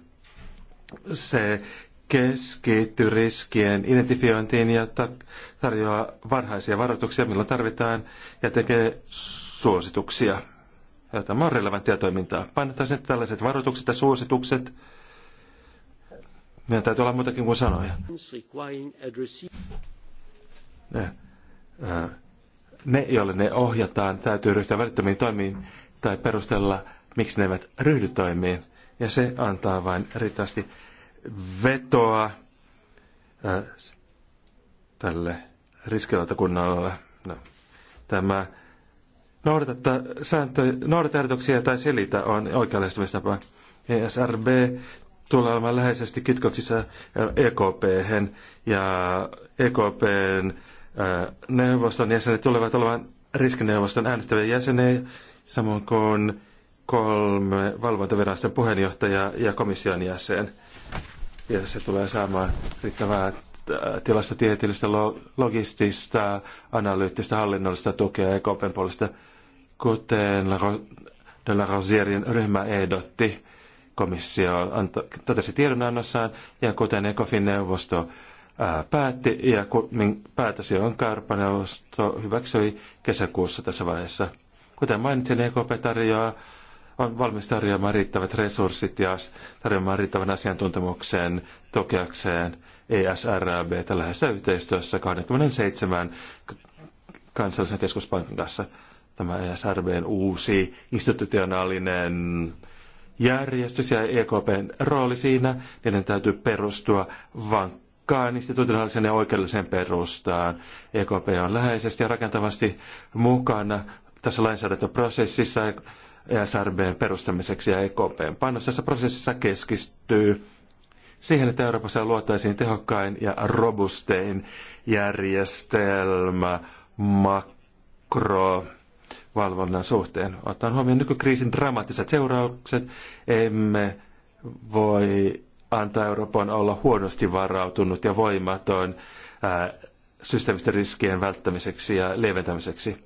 Se keskittyy riskien identifiointiin ja tarjoaa varhaisia varoituksia, milloin tarvitaan, ja tekee suosituksia. Ja tämä on relevanttia toimintaa. Painottaisin, että tällaiset varoitukset ja suositukset – meidän täytyy olla muitakin kuin sanoja. Ne, ne, joille ne ohjataan, täytyy ryhtyä välittömiin toimiin tai perustella, miksi ne eivät ryhdy toimiin. Ja se antaa vain riittävästi vetoa tälle riskilautakunnalle. No, tämä noudata, sääntö, noudata tai selitä on oikea lähestymistapa. ESRB tulee olemaan läheisesti kitkoksissa ekp ja EKPn neuvoston jäsenet tulevat olemaan riskineuvoston äänestäviä jäseniä, samoin kuin kolme valvontaviraston puheenjohtajaa ja komission jäsen. Ja se tulee saamaan riittävää tilastotieteellistä, logistista, analyyttistä, hallinnollista tukea EKPn puolesta, kuten de la Rosierin ryhmä ehdotti komissio anto, totesi tiedonannossaan ja kuten ECOFIN-neuvosto päätti ja päätös, jonka Eurooppa-neuvosto hyväksyi kesäkuussa tässä vaiheessa. Kuten mainitsin, EKP tarjoaa, on valmis tarjoamaan riittävät resurssit ja tarjoamaan riittävän asiantuntemuksen tukeakseen ESRB läheisessä yhteistyössä 27 kansallisen keskuspankin kanssa. Tämä ESRBn uusi institutionaalinen järjestys ja EKPn rooli siinä, niiden täytyy perustua vankkaan institutionaaliseen ja oikeudelliseen perustaan. EKP on läheisesti ja rakentavasti mukana tässä lainsäädäntöprosessissa ESRBn perustamiseksi ja EKPn panos tässä prosessissa keskistyy siihen, että Euroopassa luotaisiin tehokkain ja robustein järjestelmä makro valvonnan suhteen. Ottaen huomioon nykykriisin dramaattiset seuraukset, emme voi antaa Euroopan olla huonosti varautunut ja voimaton ää, systeemisten riskien välttämiseksi ja leventämiseksi.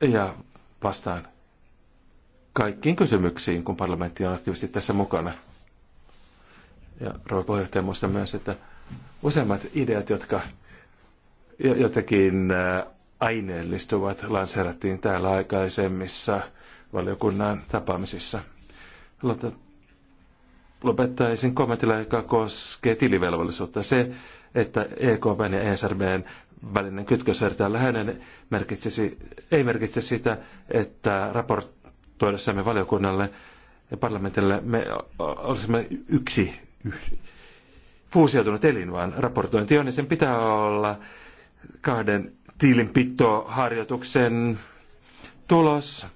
Ja vastaan kaikkiin kysymyksiin, kun parlamentti on aktiivisesti tässä mukana. Ja rouva puheenjohtaja muistan myös, että useimmat ideat, jotka jotenkin aineellistuvat lanseerattiin täällä aikaisemmissa valiokunnan tapaamisissa. Lopettaisin kommentilla, joka koskee tilivelvollisuutta. Se, että EKP ja ESRBn välinen kytkös erittäin läheinen merkitsisi, ei merkitse sitä, että raportoidessamme valiokunnalle ja parlamentille me olisimme yksi fuusioitunut elin, vaan raportointi on, niin sen pitää olla kahden tilinpitoharjoituksen tulos,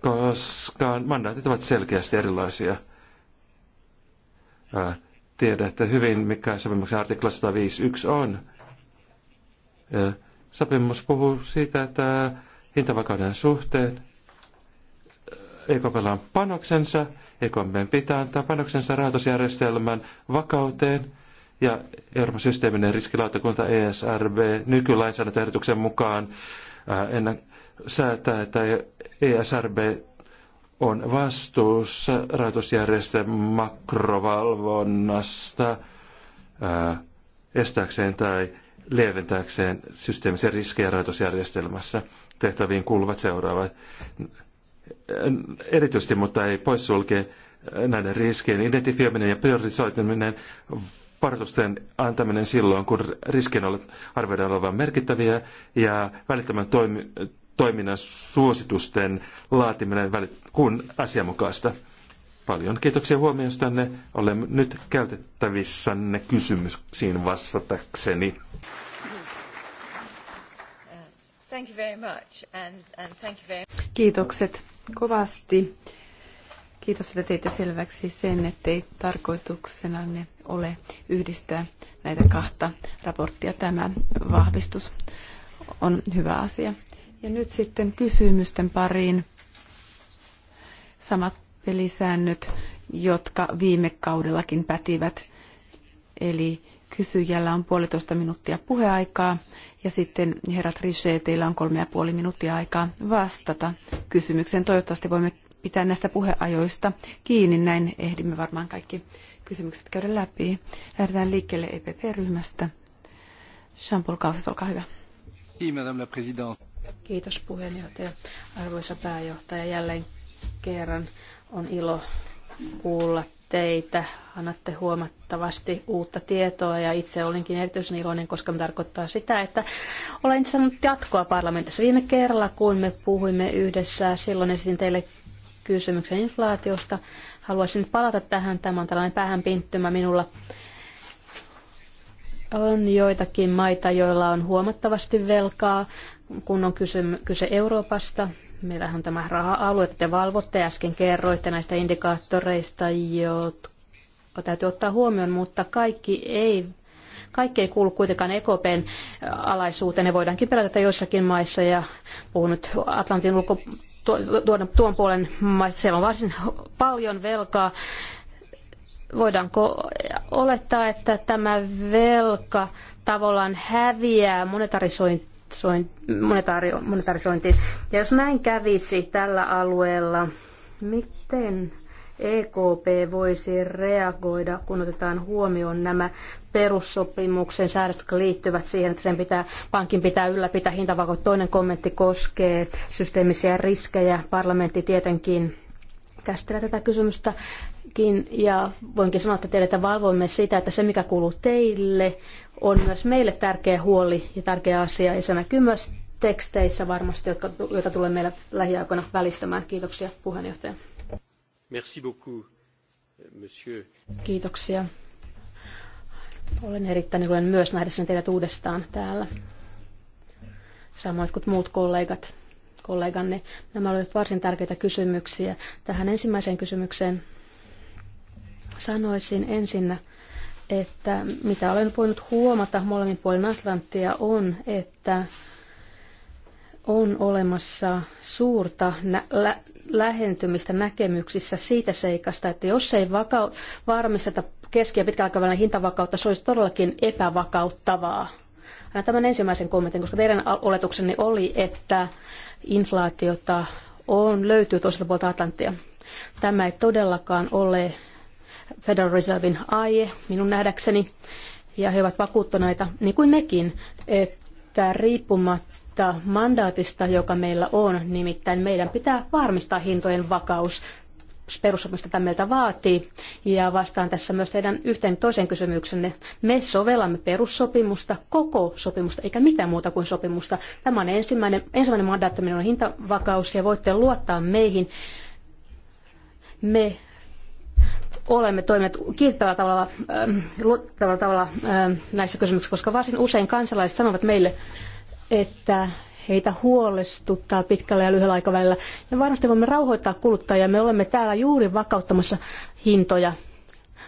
koska mandaatit ovat selkeästi erilaisia. Tiedätte hyvin, mikä sopimuksen artikla 105.1 on. Sopimus puhuu siitä, että hintavakauden suhteen EKPlla on panoksensa, EKPn pitää antaa panoksensa rahoitusjärjestelmän vakauteen – ja Euroopan systeeminen riskilautakunta ESRB nykylainsäädäntöehdotuksen mukaan äh, ennen säätää, että ESRB on vastuussa rahoitusjärjestön makrovalvonnasta äh, estääkseen tai lieventääkseen systeemisen riskejä rahoitusjärjestelmässä tehtäviin kuuluvat seuraavat. Erityisesti, mutta ei poissulkee näiden riskien identifioiminen ja priorisoituminen Partusten antaminen silloin, kun riskin arvioidaan olevan merkittäviä ja välittömän toimi, toiminnan suositusten laatiminen kun asianmukaista. Paljon kiitoksia huomiostanne. Olen nyt käytettävissänne kysymyksiin vastatakseni. Kiitokset kovasti. Kiitos, että teitte selväksi sen, ettei tarkoituksenanne ole yhdistää näitä kahta raporttia. Tämä vahvistus on hyvä asia. Ja nyt sitten kysymysten pariin. Samat pelisäännöt, jotka viime kaudellakin pätivät. Eli kysyjällä on puolitoista minuuttia puheaikaa ja sitten herrat Richet, teillä on kolme ja puoli minuuttia aikaa vastata kysymykseen. Toivottavasti voimme pitää näistä puheajoista kiinni. Näin ehdimme varmaan kaikki kysymykset käydä läpi. Lähdetään liikkeelle EPP-ryhmästä. Jean-Paul Kausas, olkaa hyvä. Kiitos puheenjohtaja. Arvoisa pääjohtaja, jälleen kerran on ilo kuulla teitä. Annatte huomattavasti uutta tietoa ja itse olinkin erityisen iloinen, koska tarkoittaa sitä, että olen saanut jatkoa parlamentissa. Viime kerralla, kun me puhuimme yhdessä, silloin esitin teille kysymyksen inflaatiosta. Haluaisin palata tähän. Tämä on tällainen päähänpinttymä minulla. On joitakin maita, joilla on huomattavasti velkaa, kun on kyse, kyse Euroopasta. Meillähän on tämä raha-alue, että te valvotte. Äsken kerroitte näistä indikaattoreista, jotka täytyy ottaa huomioon, mutta kaikki ei kaikki ei kuulu kuitenkaan EKPn alaisuuteen. Ne voidaankin pelätä joissakin maissa ja puhun nyt Atlantin ulko, tuon, tuon puolen maista. Siellä on varsin paljon velkaa. Voidaanko olettaa, että tämä velka tavallaan häviää monetarisointiin. Ja jos näin kävisi tällä alueella, miten EKP voisi reagoida, kun otetaan huomioon nämä perussopimuksen säädöt, jotka liittyvät siihen, että sen pitää, pankin pitää ylläpitää hintavakautta. Toinen kommentti koskee systeemisiä riskejä. Parlamentti tietenkin käsittelee tätä kysymystäkin ja voinkin sanoa että teille, että valvoimme sitä, että se mikä kuuluu teille on myös meille tärkeä huoli ja tärkeä asia ja se näkyy myös teksteissä varmasti, jotka, joita tulee meillä lähiaikoina välistämään. Kiitoksia puheenjohtaja. Merci beaucoup, monsieur. Kiitoksia. Olen erittäin iloinen myös nähdessäni teidät uudestaan täällä. Samoin kuin muut kollegat, kolleganne. Nämä olivat varsin tärkeitä kysymyksiä. Tähän ensimmäiseen kysymykseen sanoisin ensinnä, että mitä olen voinut huomata molemmin puolin Atlanttia on, että on olemassa suurta nä- lä- lähentymistä näkemyksissä siitä seikasta, että jos ei vakau- varmisteta keski- ja pitkäaikavälin hintavakautta, se olisi todellakin epävakauttavaa. Anna tämän ensimmäisen kommentin, koska teidän oletuksenne oli, että inflaatiota on, löytyy toiselta puolta Atlanttia. Tämä ei todellakaan ole Federal Reservein aie, minun nähdäkseni, ja he ovat vakuuttuneita, niin kuin mekin, että riippumatta huolimatta mandaatista, joka meillä on, nimittäin meidän pitää varmistaa hintojen vakaus perussopimus tätä meiltä vaatii. Ja vastaan tässä myös teidän yhteen toisen kysymyksenne. Me sovellamme perussopimusta, koko sopimusta, eikä mitään muuta kuin sopimusta. Tämä on ensimmäinen, ensimmäinen mandaatti, on hintavakaus ja voitte luottaa meihin. Me olemme toimineet kiittävällä tavalla, äh, tavalla äh, näissä kysymyksissä, koska varsin usein kansalaiset sanovat meille, että heitä huolestuttaa pitkällä ja lyhyellä aikavälillä. Ja varmasti voimme rauhoittaa kuluttajia. Me olemme täällä juuri vakauttamassa hintoja.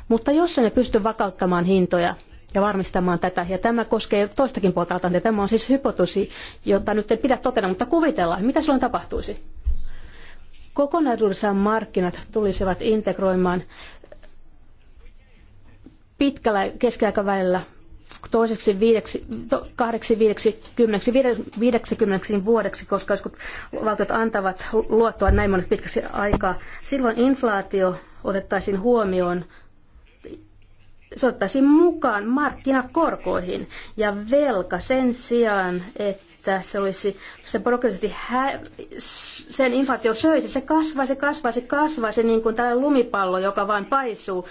Mutta jos emme pysty vakauttamaan hintoja ja varmistamaan tätä, ja tämä koskee toistakin puolta Atlantia, tämä on siis hypotosi, jota nyt ei pidä totena, mutta kuvitellaan, mitä silloin tapahtuisi? Kokonaisuudessaan markkinat tulisivat integroimaan pitkällä keskiaikavälillä toiseksi viideksi, to, kahdeksi viideksi, kymmeneksi, viideksikymmeneksi vuodeksi, koska jos valtiot antavat luottoa näin monet pitkäksi aikaa. Silloin inflaatio otettaisiin huomioon, se otettaisiin mukaan markkinakorkoihin ja velka sen sijaan, että että se olisi se progressiivisesti hä- sen inflaatio söisi, se kasvaisi, kasvaisi, kasvaisi niin kuin tällainen lumipallo, joka vain paisuu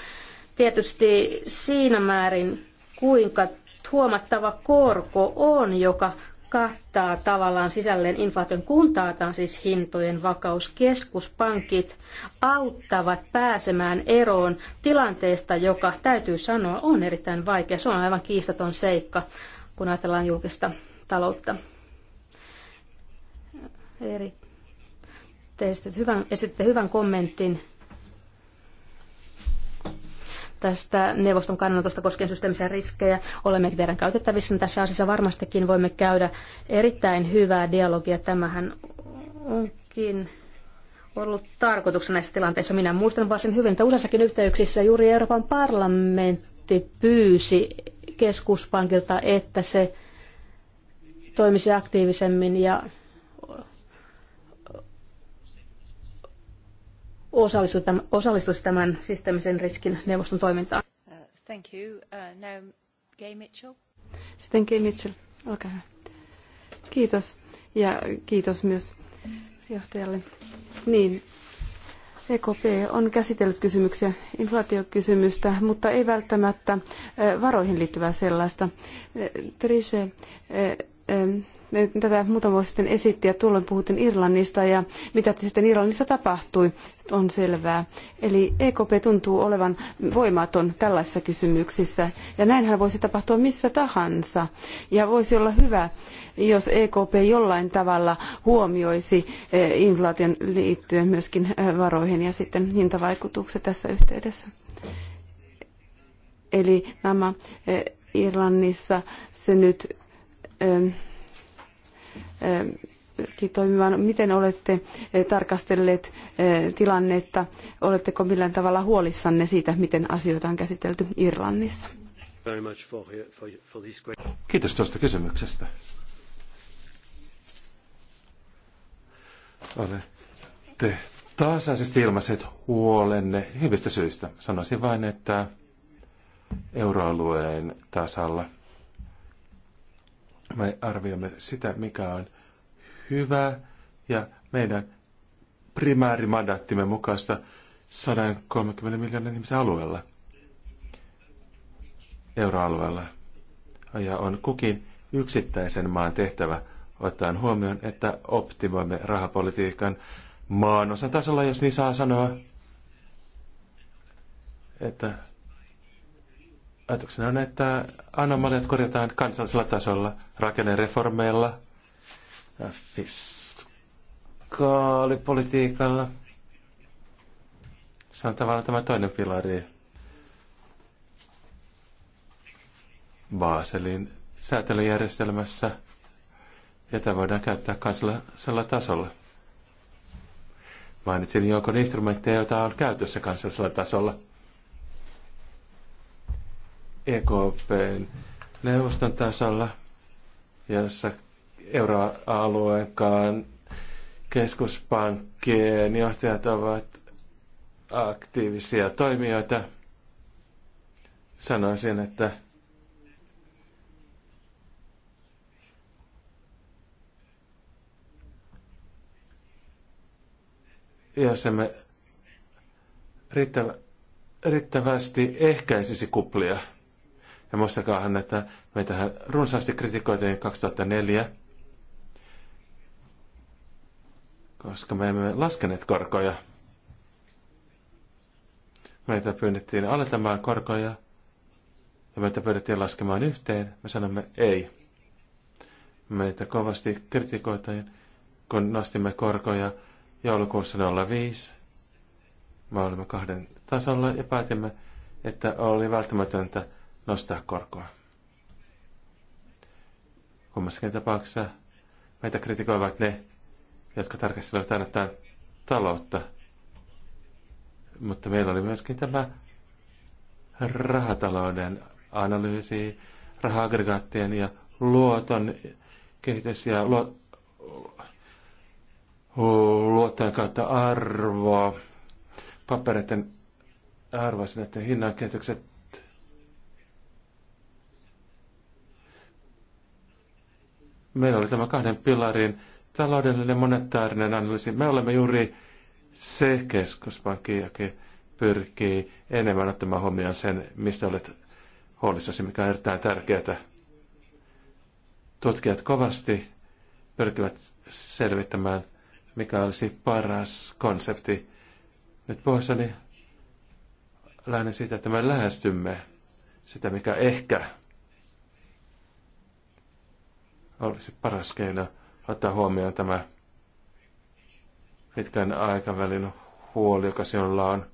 tietysti siinä määrin, kuinka huomattava korko on, joka kattaa tavallaan sisälleen inflaation, kun taataan siis hintojen vakaus. Keskuspankit auttavat pääsemään eroon tilanteesta, joka täytyy sanoa on erittäin vaikea. Se on aivan kiistaton seikka, kun ajatellaan julkista taloutta. Eri. Te hyvän, esitte hyvän kommentin tästä neuvoston kannanotosta koskien systeemisiä riskejä. Olemme teidän käytettävissä tässä asiassa. Varmastikin voimme käydä erittäin hyvää dialogia. Tämähän onkin ollut tarkoituksena näissä tilanteissa. Minä muistan varsin hyvin, että useissakin yhteyksissä juuri Euroopan parlamentti pyysi keskuspankilta, että se toimisi aktiivisemmin ja osallistu tämän, osallistuisi tämän systeemisen riskin neuvoston toimintaan. Uh, thank you. Uh, now Gay Mitchell. Sitten Gay Mitchell, olkaa hyvä. Kiitos ja kiitos myös johtajalle. Niin, EKP on käsitellyt kysymyksiä, inflaatiokysymystä, mutta ei välttämättä varoihin liittyvää sellaista. Trise tätä muutama vuosi sitten esitti ja tuolloin puhuttiin Irlannista ja mitä sitten Irlannissa tapahtui, on selvää. Eli EKP tuntuu olevan voimaton tällaisissa kysymyksissä ja näinhän voisi tapahtua missä tahansa ja voisi olla hyvä jos EKP jollain tavalla huomioisi eh, inflaation liittyen myöskin eh, varoihin ja sitten hintavaikutukset tässä yhteydessä. Eli nämä eh, Irlannissa se nyt toimimaan. Miten olette eh, tarkastelleet eh, tilannetta? Oletteko millään tavalla huolissanne siitä, miten asioita on käsitelty Irlannissa? Kiitos tuosta kysymyksestä. Olette tasaisesti ilmaiset huolenne hyvistä syistä. Sanoisin vain, että euroalueen tasalla – me arvioimme sitä, mikä on hyvä ja meidän primäärimandaattimme mukaista 130 miljoonan ihmisen alueella, euroalueella. Ja on kukin yksittäisen maan tehtävä ottaen huomioon, että optimoimme rahapolitiikan maanosan tasolla, jos niin saa sanoa, että Ajatuksena on, että anomaliat korjataan kansallisella tasolla rakennereformeilla, fiskaalipolitiikalla. Se on tavallaan tämä toinen pilari. Baselin säätelyjärjestelmässä, jota voidaan käyttää kansallisella tasolla. Mainitsin joukon instrumentteja, joita on käytössä kansallisella tasolla – EKPn neuvoston tasolla, jossa euroalueenkaan keskuspankkien johtajat ovat aktiivisia toimijoita. Sanoisin, että jos emme riittävä, riittävästi ehkäisisi kuplia, ja muistakaahan, että meitähän runsaasti kritikoitiin 2004, koska me emme laskeneet korkoja. Meitä pyydettiin alentamaan korkoja ja meitä pyydettiin laskemaan yhteen. Me sanomme ei. Meitä kovasti kritikoitiin, kun nostimme korkoja joulukuussa 05. Me olimme kahden tasolla ja päätimme, että oli välttämätöntä nostaa korkoa. Kummassakin tapauksessa meitä kritikoivat ne, jotka tarkastelevat ainoastaan taloutta. Mutta meillä oli myöskin tämä rahatalouden analyysi, raha ja luoton kehitys ja luo, luottojen kautta arvoa, papereiden arvoa, näiden hinnan kehitykset Meillä oli tämä kahden pilarin taloudellinen monetaarinen analyysi. Me olemme juuri se keskuspankki, joka pyrkii enemmän ottamaan huomioon sen, mistä olet huolissasi, mikä on erittäin tärkeää. Tutkijat kovasti pyrkivät selvittämään, mikä olisi paras konsepti. Nyt pohjoisani lähden siitä, että me lähestymme sitä, mikä ehkä olisi paras keino ottaa huomioon tämä pitkän aikavälin huoli, joka sinulla on.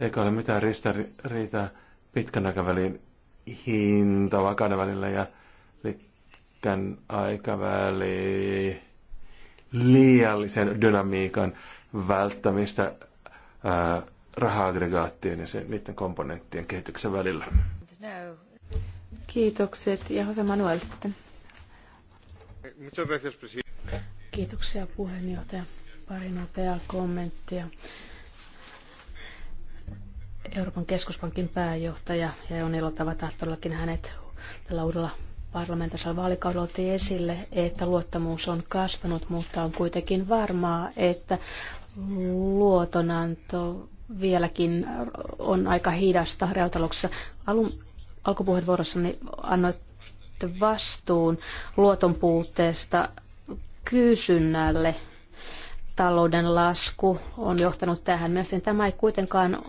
Eikä ole mitään ristiriitaa pitkän aikavälin hinta vakauden välillä ja pitkän aikavälin liiallisen dynamiikan välttämistä ää, raha ja sen, niiden komponenttien kehityksen välillä. No. Kiitokset. Ja Jose Manuel sitten. Kiitoksia puheenjohtaja. Pari nopeaa kommenttia. Euroopan keskuspankin pääjohtaja ja on ilo tavata todellakin hänet tällä uudella parlamentaarisella vaalikaudella otti esille, että luottamus on kasvanut, mutta on kuitenkin varmaa, että luotonanto vieläkin on aika hidasta reaaltalouksissa. Alun alkupuheenvuorossani annoitte vastuun luoton puutteesta kysynnälle. Talouden lasku on johtanut tähän. Mielestäni tämä ei kuitenkaan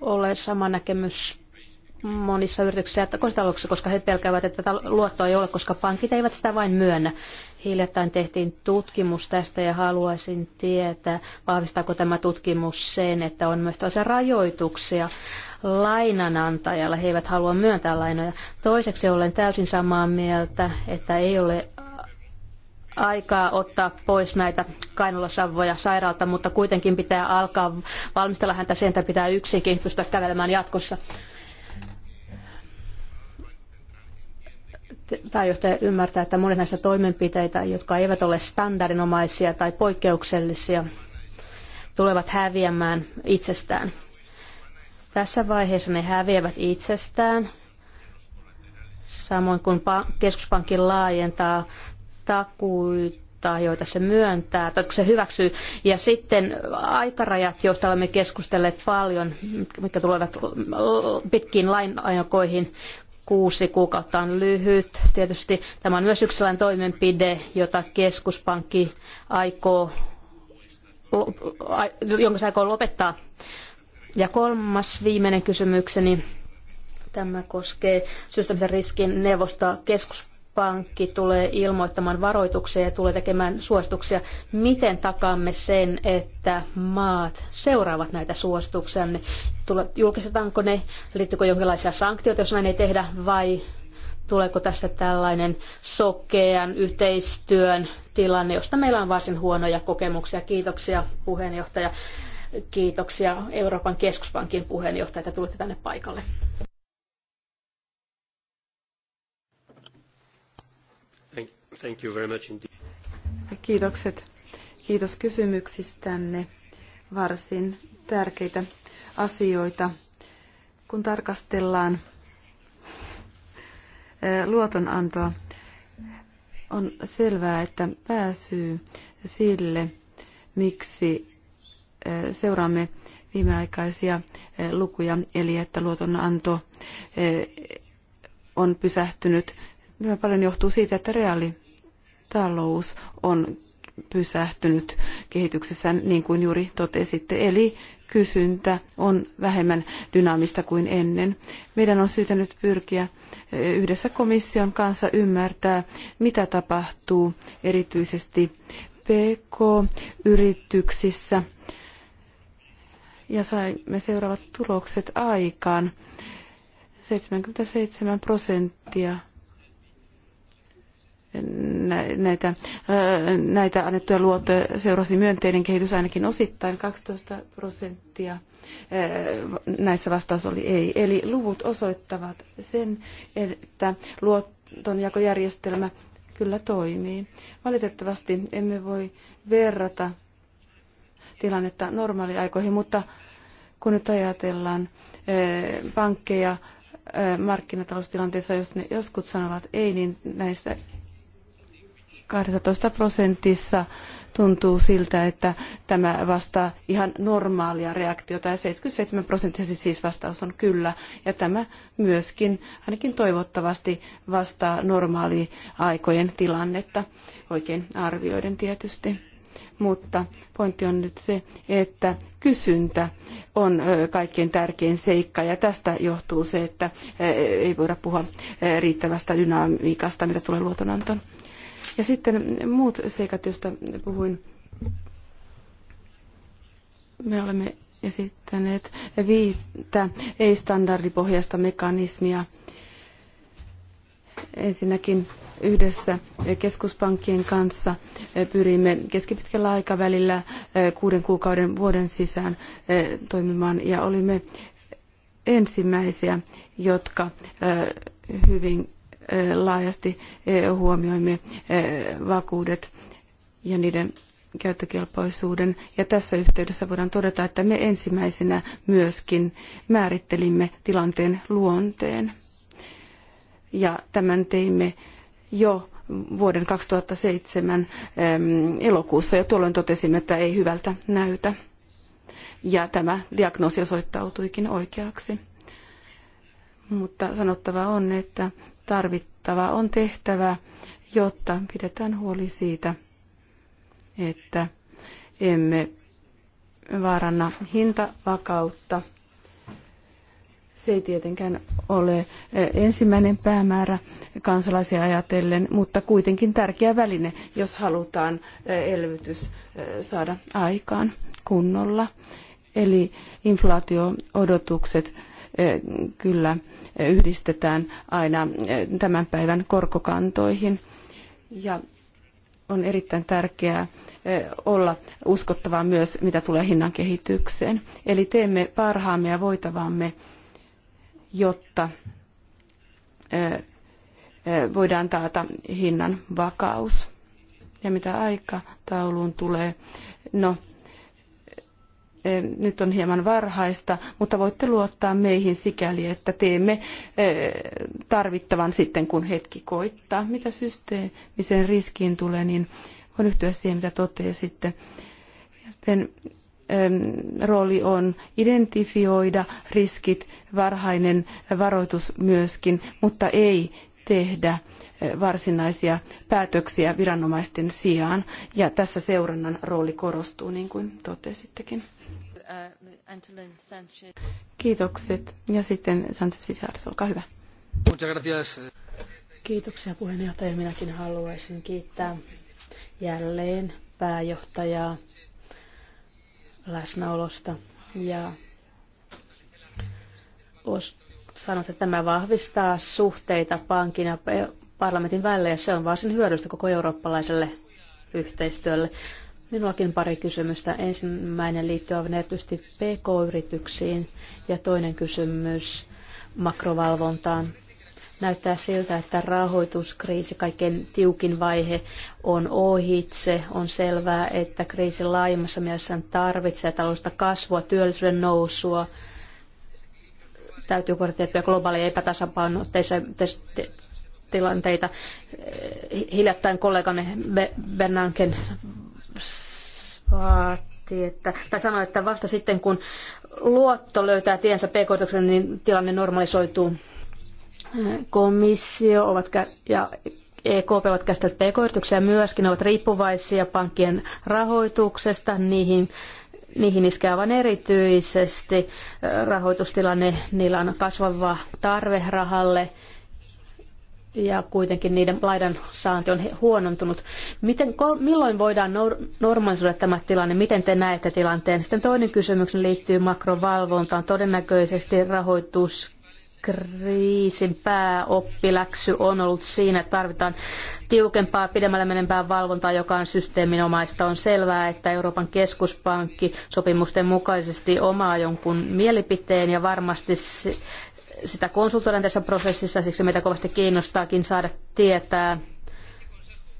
ole sama näkemys monissa yrityksissä ja koska he pelkäävät, että luottoa ei ole, koska pankit eivät sitä vain myönnä. Hiljattain tehtiin tutkimus tästä ja haluaisin tietää, vahvistaako tämä tutkimus sen, että on myös tällaisia rajoituksia lainanantajalla. He eivät halua myöntää lainoja. Toiseksi olen täysin samaa mieltä, että ei ole aikaa ottaa pois näitä kainolosavvoja sairaalta, mutta kuitenkin pitää alkaa valmistella häntä sen, että pitää yksinkin pystyä kävelemään jatkossa. pääjohtaja ymmärtää, että monet näistä toimenpiteitä, jotka eivät ole standardinomaisia tai poikkeuksellisia, tulevat häviämään itsestään. Tässä vaiheessa ne häviävät itsestään, samoin kuin keskuspankki laajentaa takuita, joita se myöntää tai se hyväksyy. Ja sitten aikarajat, joista olemme keskustelleet paljon, mitkä tulevat pitkiin lainajokoihin, kuusi kuukautta on lyhyt. Tietysti tämä on myös yksi sellainen toimenpide, jota keskuspankki aikoo, jonka se aikoo lopettaa. Ja kolmas viimeinen kysymykseni. Tämä koskee systeemisen riskin neuvostoa. Keskus, pankki tulee ilmoittamaan varoituksia ja tulee tekemään suosituksia. Miten takaamme sen, että maat seuraavat näitä suosituksia? Julkistetaanko ne? Liittyykö jonkinlaisia sanktioita, jos näin ei tehdä? Vai tuleeko tästä tällainen sokean yhteistyön tilanne, josta meillä on varsin huonoja kokemuksia? Kiitoksia puheenjohtaja. Kiitoksia Euroopan keskuspankin puheenjohtaja, että tulitte tänne paikalle. Thank you very much indeed. Kiitokset. Kiitos kysymyksistänne. Varsin tärkeitä asioita. Kun tarkastellaan luotonantoa, on selvää, että pääsyy sille, miksi seuraamme viimeaikaisia lukuja, eli että luotonanto on pysähtynyt. Paljon johtuu siitä, että reaali talous on pysähtynyt kehityksessä, niin kuin juuri totesitte. Eli kysyntä on vähemmän dynaamista kuin ennen. Meidän on syytä nyt pyrkiä e, yhdessä komission kanssa ymmärtää, mitä tapahtuu erityisesti PK-yrityksissä. Ja saimme seuraavat tulokset aikaan. 77 prosenttia näitä, näitä annettuja luottoja seurasi myönteinen kehitys ainakin osittain, 12 prosenttia näissä vastaus oli ei. Eli luvut osoittavat sen, että luottonjakojärjestelmä kyllä toimii. Valitettavasti emme voi verrata tilannetta normaaliaikoihin, mutta kun nyt ajatellaan pankkeja markkinataloustilanteessa, jos ne joskus sanovat ei, niin näissä 12 prosentissa tuntuu siltä, että tämä vastaa ihan normaalia reaktiota ja 77 prosenttisesti siis vastaus on kyllä. Ja tämä myöskin ainakin toivottavasti vastaa normaali aikojen tilannetta, oikein arvioiden tietysti. Mutta pointti on nyt se, että kysyntä on kaikkein tärkein seikka ja tästä johtuu se, että ei voida puhua riittävästä dynamiikasta, mitä tulee luotonantoon. Ja sitten muut seikat, joista puhuin. Me olemme esittäneet viittä ei-standardipohjasta mekanismia. Ensinnäkin yhdessä keskuspankkien kanssa pyrimme keskipitkällä aikavälillä eh, kuuden kuukauden vuoden sisään eh, toimimaan ja olimme ensimmäisiä, jotka eh, hyvin laajasti huomioimme vakuudet ja niiden käyttökelpoisuuden. Ja tässä yhteydessä voidaan todeta, että me ensimmäisenä myöskin määrittelimme tilanteen luonteen. Ja tämän teimme jo vuoden 2007 elokuussa ja tuolloin totesimme, että ei hyvältä näytä. Ja tämä diagnoosi osoittautuikin oikeaksi. Mutta sanottava on, että tarvittava on tehtävä, jotta pidetään huoli siitä, että emme vaaranna hintavakautta. Se ei tietenkään ole e, ensimmäinen päämäärä kansalaisia ajatellen, mutta kuitenkin tärkeä väline, jos halutaan e, elvytys e, saada aikaan kunnolla. Eli inflaatio odotukset kyllä yhdistetään aina tämän päivän korkokantoihin. Ja on erittäin tärkeää olla uskottavaa myös, mitä tulee hinnan kehitykseen. Eli teemme parhaamme ja voitavamme, jotta voidaan taata hinnan vakaus. Ja mitä aikatauluun tulee, no Eh, nyt on hieman varhaista, mutta voitte luottaa meihin sikäli, että teemme eh, tarvittavan sitten, kun hetki koittaa. Mitä systeemiseen riskiin tulee, niin voin yhtyä siihen, mitä totesitte. Sitten rooli on identifioida riskit, varhainen varoitus myöskin, mutta ei tehdä eh, varsinaisia päätöksiä viranomaisten sijaan. Ja tässä seurannan rooli korostuu, niin kuin totesittekin. Kiitokset. Ja sitten Sanchez Visaris, olkaa hyvä. Kiitoksia puheenjohtaja. Minäkin haluaisin kiittää jälleen pääjohtajaa läsnäolosta ja os, sanoit että tämä vahvistaa suhteita pankin ja parlamentin välillä ja se on varsin hyödyllistä koko eurooppalaiselle yhteistyölle. Minullakin pari kysymystä. Ensimmäinen liittyy aivan erityisesti PK-yrityksiin ja toinen kysymys makrovalvontaan. Näyttää siltä, että rahoituskriisi, kaiken tiukin vaihe, on ohitse. On selvää, että kriisin laajemmassa mielessä tarvitsee taloudellista kasvua, työllisyyden nousua, täytyy korjata tiettyjä globaaleja tilanteita Hiljattain kolleganne Bernanken vaatti, että, tai sanoi, että vasta sitten kun luotto löytää tiensä pk niin tilanne normalisoituu. Komissio ovat ja EKP ovat käsitelleet pk-yrityksiä myöskin, ne ovat riippuvaisia pankkien rahoituksesta, niihin niihin iskee aivan erityisesti rahoitustilanne. Niillä on kasvava tarve rahalle ja kuitenkin niiden laidan saanti on huonontunut. Miten, milloin voidaan normalisoida tämä tilanne? Miten te näette tilanteen? Sitten toinen kysymys liittyy makrovalvontaan. Todennäköisesti rahoitus kriisin pääoppiläksy on ollut siinä, että tarvitaan tiukempaa, pidemmälle menempää valvontaa, joka on systeeminomaista. On selvää, että Euroopan keskuspankki sopimusten mukaisesti omaa jonkun mielipiteen ja varmasti sitä konsultoidaan tässä prosessissa, siksi meitä kovasti kiinnostaakin saada tietää,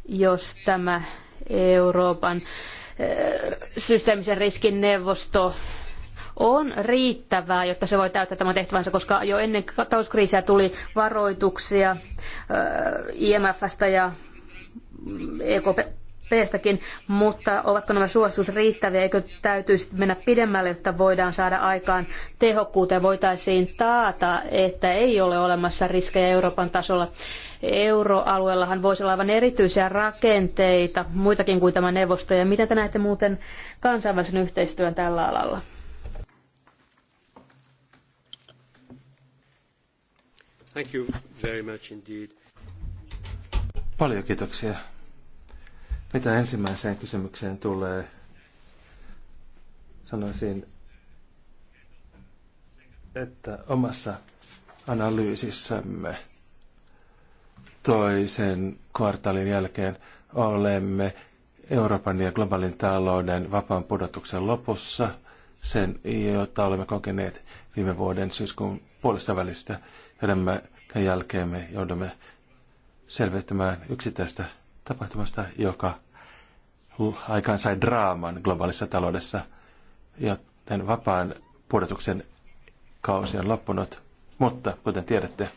jos tämä Euroopan eh, systeemisen riskin neuvosto on riittävää, jotta se voi täyttää tämän tehtävänsä, koska jo ennen talouskriisiä tuli varoituksia IMFstä ja EKP:stäkin, mutta ovatko nämä suositukset riittäviä, eikö täytyisi mennä pidemmälle, jotta voidaan saada aikaan tehokkuuteen, voitaisiin taata, että ei ole olemassa riskejä Euroopan tasolla. Euroalueellahan voisi olla aivan erityisiä rakenteita, muitakin kuin tämä neuvosto, ja miten te näette muuten kansainvälisen yhteistyön tällä alalla? Thank you very much indeed. Paljon kiitoksia. Mitä ensimmäiseen kysymykseen tulee, sanoisin, että omassa analyysissämme toisen kvartaalin jälkeen olemme Euroopan ja globaalin talouden vapaan pudotuksen lopussa, sen, jota olemme kokeneet viime vuoden syyskuun puolesta välistä joiden me, me jälkeen me joudumme selvittämään yksittäistä tapahtumasta, joka aikaan sai draaman globaalissa taloudessa, joten vapaan pudotuksen kausi on loppunut. Mutta, kuten tiedätte,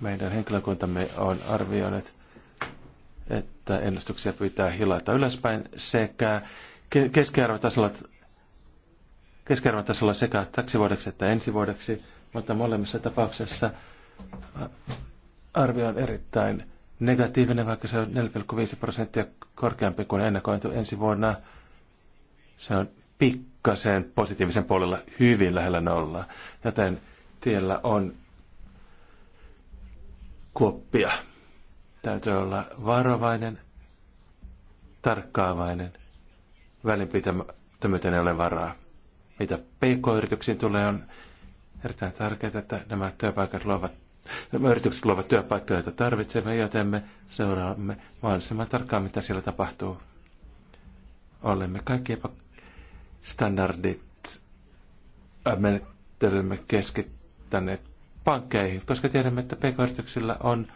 meidän henkilökuntamme on arvioinut, että ennustuksia pitää hilata ylöspäin sekä keskiarvotasolla, keskiarvotasolla sekä taksivuodeksi että ensi vuodeksi – mutta molemmissa tapauksissa äh, arvio on erittäin negatiivinen, vaikka se on 4,5 prosenttia korkeampi kuin ennakointu ensi vuonna. Se on pikkasen positiivisen puolella hyvin lähellä nollaa, joten tiellä on kuoppia. Täytyy olla varovainen, tarkkaavainen, välinpitämättömyyteen ei ole varaa. Mitä pk-yrityksiin tulee, on erittäin tärkeää, että nämä työpaikat luovat Nämä yritykset luovat työpaikkoja, joita tarvitsemme, joten me seuraamme mahdollisimman tarkkaan, mitä siellä tapahtuu. Olemme kaikki standardit äh, menettelymme keskittäneet pankkeihin, koska tiedämme, että pk-yrityksillä on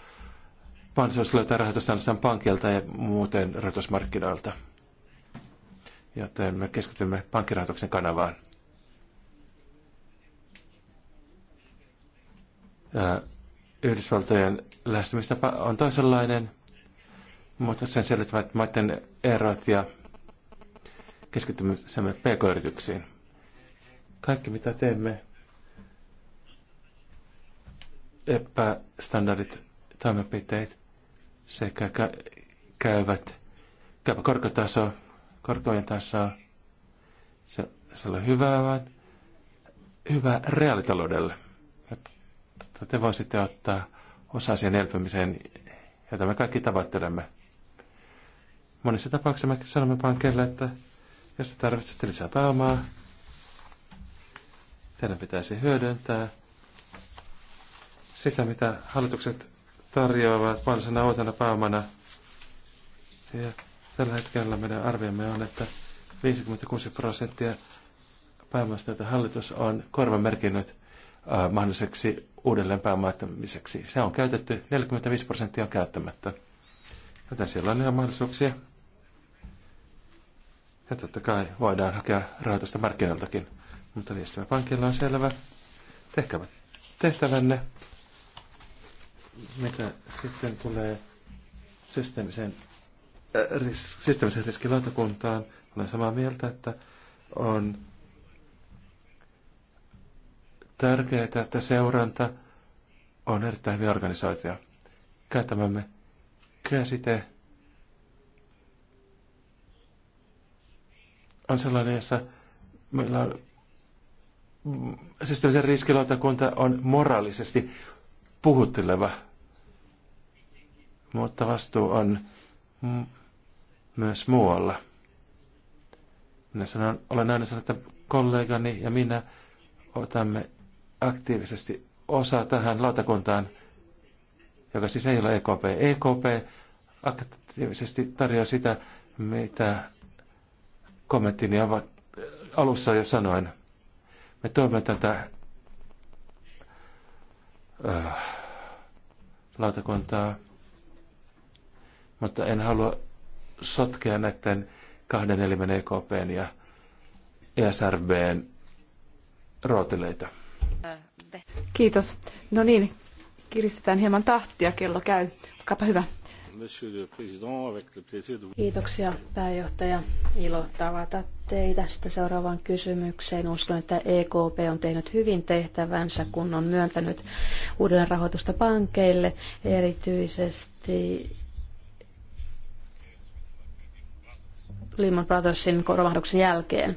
mahdollisuus löytää rahoitusta pankilta ja muuten rahoitusmarkkinoilta. Joten me keskitymme pankkirahoituksen kanavaan. Yhdysvaltojen lähestymistapa on toisenlainen, mutta sen selittävät maiden erot ja keskittymisemme pk-yrityksiin. Kaikki mitä teemme, epästandardit toimenpiteet sekä käyvät, käypä korkotaso, korkojen taso, se, se on hyvää, vaan hyvä reaalitaloudelle että te voisitte ottaa osaa siihen elpymiseen, jota me kaikki tavoittelemme. Monissa tapauksissa me sanomme pankille, että jos te tarvitsette lisää pääomaa, teidän pitäisi hyödyntää sitä, mitä hallitukset tarjoavat mahdollisena uutena pääomana. Ja tällä hetkellä meidän arviomme on, että 56 prosenttia pääomasta, jota hallitus on korvamerkinnyt, Äh, mahdolliseksi uudelleen Se on käytetty, 45 prosenttia on käyttämättä. Joten siellä on ihan mahdollisuuksia. Ja totta kai voidaan hakea rahoitusta markkinoiltakin. Mutta viestimäpankilla on selvä tehtävä, tehtävänne. Mitä sitten tulee systeemisen, äh, ris, systeemisen riskilautakuntaan, olen samaa mieltä, että on tärkeää, että seuranta on erittäin hyvin organisaatio. Käytämämme käsite on sellainen, jossa meillä on siis riskilautakunta on moraalisesti puhutteleva, mutta vastuu on myös muualla. Minä sanon, olen aina sanonut, että kollegani ja minä otamme aktiivisesti osa tähän lautakuntaan, joka siis ei ole EKP. EKP aktiivisesti tarjoaa sitä, mitä kommenttini äh, alussa jo sanoin. Me toimme tätä äh, lautakuntaa, mutta en halua sotkea näiden kahden elimen EKPn ja ESRBn rootileita. Kiitos. No niin, kiristetään hieman tahtia, kello käy. Olkaapa hyvä. Kiitoksia pääjohtaja. Ilo tavata teitä. Sitten seuraavaan kysymykseen. Uskon, että EKP on tehnyt hyvin tehtävänsä, kun on myöntänyt uuden rahoitusta pankeille, erityisesti Lehman Brothersin romahduksen jälkeen.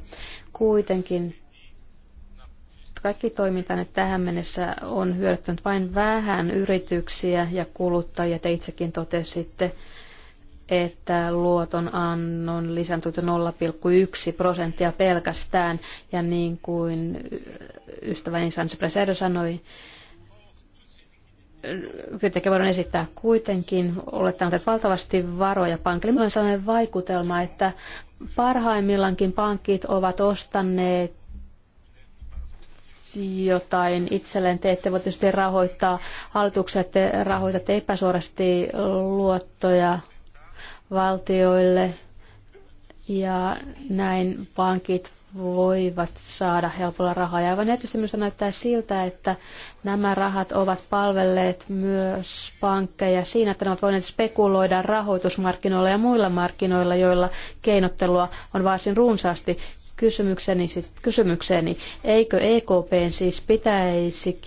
Kuitenkin kaikki nyt tähän mennessä on hyödyttänyt vain vähän yrityksiä ja kuluttajia. Te itsekin totesitte, että luotonannon lisääntynyt 0,1 prosenttia pelkästään. Ja niin kuin ystäväni Sansi Presero sanoi, Virtäkin voidaan esittää kuitenkin, olettanut, että valtavasti varoja pankille. Minulla on sellainen vaikutelma, että parhaimmillaankin pankit ovat ostaneet jotain itselleen. Te ette voi tietysti rahoittaa hallituksia, te rahoitatte epäsuorasti luottoja valtioille ja näin pankit voivat saada helpolla rahaa. Ja aivan erityisesti minusta näyttää siltä, että nämä rahat ovat palvelleet myös pankkeja siinä, että ne ovat voineet spekuloida rahoitusmarkkinoilla ja muilla markkinoilla, joilla keinottelua on varsin runsaasti kysymykseni, kysymykseeni, eikö EKP: siis pitäisi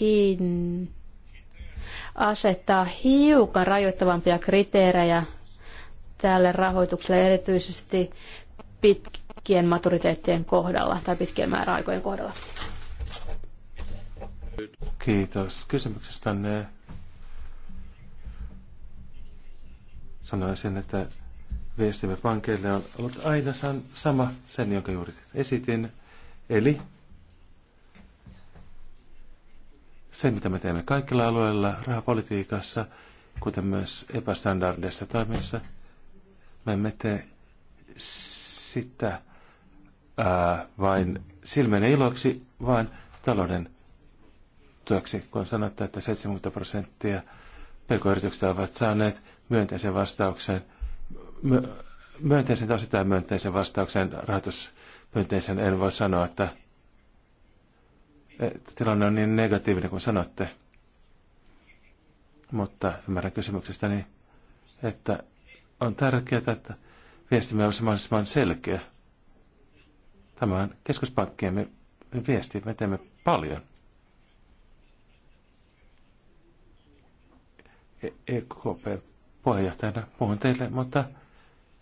asettaa hiukan rajoittavampia kriteerejä tälle rahoitukselle, erityisesti pitkien maturiteettien kohdalla tai pitkien määräaikojen kohdalla? Kiitos kysymyksestänne. Sanoisin, että viestimme pankeille on ollut aina sama sen, jonka juuri esitin. Eli se, mitä me teemme kaikilla alueilla rahapolitiikassa, kuten myös epästandardeissa toimissa, me emme tee sitä ää, vain silmien iloksi, vaan talouden työksi, kun sanotaan, että 70 prosenttia pk ovat saaneet myönteisen vastauksen – myönteisen tai sitä myönteisen vastauksen rahoitusmyönteisen, en voi sanoa, että, että tilanne on niin negatiivinen kuin sanotte. Mutta ymmärrän kysymyksestäni, että on tärkeää, että viestimme olisi mahdollisimman selkeä. Tämä on keskuspankkiemme viesti. Me teemme paljon. EKP e puheenjohtajana puhun teille, mutta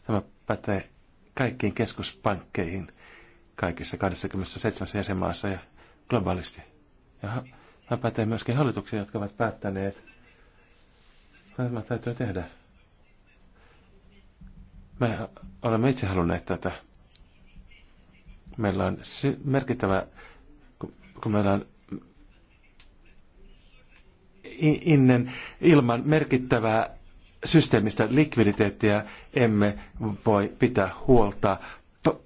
Tämä pätee kaikkiin keskuspankkeihin kaikissa 27 jäsenmaassa ja globaalisti. Ja tämä pätee myöskin hallituksiin, jotka ovat päättäneet, tämä täytyy tehdä. Me olemme itse halunneet tätä. Meillä on merkittävä, kun meillä on innen ilman merkittävää systeemistä likviditeettiä emme voi pitää huolta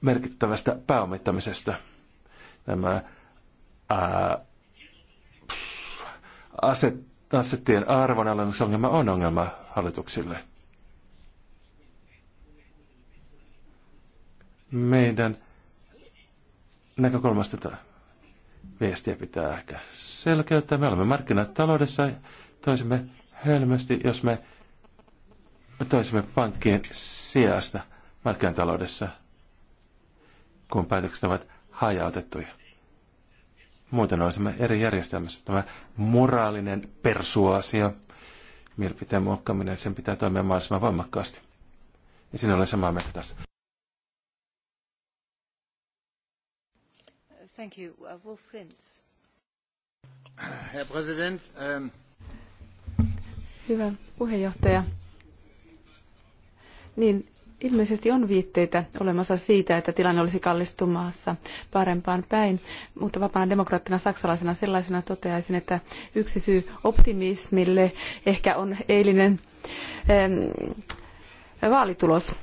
merkittävästä pääomittamisesta. Nämä ää, aset, asettien arvonalennusongelma on ongelma hallituksille. Meidän näkökulmasta tätä viestiä pitää ehkä selkeyttää. Me olemme markkinataloudessa toisemme hölmästi, jos me toisimme pankkien sijasta markkinataloudessa, kun päätökset ovat hajautettuja. Muuten olisimme eri järjestelmässä. Tämä moraalinen persuasio, mielipiteen muokkaaminen, sen pitää toimia mahdollisimman voimakkaasti. Ja siinä olen samaa mieltä tässä. Thank you. Uh, Wolf Klintz. Herr Präsident. um... Hyvä puheenjohtaja niin ilmeisesti on viitteitä olemassa siitä, että tilanne olisi kallistumassa parempaan päin, mutta vapaana demokraattina saksalaisena sellaisena toteaisin, että yksi syy optimismille ehkä on eilinen ähm, vaalitulos.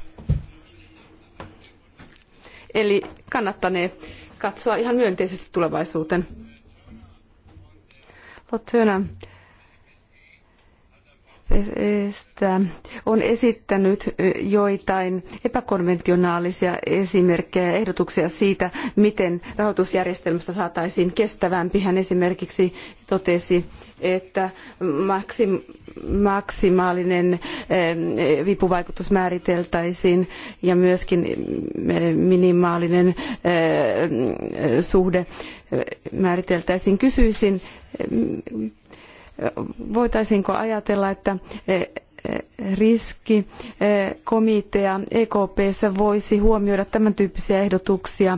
Eli kannattanee katsoa ihan myönteisesti tulevaisuuteen. Lottönä on esittänyt joitain epäkonventionaalisia esimerkkejä ja ehdotuksia siitä, miten rahoitusjärjestelmästä saataisiin kestävämpi. Hän esimerkiksi totesi, että maksimaalinen ähm, vipuvaikutus määriteltäisiin ja myöskin äh, minimaalinen äh, suhde äh, määriteltäisiin. Kysyisin, voitaisiinko ajatella, että e, e, riskikomitea e, EKPssä voisi huomioida tämän tyyppisiä ehdotuksia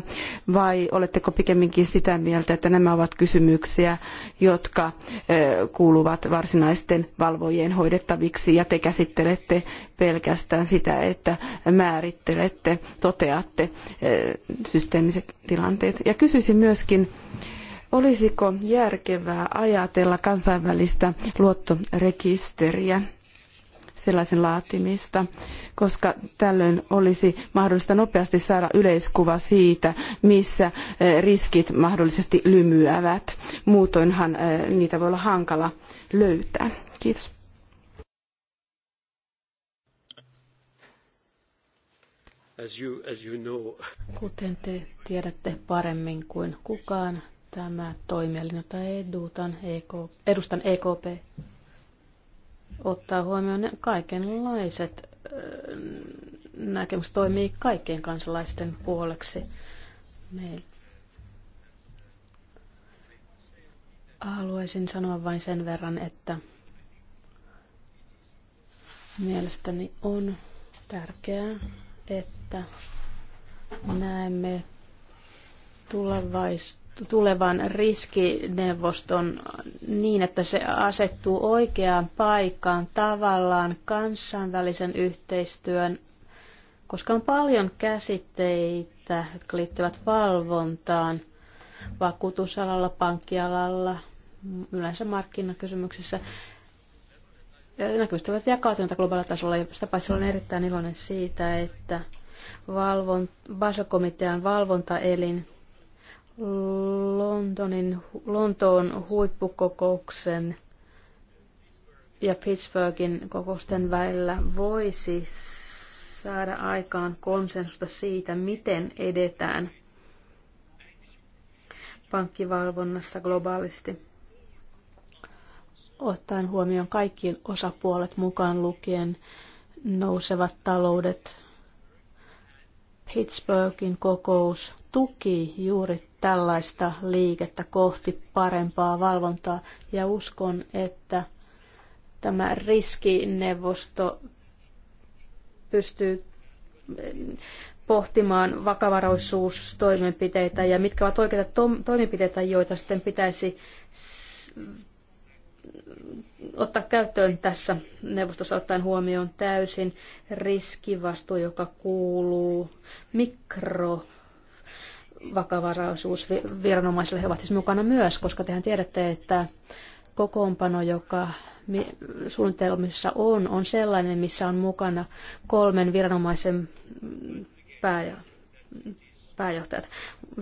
vai oletteko pikemminkin sitä mieltä, että nämä ovat kysymyksiä, jotka kuuluvat varsinaisten valvojien hoidettaviksi ja te käsittelette pelkästään sitä, että määrittelette, toteatte systeemiset tilanteet. Ja kysyisin myöskin, Olisiko järkevää ajatella kansainvälistä luottorekisteriä? sellaisen laatimista, koska tällöin olisi mahdollista nopeasti saada yleiskuva siitä, missä eh, riskit mahdollisesti lymyävät. Muutoinhan eh, niitä voi olla hankala löytää. Kiitos. Kuten te tiedätte paremmin kuin kukaan, Tämä toimielin, jota edutan, EK, edustan EKP, ottaa huomioon kaikenlaiset näkemys toimii kaikkien kansalaisten puoleksi. Meiltä. Haluaisin sanoa vain sen verran, että mielestäni on tärkeää, että näemme tulevais- tulevan riskineuvoston niin, että se asettuu oikeaan paikkaan tavallaan kansainvälisen yhteistyön, koska on paljon käsitteitä, jotka liittyvät valvontaan vakuutusalalla, pankkialalla, yleensä markkinakysymyksissä. Näkyvistä ovat jakautuneita globaalilla tasolla ja sitä paitsi olen erittäin iloinen siitä, että valvon, Basel-komitean valvontaelin Londonin, Lontoon huippukokouksen ja Pittsburghin kokousten välillä voisi saada aikaan konsensusta siitä, miten edetään pankkivalvonnassa globaalisti. Ottaen huomioon kaikki osapuolet mukaan lukien nousevat taloudet, Pittsburghin kokous tuki juuri tällaista liikettä kohti parempaa valvontaa. Ja uskon, että tämä riskineuvosto pystyy eh, pohtimaan vakavaraisuustoimenpiteitä ja mitkä ovat oikeita to- toimenpiteitä, joita sitten pitäisi ottaa käyttöön tässä neuvostossa ottaen huomioon täysin riskivastuu, joka kuuluu mikro vakavaraisuusviranomaisille. He ovat siis mukana myös, koska tehän tiedätte, että kokoonpano, joka suunnitelmissa on, on sellainen, missä on mukana kolmen viranomaisen pää- pääjohtajat.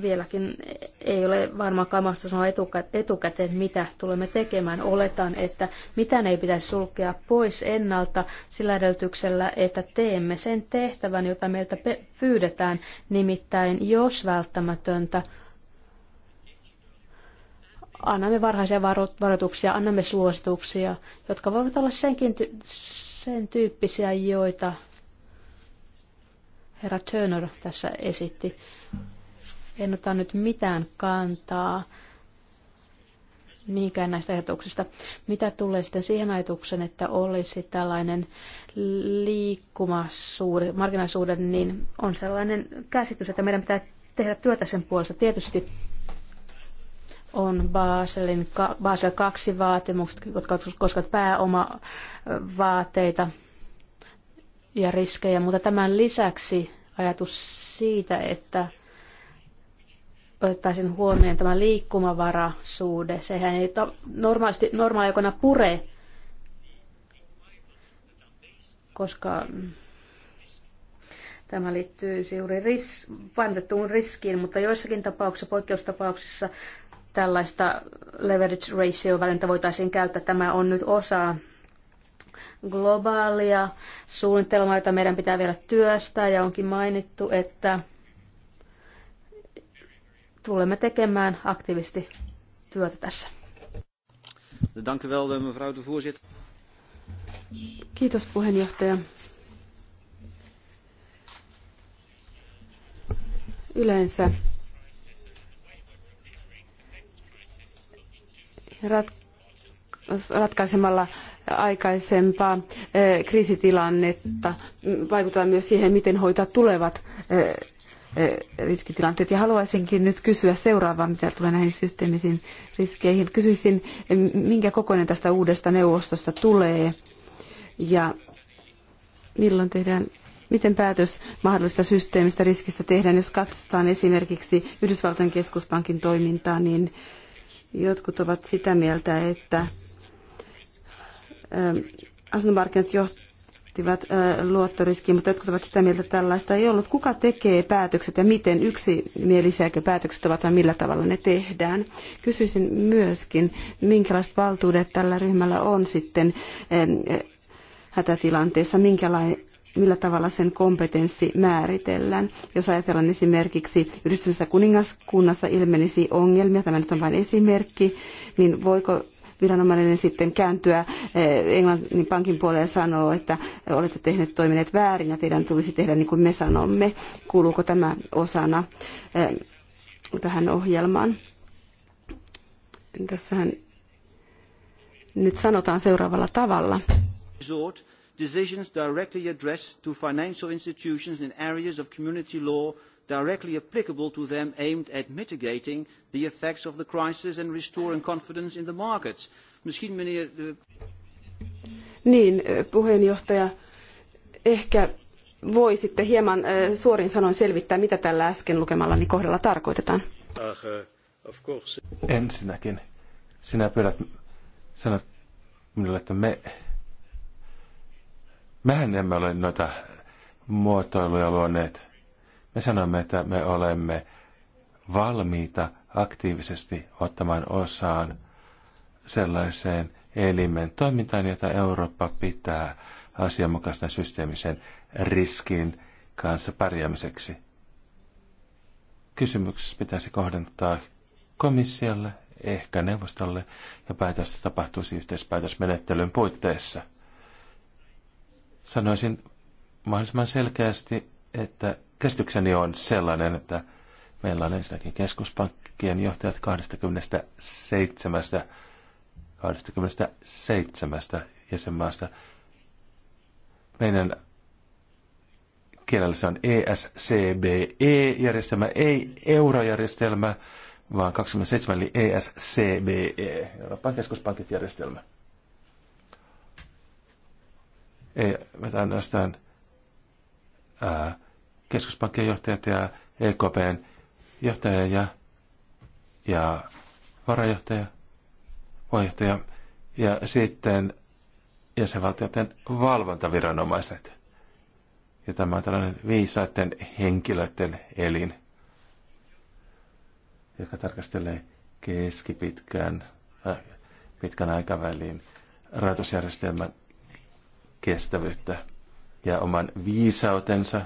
Vieläkin ei ole varmaankaan mahdollista sanoa etukäteen, mitä tulemme tekemään. Oletan, että mitään ei pitäisi sulkea pois ennalta sillä edellytyksellä, että teemme sen tehtävän, jota meiltä pyydetään. Nimittäin, jos välttämätöntä, annamme varhaisia varoituksia, annamme suosituksia, jotka voivat olla senkin ty- sen tyyppisiä, joita herra Turner tässä esitti. En ota nyt mitään kantaa mihinkään näistä ajatuksista. Mitä tulee sitten siihen ajatukseen, että olisi tällainen liikkumasuuri, marginaalisuuden, niin on sellainen käsitys, että meidän pitää tehdä työtä sen puolesta. Tietysti on Baselin, Basel 2 vaatimukset, jotka koskevat pääomavaateita, ja riskejä, mutta tämän lisäksi ajatus siitä, että otettaisiin huomioon tämä liikkumavaraisuude. Sehän ei ta- normaalisti, normaaliaikoina pure, koska tämä liittyy juuri ris- painotettuun riskiin, mutta joissakin tapauksissa, poikkeustapauksissa tällaista leverage ratio-välintä voitaisiin käyttää. Tämä on nyt osa globaalia suunnitelmaa, jota meidän pitää vielä työstää ja onkin mainittu, että tulemme tekemään aktiivisesti työtä tässä. Eh, Kiitos puheenjohtaja. Yleensä ratkaisemalla aikaisempaa eh, kriisitilannetta, vaikuttaa myös siihen, miten hoitaa tulevat eh, eh, riskitilanteet. Ja haluaisinkin nyt kysyä seuraavaa, mitä tulee näihin systeemisiin riskeihin. Kysyisin, minkä kokoinen tästä uudesta neuvostosta tulee ja milloin tehdään miten päätös mahdollisesta systeemistä riskistä tehdään. Jos katsotaan esimerkiksi Yhdysvaltain keskuspankin toimintaa, niin jotkut ovat sitä mieltä, että asuntomarkkinat johtivat luottoriskiin, mutta jotkut ovat sitä mieltä, että tällaista ei ollut. Kuka tekee päätökset ja miten yksimielisiäkö päätökset ovat vai millä tavalla ne tehdään? Kysyisin myöskin, minkälaiset valtuudet tällä ryhmällä on sitten hätätilanteessa, minkälainen millä tavalla sen kompetenssi määritellään. Jos ajatellaan esimerkiksi yhdistymisessä kuningaskunnassa ilmenisi ongelmia, tämä nyt on vain esimerkki, niin voiko viranomainen sitten kääntyä eh, Englannin pankin puoleen ja sanoo, että olette tehneet toimineet väärin ja teidän tulisi tehdä niin kuin me sanomme. Kuuluuko tämä osana eh, tähän ohjelmaan? Tässähän nyt sanotaan seuraavalla tavalla decisions directly addressed to financial institutions in areas of community law directly applicable to them aimed at mitigating the effects of the crisis and restoring confidence in the markets. Misschien meneer... Niin, eh, puheenjohtaja, ehkä voisitte hieman eh, suorin sanoin selvittää, mitä tällä äsken lukemallani kohdalla tarkoitetaan. Ensinnäkin, sinä pyydät, sanot minulle, että me, mehän emme ole noita muotoiluja luoneet me sanomme, että me olemme valmiita aktiivisesti ottamaan osaan sellaiseen elimen toimintaan, jota Eurooppa pitää asianmukaisena systeemisen riskin kanssa pärjäämiseksi. Kysymyksessä pitäisi kohdentaa komissiolle, ehkä neuvostolle, ja päätöstä tapahtuisi yhteispäätösmenettelyn puitteissa. Sanoisin mahdollisimman selkeästi, että käsitykseni on sellainen, että meillä on ensinnäkin keskuspankkien johtajat 27 27 jäsenmaasta. Meidän kielellä on ESCBE-järjestelmä, ei eurojärjestelmä, vaan 27 eli ESCBE, e, Euroopan keskuspankit järjestelmä. Ei, me ainoastaan ää, keskuspankkien johtajat ja EKPn johtaja ja, ja varajohtaja, puheenjohtaja ja sitten jäsenvaltioiden valvontaviranomaiset. Ja tämä on tällainen viisaiden henkilöiden elin, joka tarkastelee keskipitkän äh, pitkän aikavälin rahoitusjärjestelmän kestävyyttä ja oman viisautensa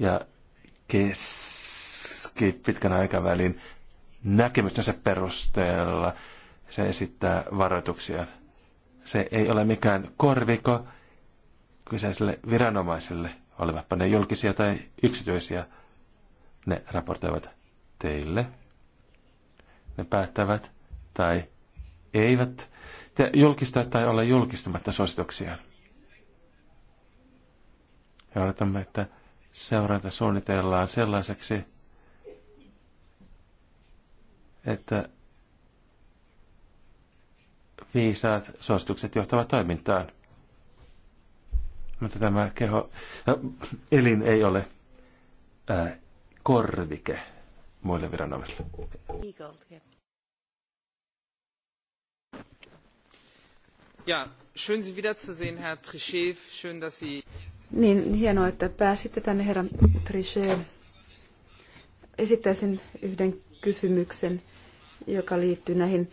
ja keski pitkän aikavälin näkemystensä perusteella se esittää varoituksia. Se ei ole mikään korviko kyseiselle viranomaisille, olivatpa ne julkisia tai yksityisiä. Ne raportoivat teille. Ne päättävät tai eivät te julkistaa tai olla julkistamatta suosituksiaan. Ja odotamme, että seuranta suunnitellaan sellaiseksi, että viisaat suositukset johtavat toimintaan. Mutta tämä keho, äh, elin ei ole äh, korvike muille viranomaisille. Ja, schön Sie wiederzusehen, Herr Trichet. Schön, dass Sie niin hienoa, että pääsitte tänne, herra Trichet. Esittäisin yhden kysymyksen, joka liittyy näihin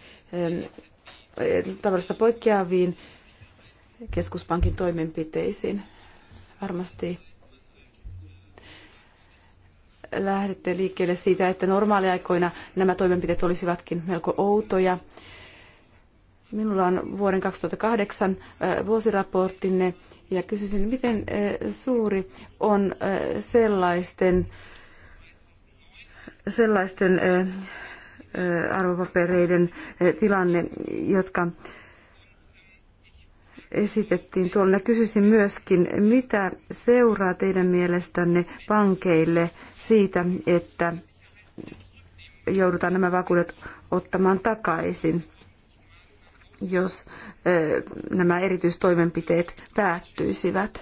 tavallista poikkeaviin keskuspankin toimenpiteisiin. Varmasti lähdette liikkeelle siitä, että normaaliaikoina nämä toimenpiteet olisivatkin melko outoja. Minulla on vuoden 2008 vuosiraporttinne ja kysyisin, miten suuri on sellaisten, sellaisten arvopapereiden tilanne, jotka esitettiin tuolla. Kysyisin myöskin, mitä seuraa teidän mielestänne pankeille siitä, että joudutaan nämä vakuudet ottamaan takaisin? jos nämä erityistoimenpiteet päättyisivät.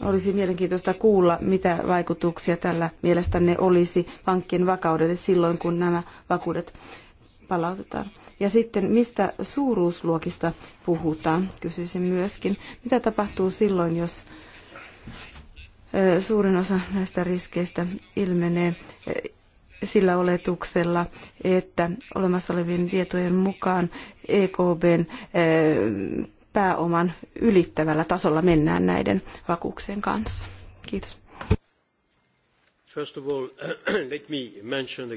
Olisi mielenkiintoista kuulla, mitä vaikutuksia tällä mielestänne olisi pankkien vakaudelle silloin, kun nämä vakuudet palautetaan. Ja sitten, mistä suuruusluokista puhutaan, kysyisin myöskin. Mitä tapahtuu silloin, jos suurin osa näistä riskeistä ilmenee sillä oletuksella, että olemassa olevien tietojen mukaan EKBn eh, pääoman ylittävällä tasolla mennään näiden vakuuksien kanssa. Kiitos. All, mention...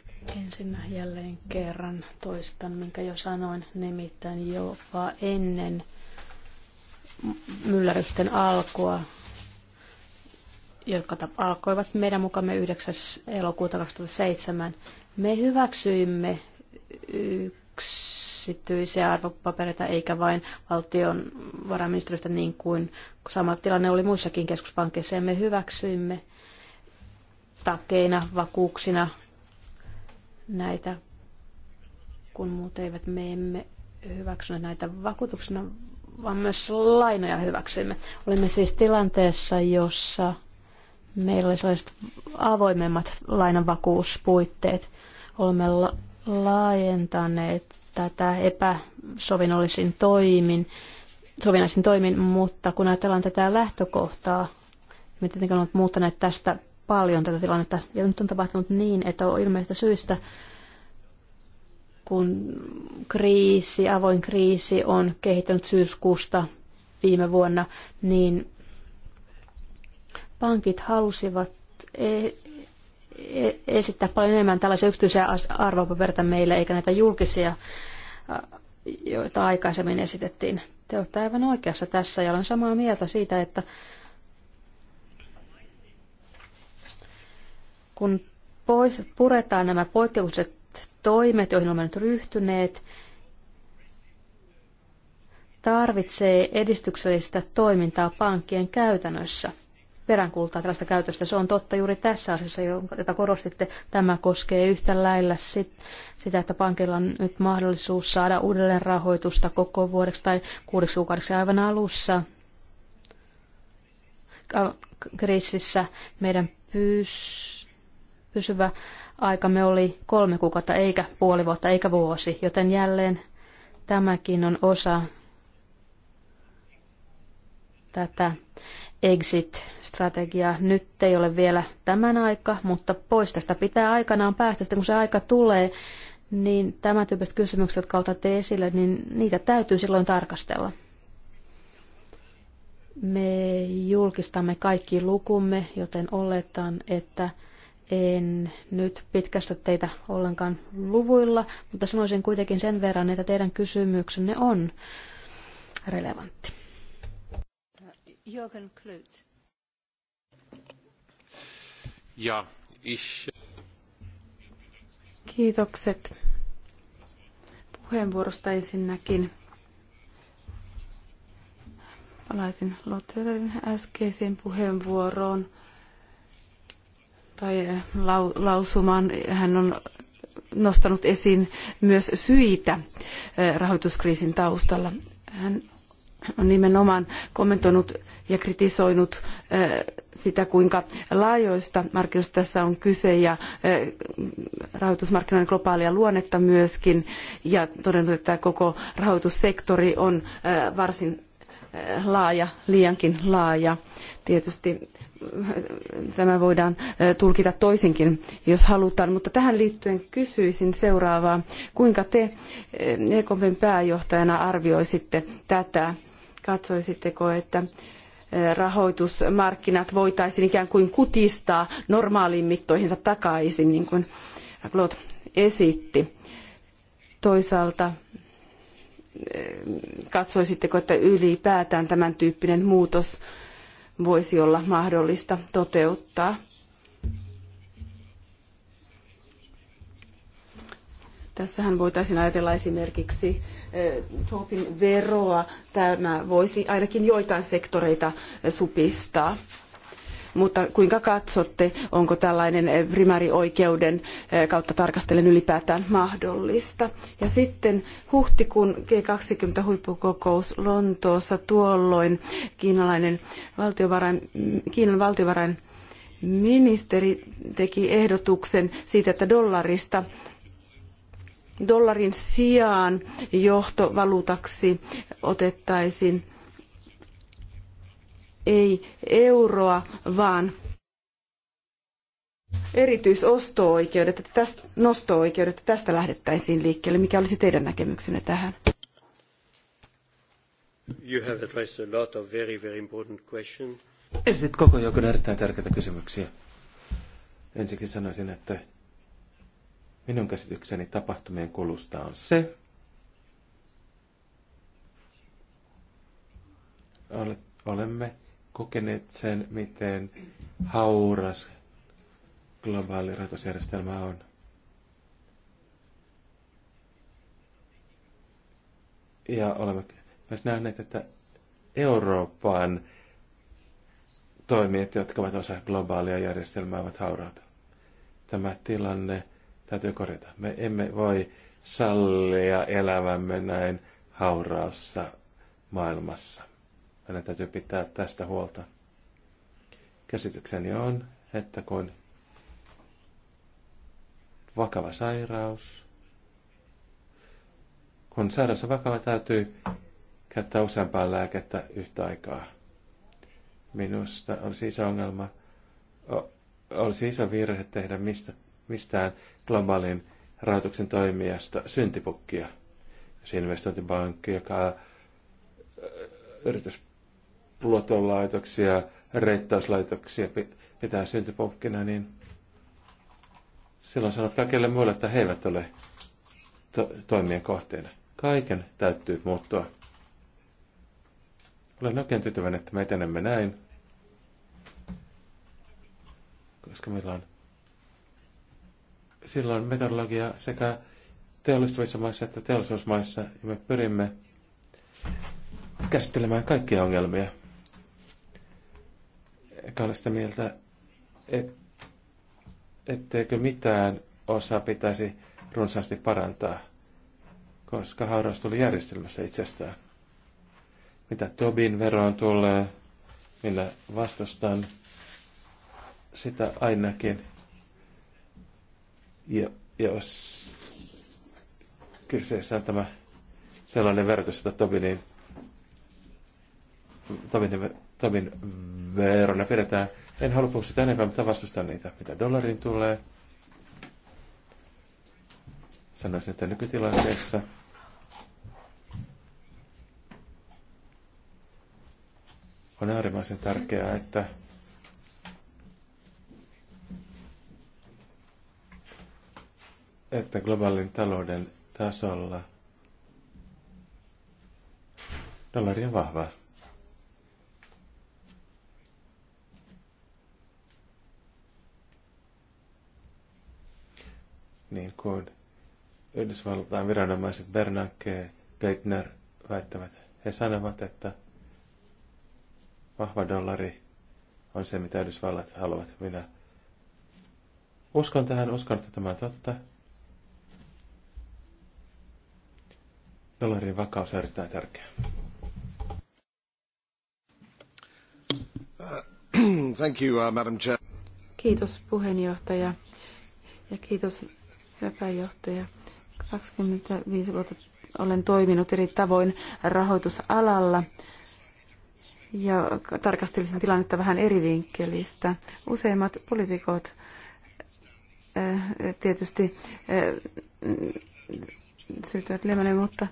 Ensin jälleen kerran toistan, minkä jo sanoin, nimittäin jopa ennen myllärysten alkua jotka alkoivat meidän mukamme 9. elokuuta 2007. Me hyväksyimme yksityisiä arvopapereita eikä vain valtion varaministeriöstä niin kuin sama tilanne oli muissakin keskuspankkeissa. me hyväksyimme takeina, vakuuksina näitä, kun muut eivät me emme hyväksyneet näitä vakuutuksena, vaan myös lainoja hyväksyimme. Olemme siis tilanteessa, jossa meillä oli sellaiset avoimemmat lainanvakuuspuitteet. Olemme la- laajentaneet tätä epäsovinnollisin toimin, sovinnaisin toimin, mutta kun ajatellaan tätä lähtökohtaa, me tietenkin olemme muuttaneet tästä paljon tätä tilannetta. Ja nyt on tapahtunut niin, että on ilmeistä syistä, kun kriisi, avoin kriisi on kehittynyt syyskuusta viime vuonna, niin Pankit halusivat e, e, esittää paljon enemmän tällaisia yksityisiä arvopaperita meille, eikä näitä julkisia, joita aikaisemmin esitettiin. Te olette aivan oikeassa tässä ja olen samaa mieltä siitä, että kun pois, puretaan nämä poikkeukset toimet, joihin olemme nyt ryhtyneet, tarvitsee edistyksellistä toimintaa pankkien käytännössä peräänkuuluttaa tällaista käytöstä. Se on totta juuri tässä asiassa, jota korostitte. Tämä koskee yhtä lailla sit, sitä, että pankilla on nyt mahdollisuus saada uudelleen rahoitusta koko vuodeksi tai kuudeksi kuukaudeksi aivan alussa kriisissä. Meidän pysyvä aikamme oli kolme kuukautta, eikä puoli vuotta, eikä vuosi, joten jälleen tämäkin on osa tätä exit-strategiaa. Nyt ei ole vielä tämän aika, mutta pois tästä pitää aikanaan päästä. Sitten kun se aika tulee, niin tämän tyyppiset kysymykset, jotka otatte esille, niin niitä täytyy silloin tarkastella. Me julkistamme kaikki lukumme, joten oletan, että en nyt pitkästä teitä ollenkaan luvuilla, mutta sanoisin kuitenkin sen verran, että teidän kysymyksenne on relevantti. Jürgen Klut. Ja, ich... Kiitokset puheenvuorosta ensinnäkin. Palaisin Lotterin äskeiseen puheenvuoroon tai eh, lausumaan. Hän on nostanut esiin myös syitä eh, rahoituskriisin taustalla. Hän on nimenomaan kommentoinut ja kritisoinut sitä, kuinka laajoista markkinoista tässä on kyse ja rahoitusmarkkinoiden globaalia luonnetta myöskin ja todennut, että koko rahoitussektori on varsin laaja, liiankin laaja. Tietysti tämä voidaan tulkita toisinkin, jos halutaan, mutta tähän liittyen kysyisin seuraavaa. Kuinka te EKPn pääjohtajana arvioisitte tätä Katsoisitteko, että e, rahoitusmarkkinat voitaisiin ikään kuin kutistaa normaaliin mittoihinsa takaisin, niin kuin Claude esitti. Toisaalta e, katsoisitteko, että ylipäätään tämän tyyppinen muutos voisi olla mahdollista toteuttaa? Tässähän voitaisiin ajatella esimerkiksi Topin veroa. Tämä voisi ainakin joitain sektoreita supistaa. Mutta kuinka katsotte, onko tällainen primäärioikeuden kautta tarkastellen ylipäätään mahdollista? Ja sitten huhtikuun G20 huippukokous Lontoossa tuolloin kiinalainen valtiovarain, Kiinan valtiovarainministeri teki ehdotuksen siitä, että dollarista dollarin sijaan johtovaluutaksi otettaisiin ei euroa, vaan erityisosto-oikeudet, tästä, nosto-oikeudet, tästä lähdettäisiin liikkeelle. Mikä olisi teidän näkemyksenne tähän? You have addressed a lot of very, very important questions. Esitit koko joukon erittäin tärkeitä kysymyksiä. Ensinnäkin sanoisin, että Minun käsitykseni tapahtumien kulusta on se, olemme kokeneet sen, miten hauras globaali rahoitusjärjestelmä on. Ja olemme myös nähneet, että Euroopan toimijat, jotka ovat osa globaalia järjestelmää, ovat hauraat. Tämä tilanne täytyy korjata. Me emme voi sallia elämämme näin hauraassa maailmassa. Meidän täytyy pitää tästä huolta. Käsitykseni on, että kun vakava sairaus, kun sairaus on vakava, täytyy käyttää useampaa lääkettä yhtä aikaa. Minusta olisi iso ongelma, olisi iso virhe tehdä mistä mistään globaalin rahoituksen toimijasta syntipukkia. Se siis investointipankki, joka äh, yritysluotonlaitoksia, reittauslaitoksia pitää syntipukkina, niin silloin sanot kaikille muille, että he eivät ole to- toimien kohteena. Kaiken täytyy muuttua. Olen oikein tyytyväinen, että me etenemme näin, koska meillä on silloin metodologia sekä teollistuvissa maissa että teollisuusmaissa, ja me pyrimme käsittelemään kaikkia ongelmia. Eikä ole sitä mieltä, et, etteikö mitään osaa pitäisi runsaasti parantaa, koska hauraus tuli järjestelmästä itsestään. Mitä Tobin veroon tulee, millä vastustan sitä ainakin – ja jos kyseessä on tämä sellainen verotus, että Tobinin, niin Tobin verona pidetään, en halua puhua sitä enempää, mutta vastustan niitä, mitä dollariin tulee. Sanoisin, että nykytilanteessa on äärimmäisen tärkeää, että että globaalin talouden tasolla dollari on vahva. Niin kuin Yhdysvaltain viranomaiset Bernanke Geithner väittävät. He sanovat, että vahva dollari on se, mitä Yhdysvallat haluavat. Minä uskon tähän, uskon, että tämä on totta. dollarin vakaus on erittäin tärkeä. Uh, thank you, uh, Madam Chair. Kiitos puheenjohtaja ja kiitos pääjohtaja. 25 vuotta olen toiminut eri tavoin rahoitusalalla ja tarkastelisin tilannetta vähän eri vinkkelistä. Useimmat poliitikot eh, tietysti eh, syytyvät Lehmanen, mutta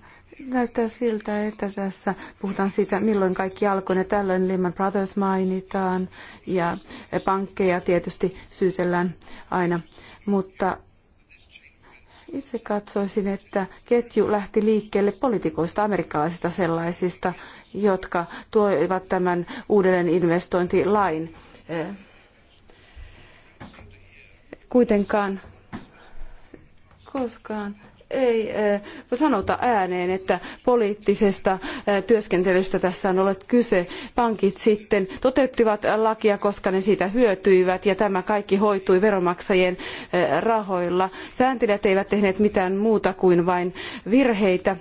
näyttää siltä, että tässä puhutaan siitä, milloin kaikki alkoi. Ja tällöin Lehman Brothers mainitaan ja pankkeja tietysti syytellään aina. Mutta itse katsoisin, että ketju lähti liikkeelle politikoista, amerikkalaisista sellaisista, jotka tuoivat tämän uudelleen investointilain. Kuitenkaan koskaan ei sanota ääneen, että poliittisesta työskentelystä tässä on ollut kyse. Pankit sitten toteuttivat lakia, koska ne siitä hyötyivät ja tämä kaikki hoitui veronmaksajien rahoilla. Sääntelijät eivät tehneet mitään muuta kuin vain virheitä.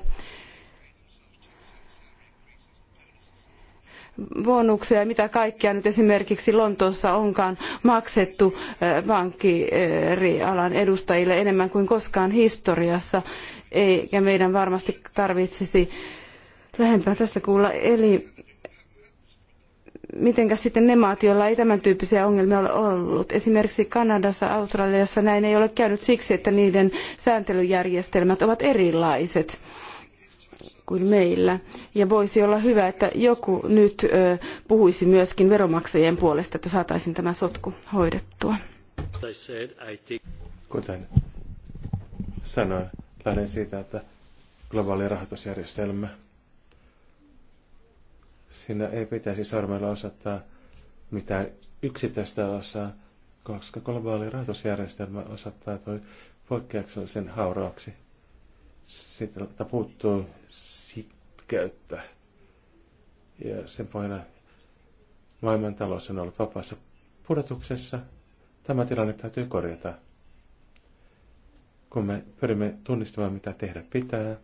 bonuksia ja mitä kaikkea nyt esimerkiksi Lontoossa onkaan maksettu pankkialan eh, edustajille enemmän kuin koskaan historiassa. Eikä meidän varmasti tarvitsisi lähempää tästä kuulla. Eli miten sitten ne maat, joilla ei tämän tyyppisiä ongelmia ole ollut? Esimerkiksi Kanadassa, Australiassa näin ei ole käynyt siksi, että niiden sääntelyjärjestelmät ovat erilaiset kuin meillä. Ja voisi olla hyvä, että joku nyt puhuisi myöskin veromaksajien puolesta, että saataisiin tämä sotku hoidettua. Kuten sanoin, lähden siitä, että globaali rahoitusjärjestelmä, siinä ei pitäisi sormella osata mitään yksittäistä osaa, koska globaali rahoitusjärjestelmä osoittautui poikkeuksellisen hauraaksi sitten puuttuu sitkeyttä. Ja sen pohjana maailman talous on ollut vapaassa pudotuksessa. Tämä tilanne täytyy korjata. Kun me pyrimme tunnistamaan, mitä tehdä pitää,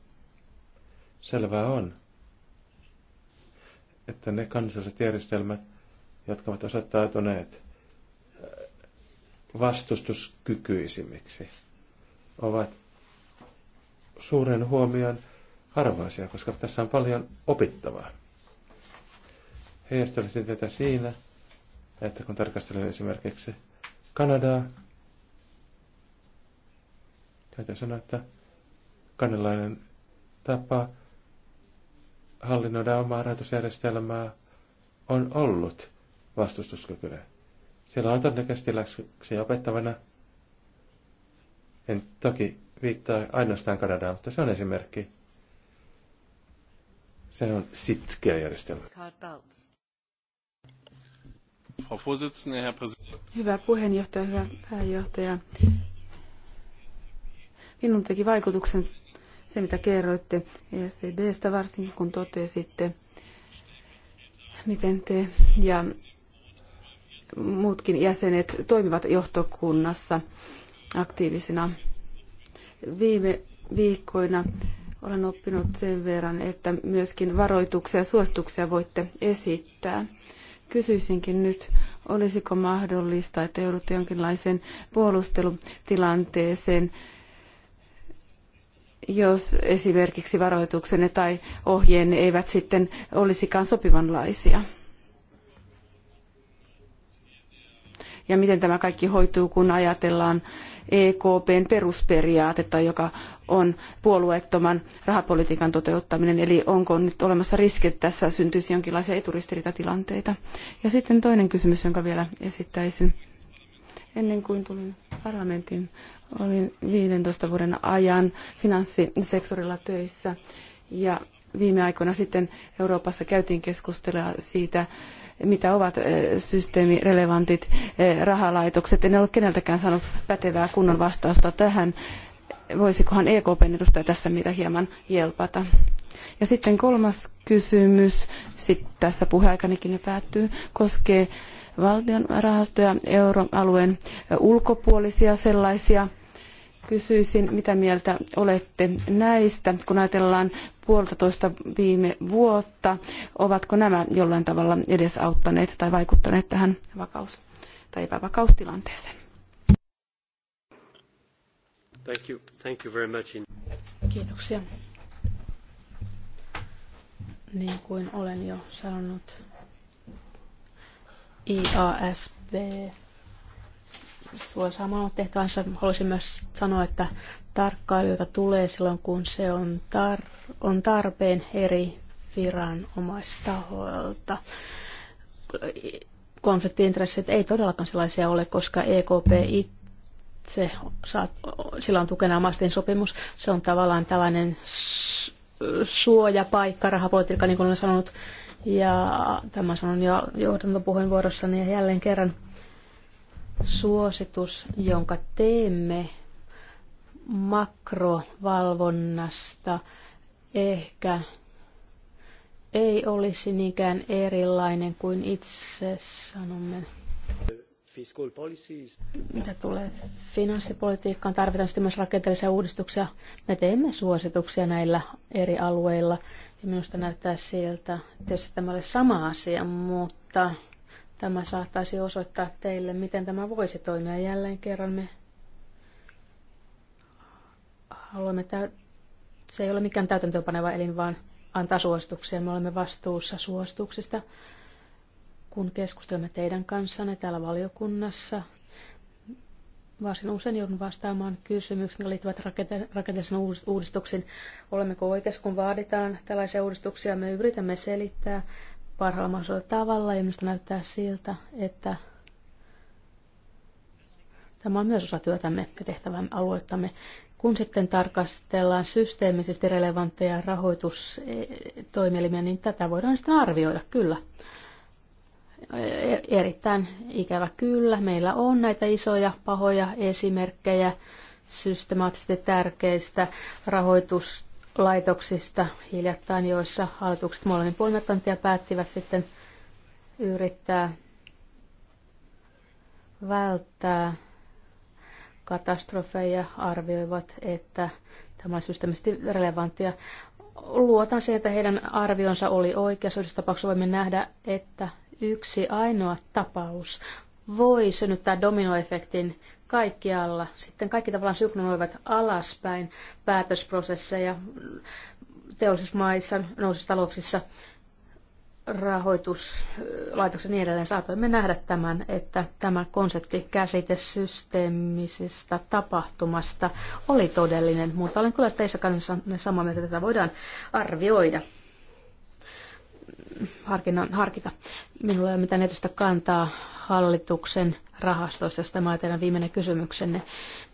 selvää on, että ne kansalliset järjestelmät, jotka ovat osoittautuneet äh, vastustuskykyisimmiksi, ovat suuren huomion arvoisia, koska tässä on paljon opittavaa. Heijastelisin tätä siinä, että kun tarkastelen esimerkiksi Kanadaa, täytyy sanoa, että kanalainen tapa hallinnoida omaa rahoitusjärjestelmää on ollut vastustuskykyinen. Siellä on todennäköisesti läksyksiä opettavana. En toki viittaa ainoastaan Kanadaan, mutta se on esimerkki. Se on sitkeä järjestelmä. Hyvä puheenjohtaja, hyvä pääjohtaja. Minun teki vaikutuksen se, mitä kerroitte ECBstä, varsinkin kun totesitte, miten te ja muutkin jäsenet toimivat johtokunnassa aktiivisina Viime viikkoina olen oppinut sen verran, että myöskin varoituksia ja suosituksia voitte esittää. Kysyisinkin nyt, olisiko mahdollista, että joudutte jonkinlaiseen puolustelutilanteeseen, jos esimerkiksi varoituksenne tai ohjeenne eivät sitten olisikaan sopivanlaisia? ja miten tämä kaikki hoituu, kun ajatellaan EKPn perusperiaatetta, joka on puolueettoman rahapolitiikan toteuttaminen, eli onko nyt olemassa riski, että tässä syntyisi jonkinlaisia eturistiriitatilanteita. Ja sitten toinen kysymys, jonka vielä esittäisin. Ennen kuin tulin parlamentin, olin 15 vuoden ajan finanssisektorilla töissä ja viime aikoina sitten Euroopassa käytiin keskustelua siitä, mitä ovat eh, systeemirelevantit eh, rahalaitokset. En ole keneltäkään saanut pätevää kunnon vastausta tähän. Voisikohan EKPn edustaja tässä mitä hieman jelpata? Ja sitten kolmas kysymys, sit tässä puheaikanikin jo päättyy, koskee valtion rahastoja euroalueen ulkopuolisia sellaisia – Kysyisin, mitä mieltä olette näistä, kun ajatellaan puolitoista viime vuotta. Ovatko nämä jollain tavalla edesauttaneet tai vaikuttaneet tähän vakaus- tai epävakaustilanteeseen? Thank you. Thank you very much. Kiitoksia. Niin kuin olen jo sanonut, IASB voi samalla tehtävänsä. Haluaisin myös sanoa, että tarkkailijoita tulee silloin, kun se on, tar- on tarpeen eri viranomaistahoilta. Konfliktiintressit ei todellakaan sellaisia ole, koska EKP itse saa, sillä on tukena Mastin sopimus. Se on tavallaan tällainen suojapaikka rahapolitiikka, niin kuin olen sanonut, ja tämä sanon jo johdantopuheenvuorossani ja jälleen kerran suositus, jonka teemme makrovalvonnasta, ehkä ei olisi niinkään erilainen kuin itse sanomme. Mitä tulee finanssipolitiikkaan, tarvitaan sitten myös rakenteellisia uudistuksia. Me teemme suosituksia näillä eri alueilla ja minusta näyttää siltä, että tämä ole sama asia, mutta Tämä saattaisi osoittaa teille, miten tämä voisi toimia. Jälleen kerran me haluamme, täy- se ei ole mikään täytäntöönpaneva elin, vaan antaa suosituksia. Me olemme vastuussa suosituksista, kun keskustelemme teidän kanssanne täällä valiokunnassa. Varsin usein joudun vastaamaan kysymyksiin, jotka liittyvät rakenteellisen uudistuksiin. Olemmeko oikeassa, kun vaaditaan tällaisia uudistuksia? Me yritämme selittää, parhaalla mahdollisella tavalla ja minusta näyttää siltä, että tämä on myös osa työtämme ja tehtävän aluettamme. Kun sitten tarkastellaan systeemisesti relevantteja rahoitustoimielimiä, niin tätä voidaan sitten arvioida kyllä. E- erittäin ikävä kyllä. Meillä on näitä isoja pahoja esimerkkejä systemaattisesti tärkeistä rahoitus laitoksista hiljattain, joissa hallitukset molemmin puolin päättivät sitten yrittää välttää katastrofeja, arvioivat, että tämä on systeemisesti relevanttia. Luotan siihen, että heidän arvionsa oli oikea. Sodissa tapauksessa voimme nähdä, että yksi ainoa tapaus voi synnyttää dominoefektin kaikkialla. Sitten kaikki tavallaan syknoivat alaspäin päätösprosesseja teollisuusmaissa, nousissa talouksissa, rahoituslaitoksen niin edelleen. Saatoimme nähdä tämän, että tämä konsepti käsite systeemisestä tapahtumasta oli todellinen, mutta olen kyllä teissä kanssa samaa mieltä, että tätä voidaan arvioida harkinnan, harkita. Minulla ei ole mitään erityistä kantaa hallituksen rahastoista, jos tämä oli teidän viimeinen kysymyksenne.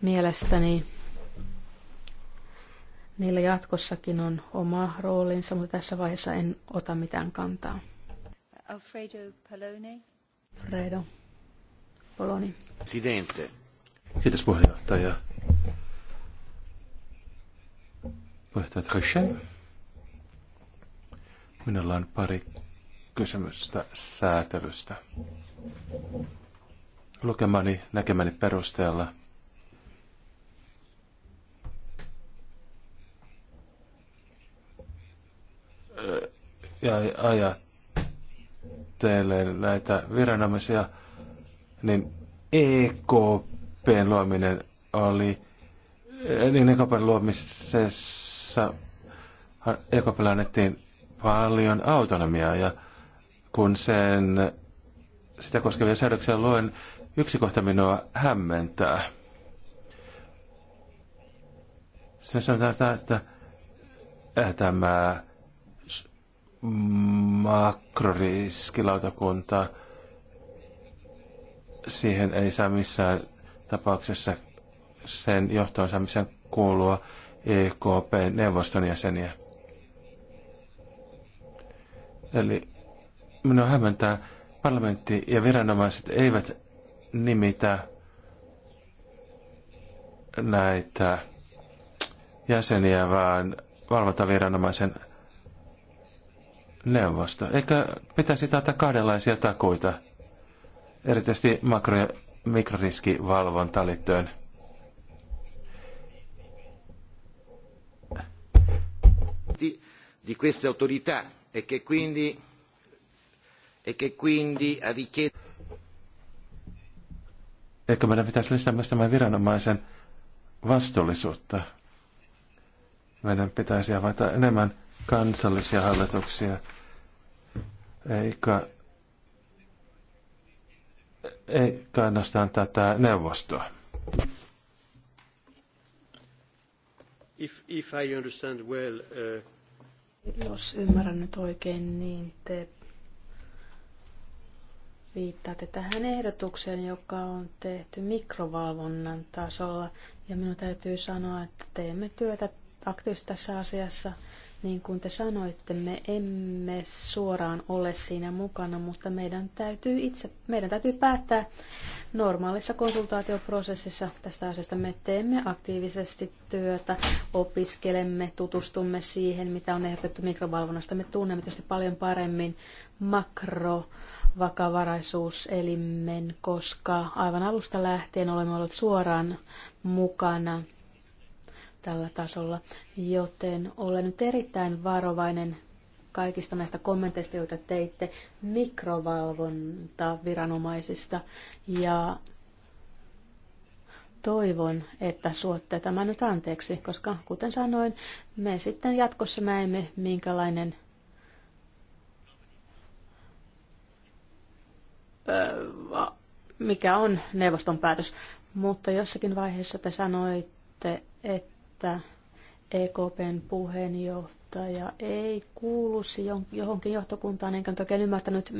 Mielestäni niillä jatkossakin on oma roolinsa, mutta tässä vaiheessa en ota mitään kantaa. Alfredo Paloni. Fredo Poloni. Presidente. Kiitos puheenjohtaja. Puheenjohtaja Trichet. Minulla on pari kysymystä säätelystä lukemani, näkemäni perusteella. Ja ajattelen näitä viranomaisia, niin EKPn luominen oli, niin EKPn luomisessa EKPlle annettiin paljon autonomiaa ja kun sen sitä koskevia säädöksiä luen, yksi kohta minua hämmentää. Se sanotaan, että tämä makroriskilautakunta, siihen ei saa missään tapauksessa sen johtoon saa missään kuulua EKP-neuvoston jäseniä. Eli minua hämmentää, Parlamentti ja viranomaiset eivät nimitä näitä jäseniä, vaan valvontaviranomaisen neuvosto. Eikö pitäisi taata kahdenlaisia takuita, erityisesti makro- ja mikroriskivalvonta liittyen? Di, di queste autorità e che quindi e che quindi ha richiesto... Eikö meidän pitäisi lisätä myös tämän viranomaisen vastuullisuutta? Meidän pitäisi avata enemmän kansallisia hallituksia, eikä, eikä ainoastaan tätä neuvostoa. If, if I understand well, uh... Jos ymmärrän nyt oikein, niin te viittaatte tähän ehdotukseen, joka on tehty mikrovalvonnan tasolla. Ja minun täytyy sanoa, että teemme työtä aktiivisesti tässä asiassa niin kuin te sanoitte, me emme suoraan ole siinä mukana, mutta meidän täytyy, itse, meidän täytyy päättää normaalissa konsultaatioprosessissa tästä asiasta. Me teemme aktiivisesti työtä, opiskelemme, tutustumme siihen, mitä on ehdotettu mikrovalvonnasta. Me tunnemme tietysti paljon paremmin makrovakavaraisuuselimen, koska aivan alusta lähtien olemme olleet suoraan mukana – tällä tasolla, joten olen nyt erittäin varovainen kaikista näistä kommenteista, joita teitte mikrovalvonta viranomaisista ja toivon, että suotte tämän nyt anteeksi, koska kuten sanoin, me sitten jatkossa näemme, minkälainen mikä on neuvoston päätös. Mutta jossakin vaiheessa te sanoitte, että että EKPn puheenjohtaja ei kuulu johonkin johtokuntaan, enkä nyt oikein ymmärtänyt,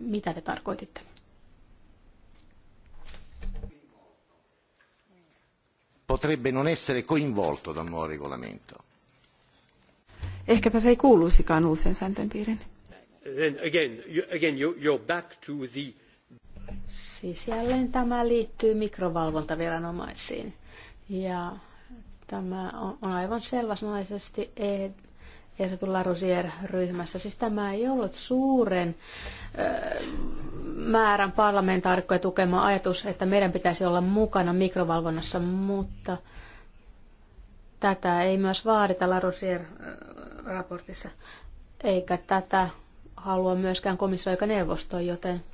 mitä te tarkoititte. Potrebbe non essere coinvolto dal nuovo regolamento. Ehkäpä se ei kuuluisikaan uusien sääntöjen piiriin. Again, again, you're back to the... Siis jälleen tämä liittyy mikrovalvontaviranomaisiin. Ja Tämä on, on aivan selväsnaisesti ehdotun Rosier-ryhmässä. Siis tämä ei ollut suuren ö, määrän parlamentaarikkoja tukema ajatus, että meidän pitäisi olla mukana mikrovalvonnassa, mutta tätä ei myös vaadita Larosier-raportissa, eikä tätä halua myöskään komissio eikä neuvosto, joten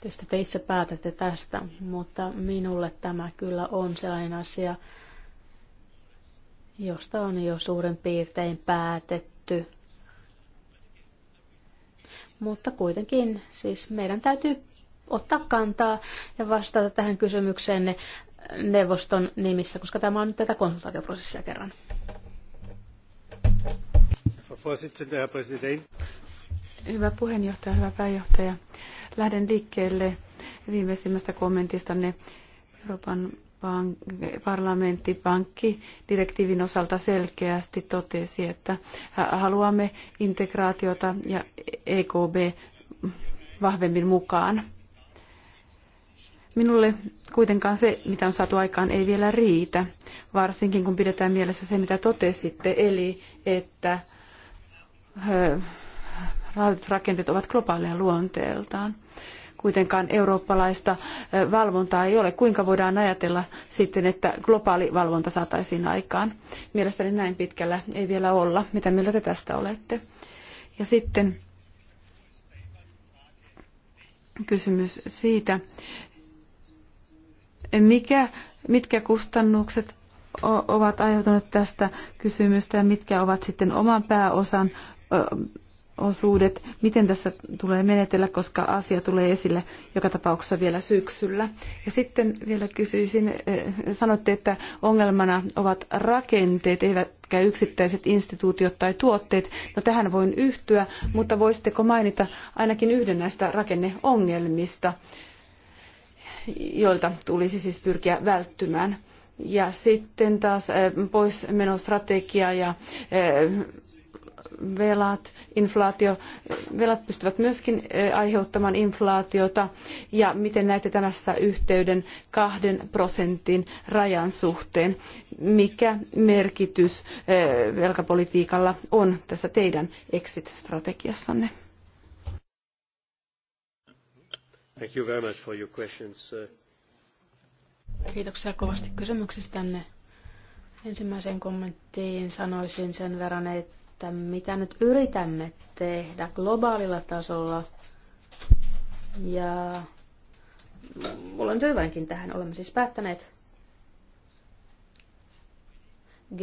Tietysti te itse päätätte tästä, mutta minulle tämä kyllä on sellainen asia, josta on jo suurin piirtein päätetty. Mutta kuitenkin siis meidän täytyy ottaa kantaa ja vastata tähän kysymykseen neuvoston nimissä, koska tämä on nyt tätä konsultaatioprosessia kerran. Hyvä puheenjohtaja, hyvä pääjohtaja. Lähden liikkeelle viimeisimmästä kommentistanne Euroopan parlamentti pankkidirektiivin osalta selkeästi totesi, että haluamme integraatiota ja EKB vahvemmin mukaan. Minulle kuitenkaan se, mitä on saatu aikaan, ei vielä riitä, varsinkin kun pidetään mielessä se, mitä totesitte, eli että rahoitusrakenteet ovat globaaleja luonteeltaan. Kuitenkaan eurooppalaista valvontaa ei ole. Kuinka voidaan ajatella sitten, että globaali valvonta saataisiin aikaan? Mielestäni näin pitkällä ei vielä olla. Mitä mieltä te tästä olette? Ja sitten kysymys siitä, mikä, mitkä kustannukset ovat aiheutuneet tästä kysymystä ja mitkä ovat sitten oman pääosan osuudet, miten tässä tulee menetellä, koska asia tulee esille joka tapauksessa vielä syksyllä. Ja sitten vielä kysyisin, eh, sanotte, että ongelmana ovat rakenteet, eivätkä yksittäiset instituutiot tai tuotteet. No tähän voin yhtyä, mutta voisitteko mainita ainakin yhden näistä rakenneongelmista, joilta tulisi siis pyrkiä välttymään? Ja sitten taas eh, poismenostrategia ja eh, velat, inflaatio, velat pystyvät myöskin aiheuttamaan inflaatiota ja miten näitä tämässä yhteyden kahden prosentin rajan suhteen, mikä merkitys velkapolitiikalla on tässä teidän exit-strategiassanne? Thank you very much for your questions. Kiitoksia kovasti kysymyksistänne. Ensimmäiseen kommenttiin sanoisin sen verran, että että mitä nyt yritämme tehdä globaalilla tasolla. Ja olen tyyvänkin tähän. Olemme siis päättäneet G...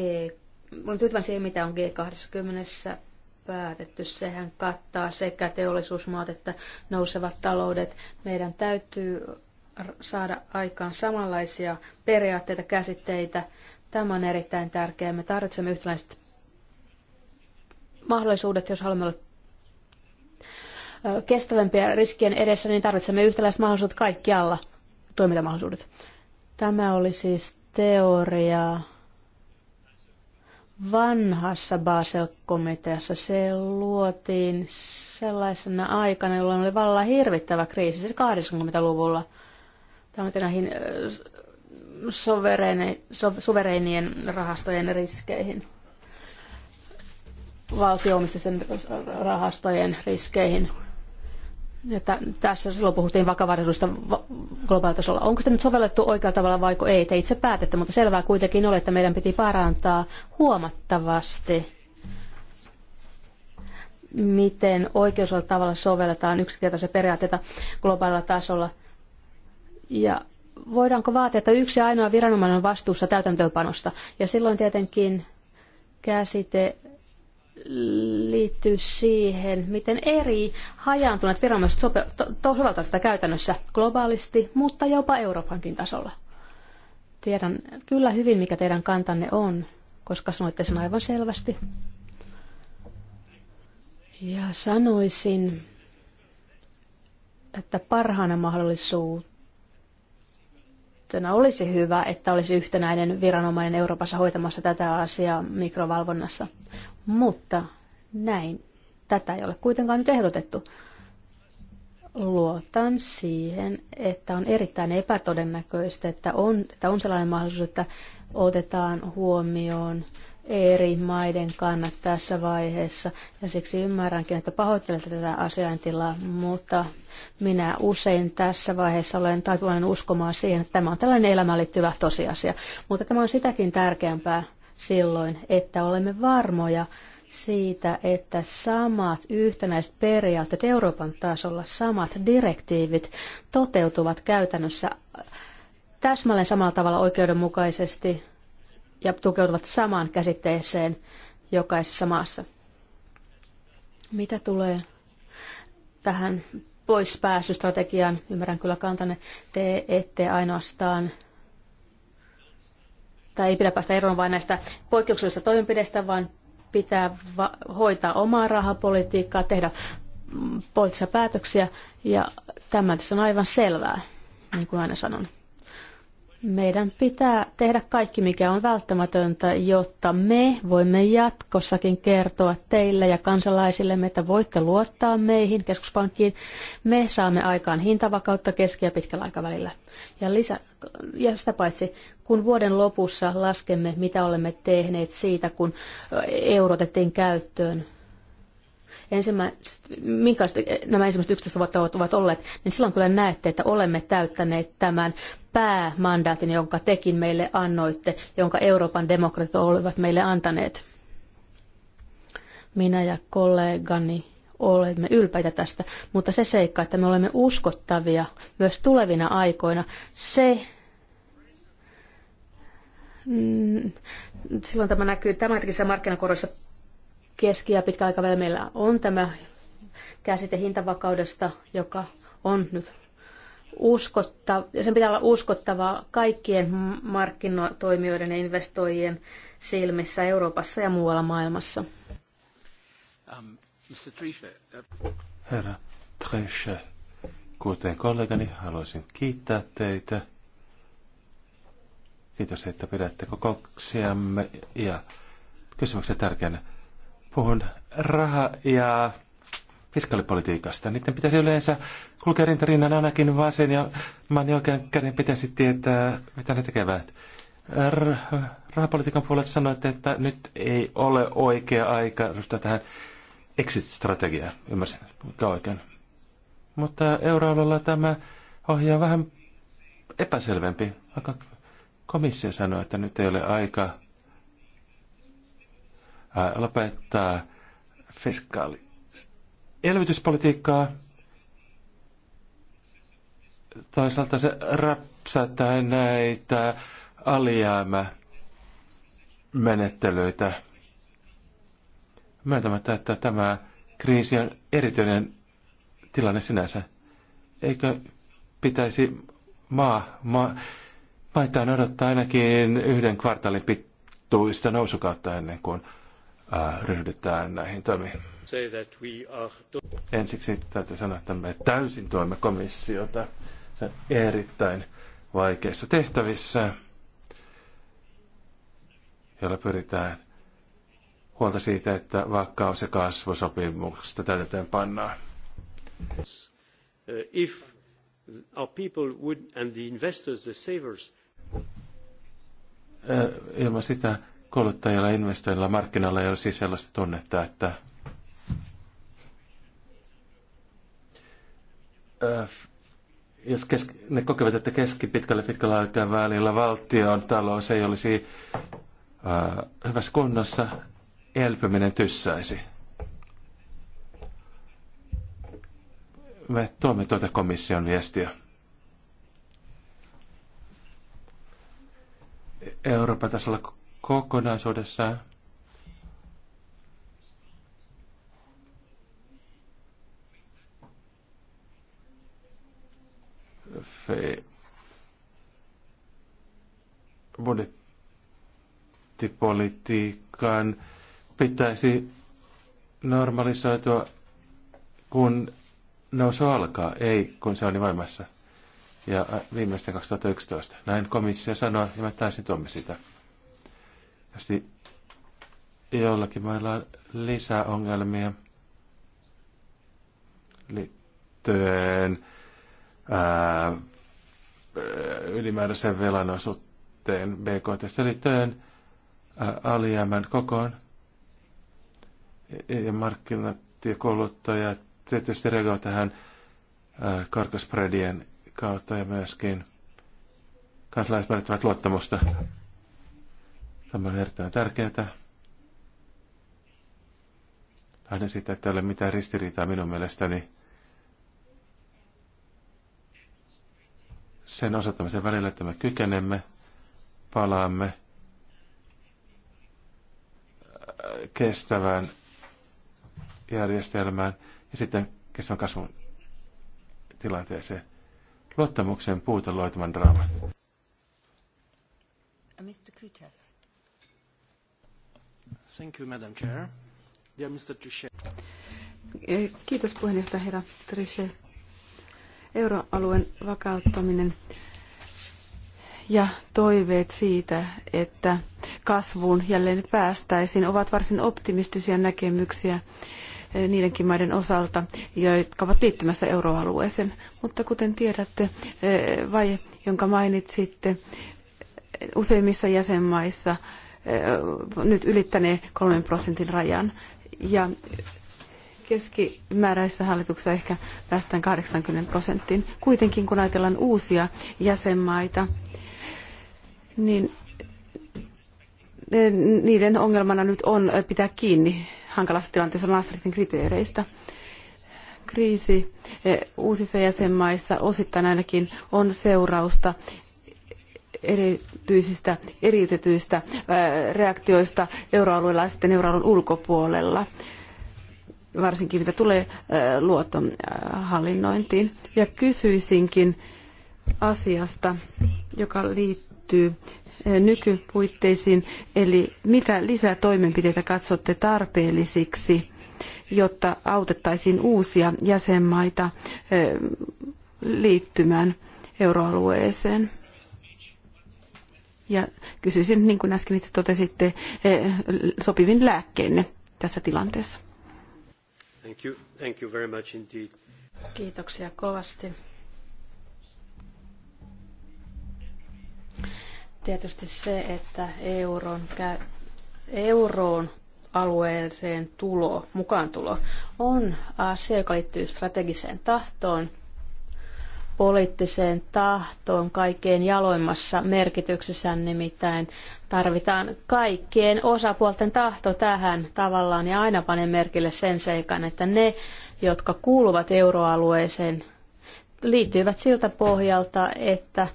Olen tyytyväinen siihen, mitä on G20 päätetty. Sehän kattaa sekä teollisuusmaat että nousevat taloudet. Meidän täytyy saada aikaan samanlaisia periaatteita, käsitteitä. Tämä on erittäin tärkeää. Me tarvitsemme yhtäläiset mahdollisuudet, jos haluamme olla kestävämpiä riskien edessä, niin tarvitsemme yhtäläiset mahdollisuudet kaikkialla, toimintamahdollisuudet. Tämä oli siis teoria vanhassa Basel-komiteassa. Se luotiin sellaisena aikana, jolloin oli vallan hirvittävä kriisi, siis 80-luvulla. Tämä oli näihin sovereinien rahastojen riskeihin valtioomistaisen rahastojen riskeihin. Ja tässä silloin puhuttiin vakavaraisuudesta tasolla. Onko sitä nyt sovellettu oikealla tavalla vai ei? Te itse päätätte, mutta selvää kuitenkin oli, että meidän piti parantaa huomattavasti miten oikeusolla tavalla sovelletaan yksinkertaisia periaatteita globaalilla tasolla. Ja voidaanko vaatia, että yksi ainoa viranomainen on vastuussa täytäntöönpanosta. Ja silloin tietenkin käsite liittyy siihen, miten eri hajaantuneet viranomaiset soveltavat sitä käytännössä globaalisti, mutta jopa Euroopankin tasolla. Tiedän kyllä hyvin, mikä teidän kantanne on, koska sanoitte sen aivan selvästi. Ja sanoisin, että parhaana mahdollisuutena olisi hyvä, että olisi yhtenäinen viranomainen Euroopassa hoitamassa tätä asiaa mikrovalvonnassa. Mutta näin. Tätä ei ole kuitenkaan nyt ehdotettu. Luotan siihen, että on erittäin epätodennäköistä, että on, että on sellainen mahdollisuus, että otetaan huomioon eri maiden kannat tässä vaiheessa. Ja siksi ymmärränkin, että pahoittelette tätä asiantilaa, mutta minä usein tässä vaiheessa olen taipuvainen uskomaan siihen, että tämä on tällainen elämään liittyvä tosiasia. Mutta tämä on sitäkin tärkeämpää silloin, että olemme varmoja siitä, että samat yhtenäiset periaatteet Euroopan tasolla, samat direktiivit toteutuvat käytännössä täsmälleen samalla tavalla oikeudenmukaisesti ja tukeutuvat samaan käsitteeseen jokaisessa maassa. Mitä tulee tähän poispääsystrategiaan, ymmärrän kyllä kantanne, te ette ainoastaan tai ei pidä päästä eroon vain näistä poikkeuksellisista toimenpideistä, vaan pitää hoitaa omaa rahapolitiikkaa, tehdä mm, poliittisia päätöksiä, ja tämä tässä on aivan selvää, niin kuin aina sanon. Meidän pitää tehdä kaikki, mikä on välttämätöntä, jotta me voimme jatkossakin kertoa teille ja kansalaisillemme, että voitte luottaa meihin, keskuspankkiin. Me saamme aikaan hintavakautta keski- ja pitkällä aikavälillä. Ja, lisä, ja sitä paitsi, kun vuoden lopussa laskemme, mitä olemme tehneet siitä, kun eurotettiin käyttöön, ensimmäiset, minkälaiset eh, nämä ensimmäiset 11 vuotta ovat, ovat olleet, niin silloin kyllä näette, että olemme täyttäneet tämän päämandaatin, jonka tekin meille annoitte, jonka Euroopan demokratit olivat meille antaneet. Minä ja kollegani olemme ylpeitä tästä, mutta se seikka, että me olemme uskottavia myös tulevina aikoina, se mm, silloin tämä näkyy tämänkin markkinakorossa keski- ja pitkäaikavälillä meillä on tämä käsite hintavakaudesta, joka on nyt uskottava, sen pitää olla uskottavaa kaikkien markkinatoimijoiden ja investoijien silmissä Euroopassa ja muualla maailmassa. Um, uh, Herra Trichet, kuten kollegani, haluaisin kiittää teitä. Kiitos, että pidätte kokouksiamme ja kysymyksen tärkeänä puhun raha- ja fiskaalipolitiikasta. Niiden pitäisi yleensä kulkea rintarinnan ainakin vasen ja maan oikean käden pitäisi tietää, mitä ne tekevät. R- rahapolitiikan puolelta sanoitte, että nyt ei ole oikea aika ryhtyä tähän exit-strategiaan. Ymmärsin, mikä oikein. Mutta euroalueella tämä ohje on vähän epäselvempi. Aika komissio sanoi, että nyt ei ole aika lopettaa fiskaali elvytyspolitiikkaa. Toisaalta se rapsauttaa näitä menettelyitä. Myöntämättä, että tämä kriisi on erityinen tilanne sinänsä. Eikö pitäisi maa, maa maitaan odottaa ainakin yhden kvartaalin pituista nousukautta ennen kuin Äh, ryhdytään näihin toimiin. Ensiksi täytyy sanoa, että me täysin tuemme komissiota erittäin vaikeissa tehtävissä, joilla pyritään huolta siitä, että vakaus- ja kasvusopimuksesta täytetään pannaan. Äh, if our people would, and the investors, the savers, äh, ilman sitä kuluttajilla, investoijilla, markkinoilla ei olisi siis sellaista tunnetta, että äh, jos kesk, ne kokevat, että keskipitkällä pitkällä aikavälillä valtion talous ei olisi äh, hyvässä kunnossa, elpyminen tyssäisi. Me tuomme tuota komission viestiä. Euroopan tasolla kokonaisuudessaan. Fe, budjettipolitiikan pitäisi normalisoitua, kun nousu alkaa, ei kun se on voimassa. Ja viimeistä 2011. Näin komissio sanoi, ja mä täysin tuomme sitä. Tietysti jollakin mailla on lisää ongelmia liittyen ää, ylimääräisen velan osuuteen BKT liittyen ää, alijäämän kokoon. Ja markkinat ja kuluttajat tietysti reagoivat tähän korkospredien kautta ja myöskin kansalaiset luottamusta. Tämä on erittäin tärkeää. Lähden siitä, että ei ole mitään ristiriitaa minun mielestäni sen osoittamisen välillä, että me kykenemme, palaamme kestävään järjestelmään ja sitten kestävän kasvun tilanteeseen. Luottamuksen puute loitaman draaman. Mr. Kutas. Thank you, Madam Chair. Dear Mr. Trichet. Eh, kiitos puheenjohtaja herra Trichet. Euroalueen vakauttaminen ja toiveet siitä, että kasvuun jälleen päästäisiin, ovat varsin optimistisia näkemyksiä eh, niidenkin maiden osalta, jotka ovat liittymässä euroalueeseen. Mutta kuten tiedätte, eh, vaje, jonka mainitsitte, useimmissa jäsenmaissa nyt ylittänee kolmen prosentin rajan. Ja keskimääräisessä hallituksessa ehkä päästään 80 prosenttiin. Kuitenkin kun ajatellaan uusia jäsenmaita, niin niiden ongelmana nyt on pitää kiinni hankalassa tilanteessa Maastrichtin kriteereistä. Kriisi uusissa jäsenmaissa osittain ainakin on seurausta erityisistä eriytetyistä reaktioista euroalueella ja sitten euroalueen ulkopuolella varsinkin mitä tulee luottohallinnointiin. Ja kysyisinkin asiasta, joka liittyy nykypuitteisiin, eli mitä lisätoimenpiteitä katsotte tarpeellisiksi, jotta autettaisiin uusia jäsenmaita liittymään euroalueeseen? Ja kysyisin, niin kuin äsken itse totesitte, eh, sopivin lääkkeenne tässä tilanteessa. Thank you. Thank you very much indeed. Kiitoksia kovasti. Tietysti se, että euron, euroon alueeseen tulo, mukaan on asia, joka liittyy strategiseen tahtoon – poliittiseen tahtoon kaikkein jaloimmassa merkityksessä, nimittäin tarvitaan kaikkien osapuolten tahto tähän tavallaan ja aina panen merkille sen seikan, että ne, jotka kuuluvat euroalueeseen, liittyivät siltä pohjalta, että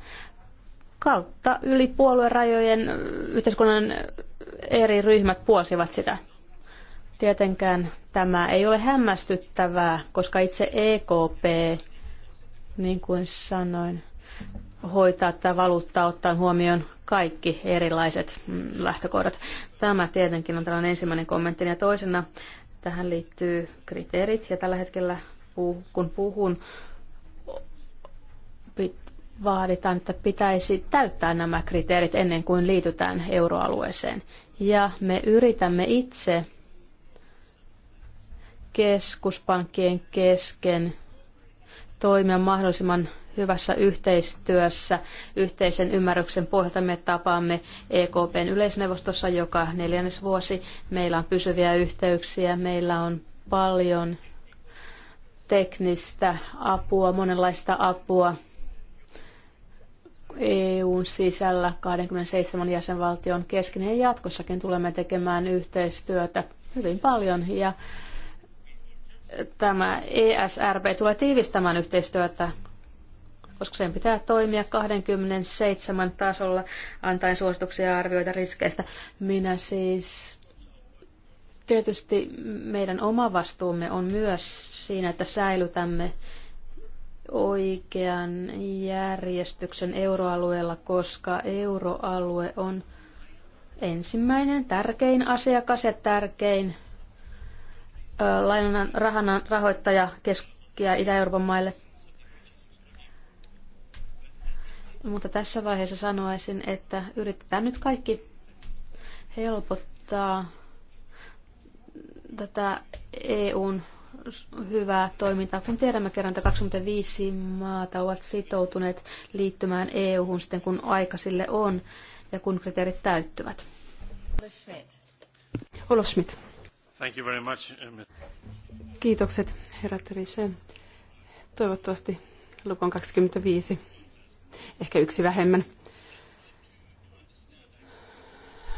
kautta yli puoluerajojen yhteiskunnan eri ryhmät puolsivat sitä. Tietenkään tämä ei ole hämmästyttävää, koska itse EKP niin kuin sanoin, hoitaa tämä valuutta ottaen huomioon kaikki erilaiset mm, lähtökohdat. Tämä tietenkin on tällainen ensimmäinen kommentti. Ja toisena tähän liittyy kriteerit. Ja tällä hetkellä, kun puhun, vaaditaan, että pitäisi täyttää nämä kriteerit ennen kuin liitytään euroalueeseen. Ja me yritämme itse keskuspankkien kesken toimia mahdollisimman hyvässä yhteistyössä yhteisen ymmärryksen pohjalta. Me tapaamme EKPn yleisneuvostossa joka neljännes vuosi. Meillä on pysyviä yhteyksiä, meillä on paljon teknistä apua, monenlaista apua EUn sisällä 27 jäsenvaltion kesken ja jatkossakin tulemme tekemään yhteistyötä hyvin paljon ja tämä ESRB tulee tiivistämään yhteistyötä, koska sen pitää toimia 27 tasolla, antaen suosituksia ja arvioita riskeistä. Minä siis tietysti meidän oma vastuumme on myös siinä, että säilytämme oikean järjestyksen euroalueella, koska euroalue on ensimmäinen tärkein asiakas ja tärkein lainan rahana rahoittaja Keski- ja Itä-Euroopan maille. Mutta tässä vaiheessa sanoisin, että yritetään nyt kaikki helpottaa tätä EUn hyvää toimintaa, kun tiedämme kerran, että 25 maata ovat sitoutuneet liittymään EU-hun sitten, kun aika sille on ja kun kriteerit täyttyvät. Olof Schmidt. Thank you very much. Uh, Kiitokset, herra Trichet. Toivottavasti lukon 25, ehkä yksi vähemmän.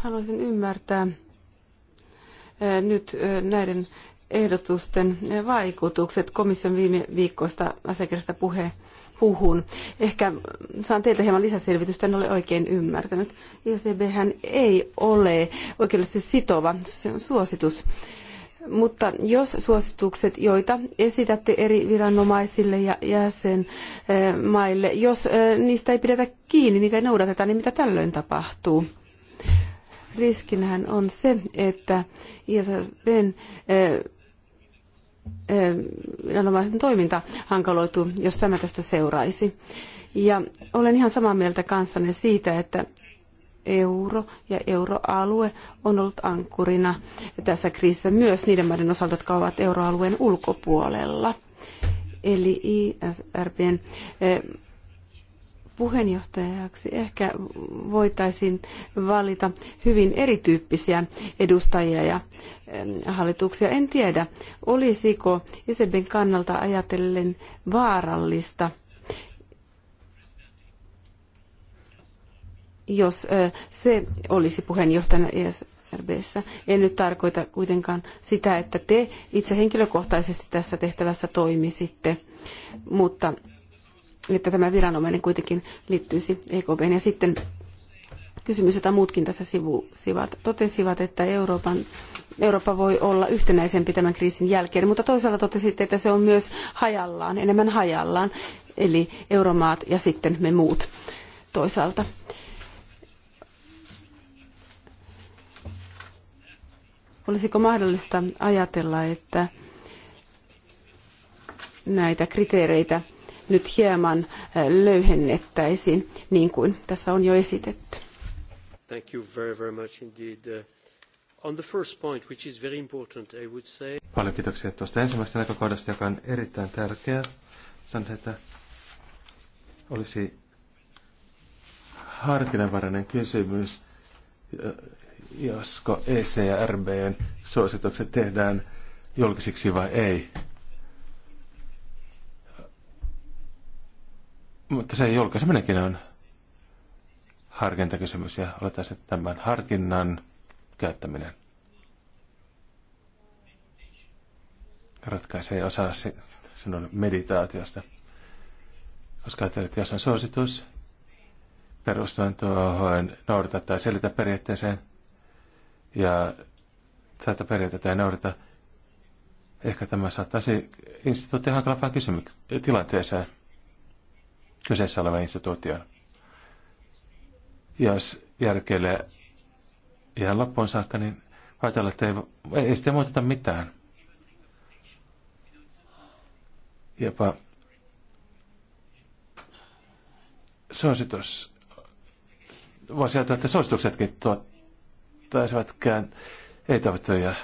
Haluaisin ymmärtää eh, nyt eh, näiden ehdotusten eh, vaikutukset komission viime viikkoista asiakirjasta puheen huhun. Ehkä saan teiltä hieman lisäselvitystä, en ole oikein ymmärtänyt. ICB ei ole oikeudellisesti sitova, se on suositus. Mutta jos suositukset, joita esitätte eri viranomaisille ja jäsenmaille, jos niistä ei pidetä kiinni, niitä ei noudateta, niin mitä tällöin tapahtuu? riskinähän on se, että ISFn viranomaisten toiminta hankaloituu, jos tämä tästä seuraisi. Ja olen ihan samaa mieltä kanssanne siitä, että euro ja euroalue on ollut ankkurina tässä kriisissä myös niiden maiden osalta, jotka ovat euroalueen ulkopuolella. Eli ISRBn puheenjohtajaksi ehkä voitaisiin valita hyvin erityyppisiä edustajia ja hallituksia. En tiedä, olisiko ISEBin kannalta ajatellen vaarallista, jos se olisi puheenjohtajana ESRBssä. En nyt tarkoita kuitenkaan sitä, että te itse henkilökohtaisesti tässä tehtävässä toimisitte, mutta että tämä viranomainen kuitenkin liittyisi EKPn. Ja sitten kysymys, jota muutkin tässä sivusivat, totesivat, että Euroopan, Eurooppa voi olla yhtenäisempi tämän kriisin jälkeen, mutta toisaalta totesitte, että se on myös hajallaan, enemmän hajallaan, eli euromaat ja sitten me muut toisaalta. Olisiko mahdollista ajatella, että näitä kriteereitä nyt hieman äh, löyhennettäisiin, niin kuin tässä on jo esitetty. Thank you very, very much indeed. Uh, on the first point, which is very important, I would say... Paljon kiitoksia tuosta ensimmäisestä näkökohdasta, joka on erittäin tärkeä. Sanotaan, että olisi harkinnanvarainen kysymys, josko EC ja RBn suositukset tehdään julkisiksi vai ei. Mutta se julkaiseminenkin on harkintakysymys ja oletaan sitten tämän harkinnan käyttäminen. Ratkaisee osaa sinun meditaatiosta. Koska ajattelet, että jos on suositus, perustuen tuohon noudata tai selitä periaatteeseen, ja tätä periaatetta ei noudata, ehkä tämä saattaisi instituutti hankalaan kysymyksiä tilanteeseen kyseessä olevan instituution. Jos järkelee ihan loppuun saakka, niin ajatellaan, että ei, ei sitä muuteta mitään. Jopa suositus, voisi ajatella, että suosituksetkin tuottaisivat ei toivottuja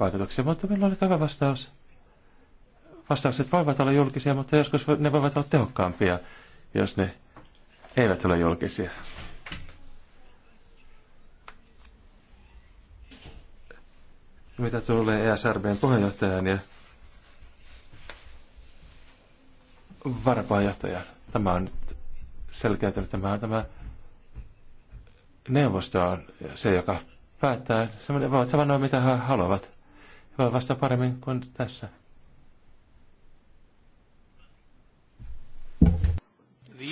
vaikutuksia, mutta meillä oli hyvä vastaus. Vastaukset voivat olla julkisia, mutta joskus ne voivat olla tehokkaampia, jos ne eivät ole julkisia. Mitä tulee ESRBn puheenjohtajan ja varapuheenjohtajan? tämä on nyt selkeytynyt. Tämä, tämä neuvosto on se, joka päättää. Se voivat sanoa, mitä he haluavat. He voivat vastata paremmin kuin tässä.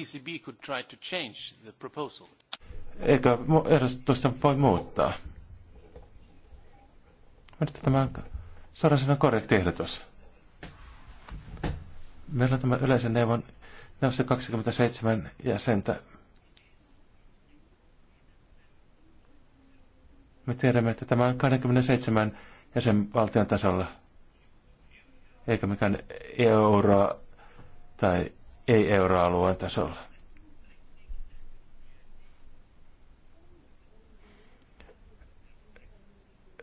ECB could try to change the proposal. Eikö ehdotusta voi muuttaa? Minusta tämä on sinne korrekti ehdotus. Meillä on tämä yleisen neuvon neuvosto 27 jäsentä. Me tiedämme, että tämä on 27 jäsenvaltion tasolla, eikä mikään euroa tai ei euroalueen tasolla.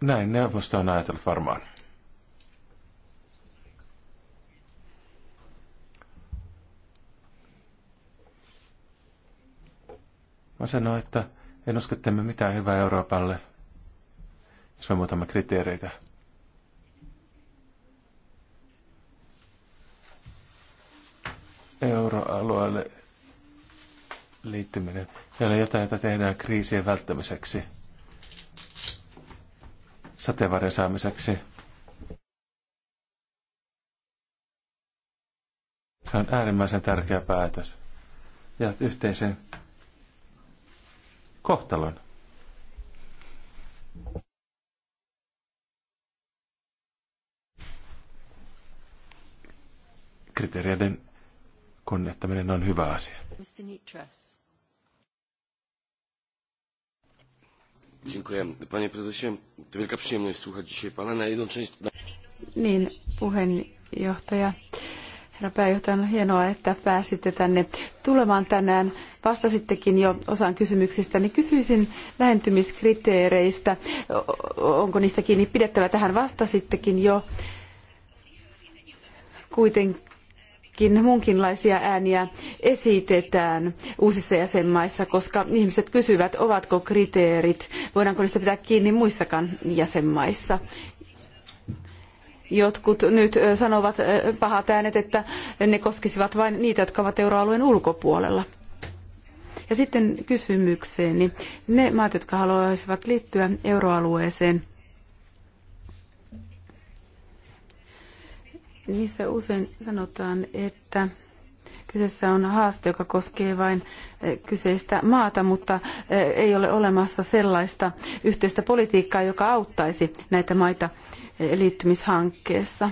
Näin neuvosto on ajatellut varmaan. Mä sanoin, että en usko, että mitään hyvää Euroopalle, jos me muutamme kriteereitä. euroalueelle liittyminen. Meillä on jotain, jota tehdään kriisien välttämiseksi, sateenvarjon saamiseksi. Se on äärimmäisen tärkeä päätös. Ja yhteisen kohtalon. Kriteereiden menen on hyvä asia. Niin, puheenjohtaja. Herra pääjohtaja, on hienoa, että pääsitte tänne tulemaan tänään. Vastasittekin jo osan kysymyksistä, niin kysyisin lähentymiskriteereistä. Onko niistä kiinni pidettävä? Tähän vastasittekin jo. Kuitenkin myöskin munkinlaisia ääniä esitetään uusissa jäsenmaissa, koska ihmiset kysyvät, ovatko kriteerit, voidaanko niistä pitää kiinni muissakaan jäsenmaissa jotkut nyt sanovat pahat äänet, että ne koskisivat vain niitä, jotka ovat euroalueen ulkopuolella. Ja sitten kysymykseeni. Ne maat, jotka haluaisivat liittyä euroalueeseen, Niissä usein sanotaan, että kyseessä on haaste, joka koskee vain eh, kyseistä maata, mutta eh, ei ole olemassa sellaista yhteistä politiikkaa, joka auttaisi näitä maita eh, liittymishankkeessa.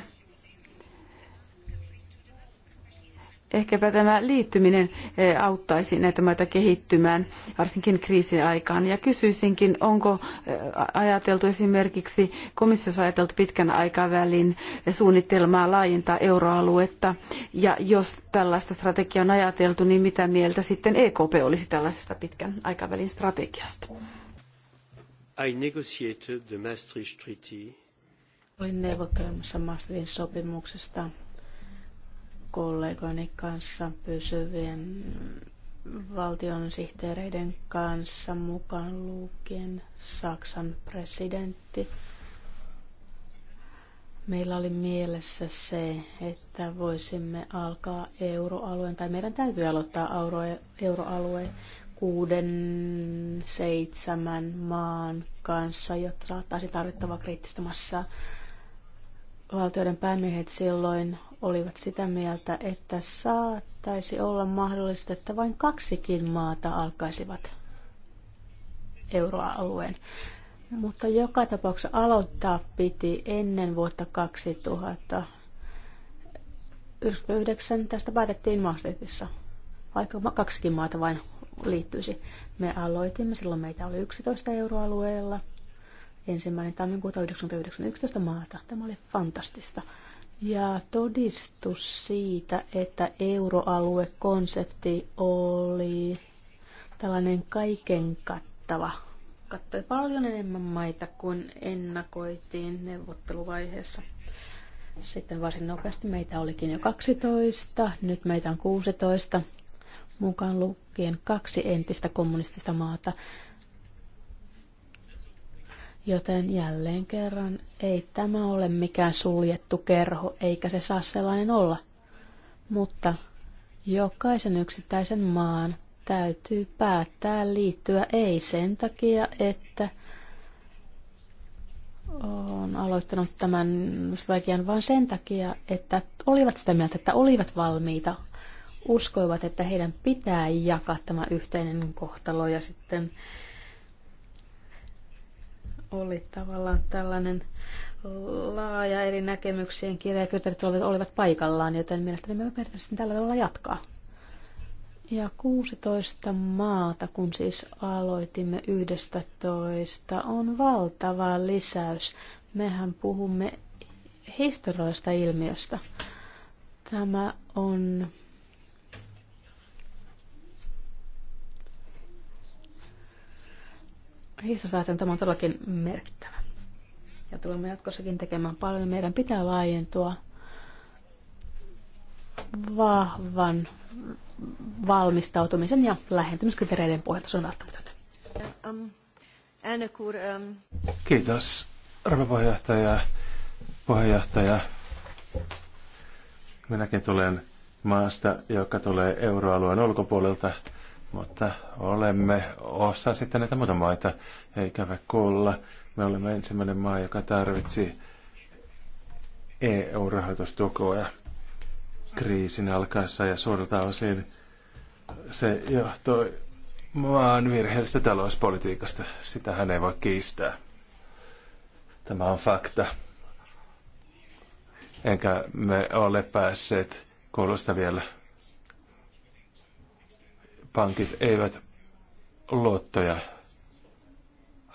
ehkäpä tämä liittyminen eh, auttaisi näitä maita kehittymään, varsinkin kriisin aikaan. Ja kysyisinkin, onko eh, ajateltu esimerkiksi, komissiossa ajateltu pitkän aikavälin eh, suunnitelmaa laajentaa euroaluetta, ja jos tällaista strategiaa on ajateltu, niin mitä mieltä sitten EKP olisi tällaisesta pitkän aikavälin strategiasta? I negotiated the Maastricht Treaty. Olin neuvottelemassa Maastrichtin sopimuksesta kollegoni kanssa pysyvien valtion sihteereiden kanssa, mukaan lukien Saksan presidentti. Meillä oli mielessä se, että voisimme alkaa euroalueen, tai meidän täytyy aloittaa euroalue kuuden, seitsemän maan kanssa, jotta saattaisi tarvittava kriittistä massaa. Valtioiden päämiehet silloin olivat sitä mieltä, että saattaisi olla mahdollista, että vain kaksikin maata alkaisivat euroalueen. Mutta joka tapauksessa aloittaa piti ennen vuotta 2000. 99 tästä päätettiin Maastrichtissa, vaikka kaksikin maata vain liittyisi. Me aloitimme, silloin meitä oli 11 euroalueella, ensimmäinen tammikuuta 1999 maata. Tämä oli fantastista. Ja todistus siitä, että euroaluekonsepti oli tällainen kaiken kattava. Kattoi paljon enemmän maita kuin ennakoitiin neuvotteluvaiheessa. Sitten varsin nopeasti meitä olikin jo 12, nyt meitä on 16, mukaan lukien kaksi entistä kommunistista maata. Joten jälleen kerran ei tämä ole mikään suljettu kerho, eikä se saa sellainen olla. Mutta jokaisen yksittäisen maan täytyy päättää liittyä ei sen takia, että on aloittanut tämän strategian vain sen takia, että olivat sitä mieltä, että olivat valmiita, uskoivat, että heidän pitää jakaa tämä yhteinen kohtalo ja sitten oli tavallaan tällainen laaja eri näkemyksien kirja ja kriteerit olivat, paikallaan, joten mielestäni me pitäisi tällä tavalla jatkaa. Ja 16 maata, kun siis aloitimme 11, on valtava lisäys. Mehän puhumme historiallisesta ilmiöstä. Tämä on historiasta tämä on todellakin merkittävä. Ja tulemme jatkossakin tekemään paljon. Meidän pitää laajentua vahvan valmistautumisen ja lähentymiskriteereiden pohjalta. Se on välttämätöntä. Um, um, Kiitos, arvo puheenjohtaja. puheenjohtaja. Minäkin tulen maasta, joka tulee euroalueen ulkopuolelta. Mutta olemme osa sitten näitä muita maita, me kuulla. Me olemme ensimmäinen maa, joka tarvitsi eu rahoitustukoja kriisin alkaessa ja suurelta osin se johtoi maan virheellisestä talouspolitiikasta. Sitä hän ei voi kiistää. Tämä on fakta. Enkä me ole päässeet kuulosta vielä pankit eivät luottoja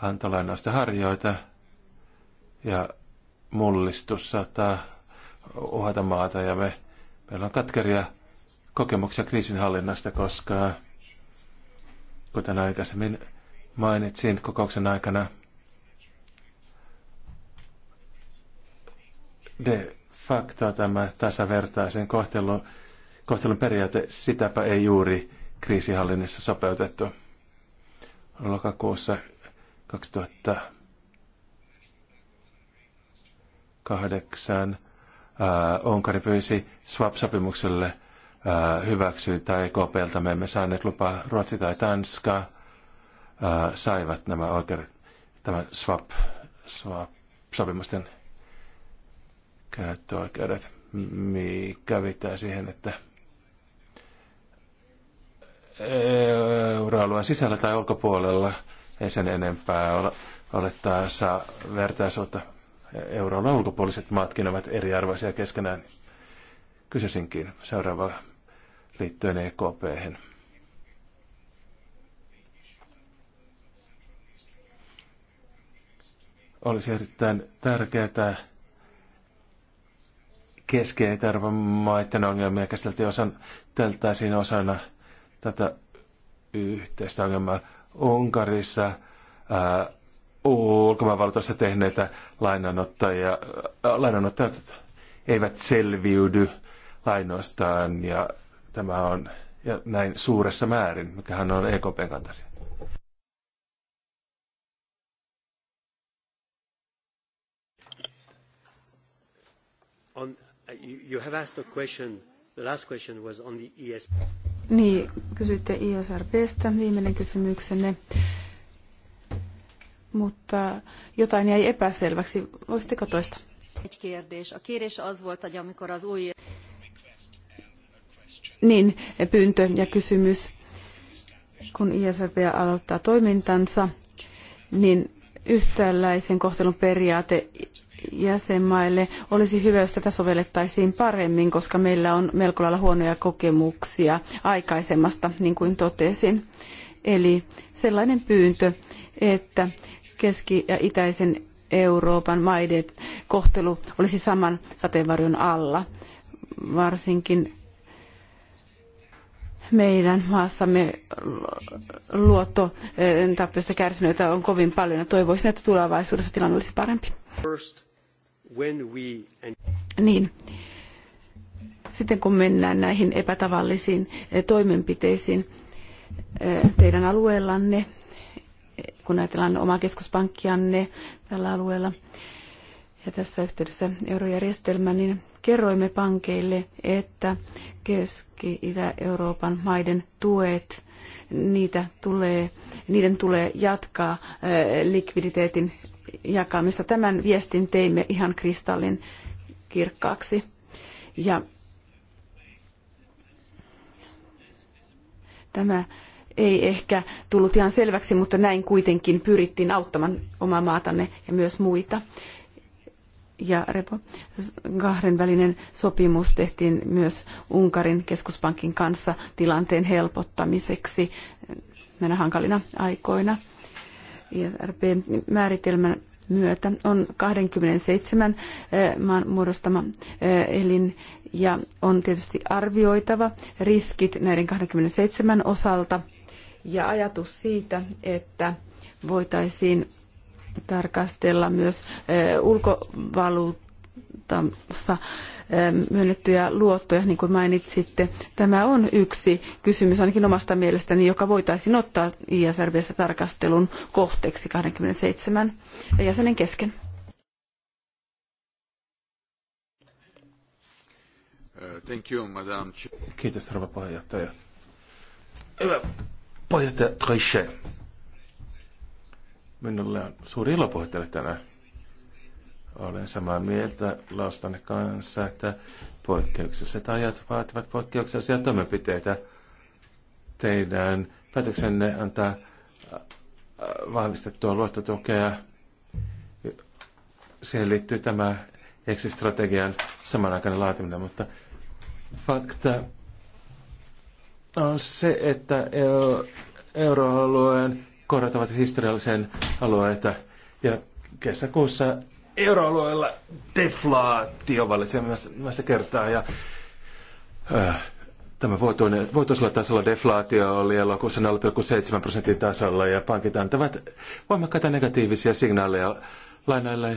antolainausta harjoita ja mullistus saattaa uhata maata ja me, meillä on katkeria kokemuksia kriisinhallinnasta, koska kuten aikaisemmin mainitsin kokouksen aikana, de facto tämä tasavertaisen kohtelun, kohtelun periaate, sitäpä ei juuri kriisihallinnassa sopeutettu. Lokakuussa 2008 äh, Unkari pyysi swap-sopimukselle äh, tai EKPltä. Me emme saaneet lupaa Ruotsi tai Tanska Äh, saivat nämä oikeudet tämän swap, swap sopimusten käyttöoikeudet, mikä viittaa siihen, että euroalueen sisällä tai ulkopuolella ei sen enempää ole, ole tässä vertaisuutta. Euroalueen ulkopuoliset maatkin ovat eriarvoisia keskenään. Kysyisinkin seuraava liittyen ekp -hän. Olisi erittäin tärkeää keskeitä arvomaiden ongelmia käsiteltiin osan, osana – tätä yhteistä ongelmaa. Unkarissa ulkomaanvaltoissa tehneitä lainanottajia, ää, lainanottajat eivät selviydy lainoistaan ja tämä on ja näin suuressa määrin, mikähän on EKPn kantaisia. On, you, you have asked a question, the last question was on the ESP. Niin, kysyitte ISRPstä, viimeinen kysymyksenne, mutta jotain jäi epäselväksi. Voisitteko toista? Niin, pyyntö ja kysymys. Kun ISRP aloittaa toimintansa, niin yhtäläisen kohtelun periaate jäsenmaille. Olisi hyvä, jos tätä sovellettaisiin paremmin, koska meillä on melko lailla huonoja kokemuksia aikaisemmasta, niin kuin totesin. Eli sellainen pyyntö, että keski- ja itäisen Euroopan maiden kohtelu olisi saman sateenvarjon alla, varsinkin meidän maassamme luottotappiosta eh, kärsineitä on kovin paljon ja toivoisin, että tulevaisuudessa tilanne olisi parempi. First. Niin. Sitten kun mennään näihin epätavallisiin eh, toimenpiteisiin eh, teidän alueellanne, eh, kun ajatellaan omaa keskuspankkianne tällä alueella ja tässä yhteydessä eurojärjestelmä, niin kerroimme pankeille, että Keski-Itä-Euroopan maiden tuet, niitä tulee, niiden tulee jatkaa likviditeetin jakamista. Tämän viestin teimme ihan kristallin kirkkaaksi. Ja tämä ei ehkä tullut ihan selväksi, mutta näin kuitenkin pyrittiin auttamaan omaa maatanne ja myös muita. Ja Repo, kahden välinen sopimus tehtiin myös Unkarin keskuspankin kanssa tilanteen helpottamiseksi näinä hankalina aikoina. ISRPn määritelmän myötä on 27 eh, maan muodostama eh, elin ja on tietysti arvioitava riskit näiden 27 osalta ja ajatus siitä, että voitaisiin tarkastella myös eh, ulkovaluutta antamassa ähm, myönnettyjä luottoja, niin kuin mainitsitte. Tämä on yksi kysymys, ainakin omasta mielestäni, joka voitaisiin ottaa ISRBssä tarkastelun kohteeksi 27 jäsenen kesken. Uh, thank you, Madam. Kiitos, rouva puheenjohtaja. Hyvä puheenjohtaja Trichet. Minulle on suuri ilo puhua tänään. Olen samaa mieltä laustanne kanssa, että poikkeukselliset ajat vaativat poikkeuksellisia toimenpiteitä. Teidän päätöksenne antaa äh, vahvistettua luottotukea. Siihen liittyy tämä exit-strategian samanaikainen laatiminen, mutta fakta on se, että euroalueen korot ovat historiallisen alueita ja kesäkuussa euroalueella deflaatio valitsee myös kertaa ja äh, tämä vuotuisella tasolla deflaatio oli elokuussa 0,7 prosentin tasolla ja pankit antavat voimakkaita negatiivisia signaaleja lainaille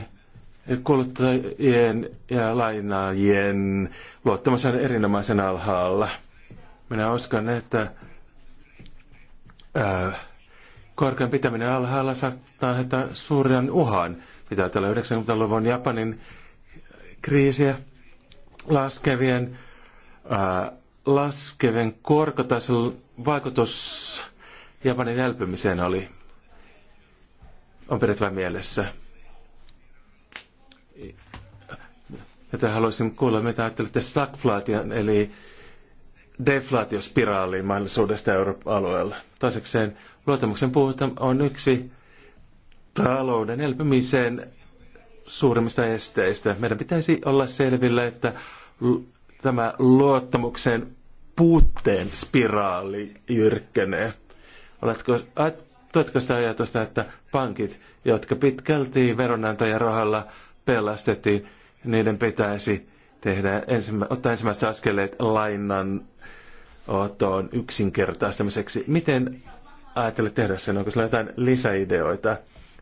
kuluttajien ja lainaajien luottamus on erinomaisen alhaalla. Minä uskon, että ää, äh, korkean pitäminen alhaalla saattaa heitä suuren uhan Pitää ajatella 90-luvun Japanin kriisiä laskevien, ää, laskevien korkotason vaikutus Japanin elpymiseen oli, on pidettävä mielessä. Joten haluaisin kuulla, mitä ajattelette stagflaation eli deflaatiospiraaliin mahdollisuudesta Euroopan alueella. Toisekseen luottamuksen puhuta on yksi talouden elpymiseen suurimmista esteistä. Meidän pitäisi olla selville, että tämä luottamuksen puutteen spiraali jyrkkenee. Oletko, tuotko sitä ajatusta, että pankit, jotka pitkälti veronantajan rahalla pelastettiin, niiden pitäisi tehdä ensimmä, ottaa ensimmäiset askeleet lainan otoon yksinkertaistamiseksi. Miten ajattelet tehdä sen? Onko sinulla jotain lisäideoita?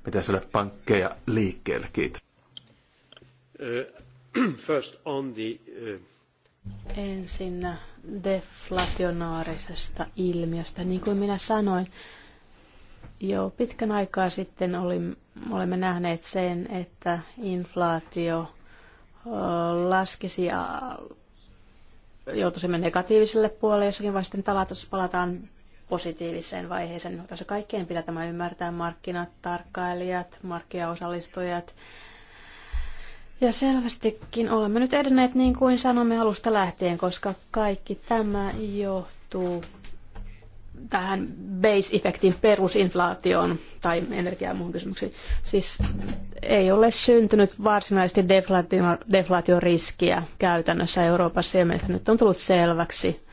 pitäisi olla pankkeja liikkeelle. Kiitos. Uh, first on the, uh... Ensin deflationaarisesta ilmiöstä. Niin kuin minä sanoin, jo pitkän aikaa sitten oli, olemme nähneet sen, että inflaatio laskisi ja joutuisimme negatiiviselle puolelle jossakin vaiheessa, niin palataan positiiviseen vaiheeseen. Mutta kaikkeen pitää tämä ymmärtää, markkinat, tarkkailijat, markkinaosallistujat. Ja selvästikin olemme nyt edenneet niin kuin sanomme alusta lähtien, koska kaikki tämä johtuu tähän base-efektin perusinflaatioon tai energiaa muun kysymyksiin. Siis ei ole syntynyt varsinaisesti deflaatio, deflaatioriskiä käytännössä Euroopassa ja meistä nyt on tullut selväksi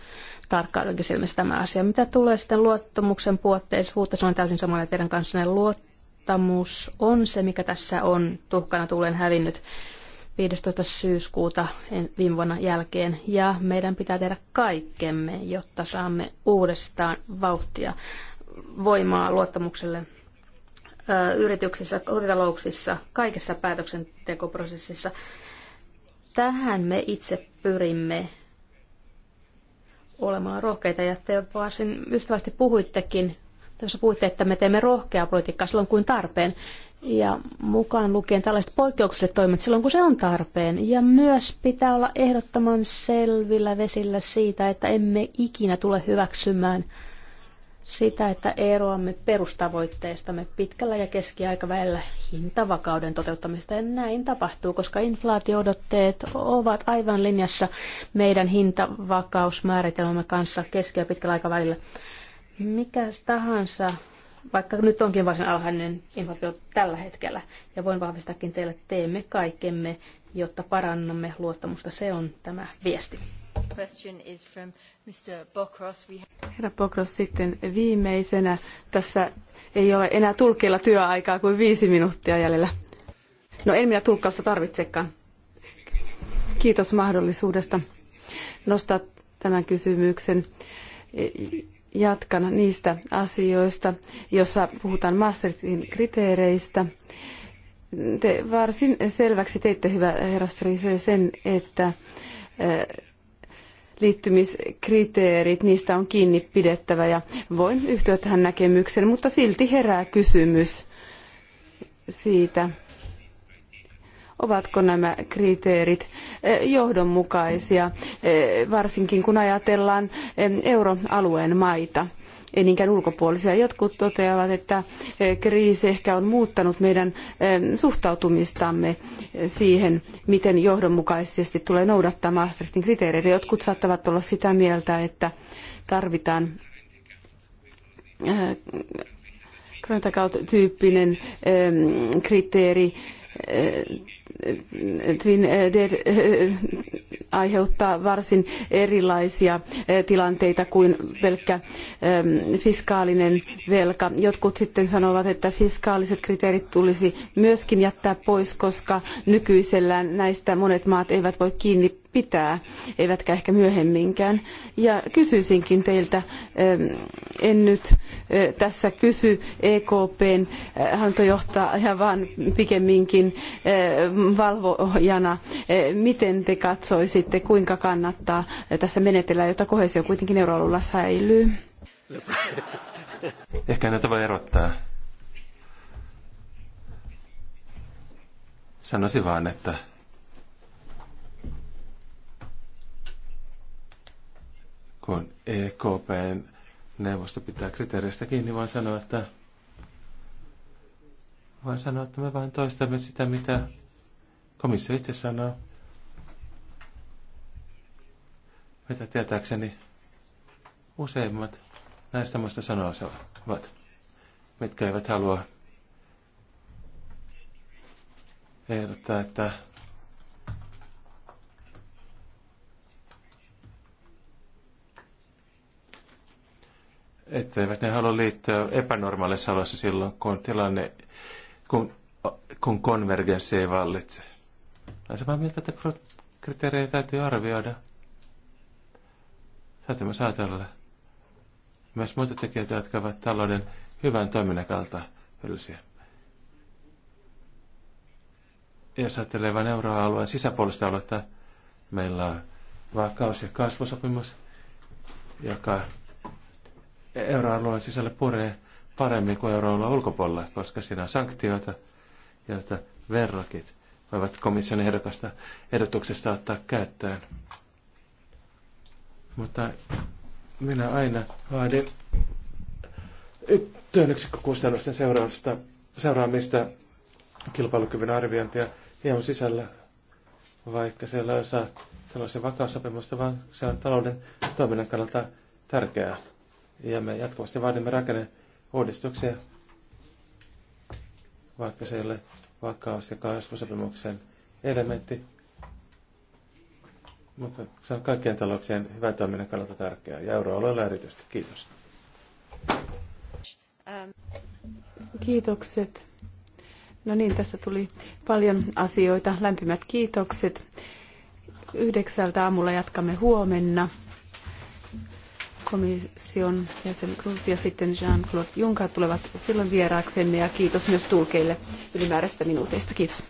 tarkkailijoiden silmissä tämä asia. Mitä tulee sitten luottamuksen puotteisuutta, se on täysin samoja teidän kanssanne. Luottamus on se, mikä tässä on tuhkana tuulen hävinnyt 15. syyskuuta viime vuonna jälkeen. Ja meidän pitää tehdä kaikkemme, jotta saamme uudestaan vauhtia voimaa luottamukselle yrityksissä, kotitalouksissa, kaikessa päätöksentekoprosessissa. Tähän me itse pyrimme olemalla rohkeita. Ja te varsin ystävästi puhuittekin, tässä puhuitte, että me teemme rohkeaa politiikkaa silloin kuin tarpeen. Ja mukaan lukien tällaiset poikkeukselliset toimet silloin, kun se on tarpeen. Ja myös pitää olla ehdottoman selvillä vesillä siitä, että emme ikinä tule hyväksymään – sitä, että eroamme perustavoitteistamme pitkällä ja keskiaikavälillä hintavakauden toteuttamista. Ja näin tapahtuu, koska inflaatioodotteet ovat aivan linjassa meidän hintavakausmääritelmämme kanssa keski- ja pitkällä aikavälillä. Mikä tahansa, vaikka nyt onkin varsin alhainen inflaatio tällä hetkellä, ja voin vahvistakin teille, että teemme kaikkemme, jotta parannamme luottamusta. Se on tämä viesti. Question is from Mr. Bokros. Herra Bokros, sitten viimeisenä. Tässä ei ole enää tulkilla työaikaa kuin viisi minuuttia jäljellä. No en minä tulkkausta tarvitsekaan. Kiitos mahdollisuudesta nostaa tämän kysymyksen. Jatkan niistä asioista, joissa puhutaan Maastrichtin kriteereistä. Te varsin selväksi teitte, hyvä herra sen, että liittymiskriteerit, niistä on kiinni pidettävä ja voin yhtyä tähän näkemykseen, mutta silti herää kysymys siitä, ovatko nämä kriteerit e, johdonmukaisia, e, varsinkin kun ajatellaan e, euroalueen maita ei niinkään ulkopuolisia. Jotkut toteavat, että eh, kriisi ehkä on muuttanut meidän eh, suhtautumistamme eh, siihen, miten johdonmukaisesti tulee noudattaa Maastrichtin kriteereitä. Jotkut saattavat olla sitä mieltä, että tarvitaan Gröntakout-tyyppinen kriteeri aiheuttaa varsin erilaisia eh, tilanteita kuin pelkkä fiskaalinen velka. Jotkut sitten sanovat, että fiskaaliset kriteerit tulisi myöskin jättää pois, koska nykyisellään näistä monet maat eivät voi kiinni pitää, eivätkä ehkä myöhemminkään. Ja kysyisinkin teiltä, en nyt eh, tässä kysy EKPn eh, hallintojohtajaa, vaan pikemminkin valvojana, eh, miten te katsoisitte, kuinka kannattaa eh, tässä menetellä, jotta kohesio kuitenkin euroalueella säilyy? Ehkä näitä voi erottaa. Sanoisin vaan, että kun EKPn neuvosto pitää kriteereistä kiinni, voin sanoa, että voin sanoa, että me vain toistamme sitä, mitä Komissio itse sanoo, mitä tietääkseni useimmat näistä muista sanoisivat, mitkä eivät halua ehdottaa, että etteivät ne halua liittyä epänormaalissa olossa silloin, kun tilanne, kun, kun konvergenssi ei vallitse. Olen samaa mieltä, että kriteerejä täytyy arvioida. Täytyy myös ajatella myös muita tekijöitä, jotka ovat talouden hyvän toiminnan kalta hyödyllisiä. Jos ajattelee vain euroalueen sisäpuolista aluetta, meillä on vakaus- ja kasvusopimus, joka euroalueen sisällä puree paremmin kuin euroalueen ulkopuolella, koska siinä on sanktioita, joita verrokit ovat komission ehdokasta ehdotuksesta ottaa käyttöön. Mutta minä aina vaadin työn yksikkökustannusten seuraamista kilpailukyvyn arviointia hieman sisällä, vaikka siellä on saa tällaisen vakaussopimusta, vaan se on talouden toiminnan kannalta tärkeää. Ja me jatkuvasti vaadimme rakenne uudistuksia, vaikka se ei ole vakaus- ja kasvusopimuksen elementti, mutta se on kaikkien talouksien hyvä toiminnan kannalta tärkeää ja euroalueella erityisesti. Kiitos. Ähm. Kiitokset. No niin, tässä tuli paljon asioita. Lämpimät kiitokset. Yhdeksältä aamulla jatkamme huomenna komission jäsen Cruz ja sitten Jean-Claude Juncker tulevat silloin vieraaksemme ja kiitos myös tulkeille ylimääräistä minuuteista. Kiitos.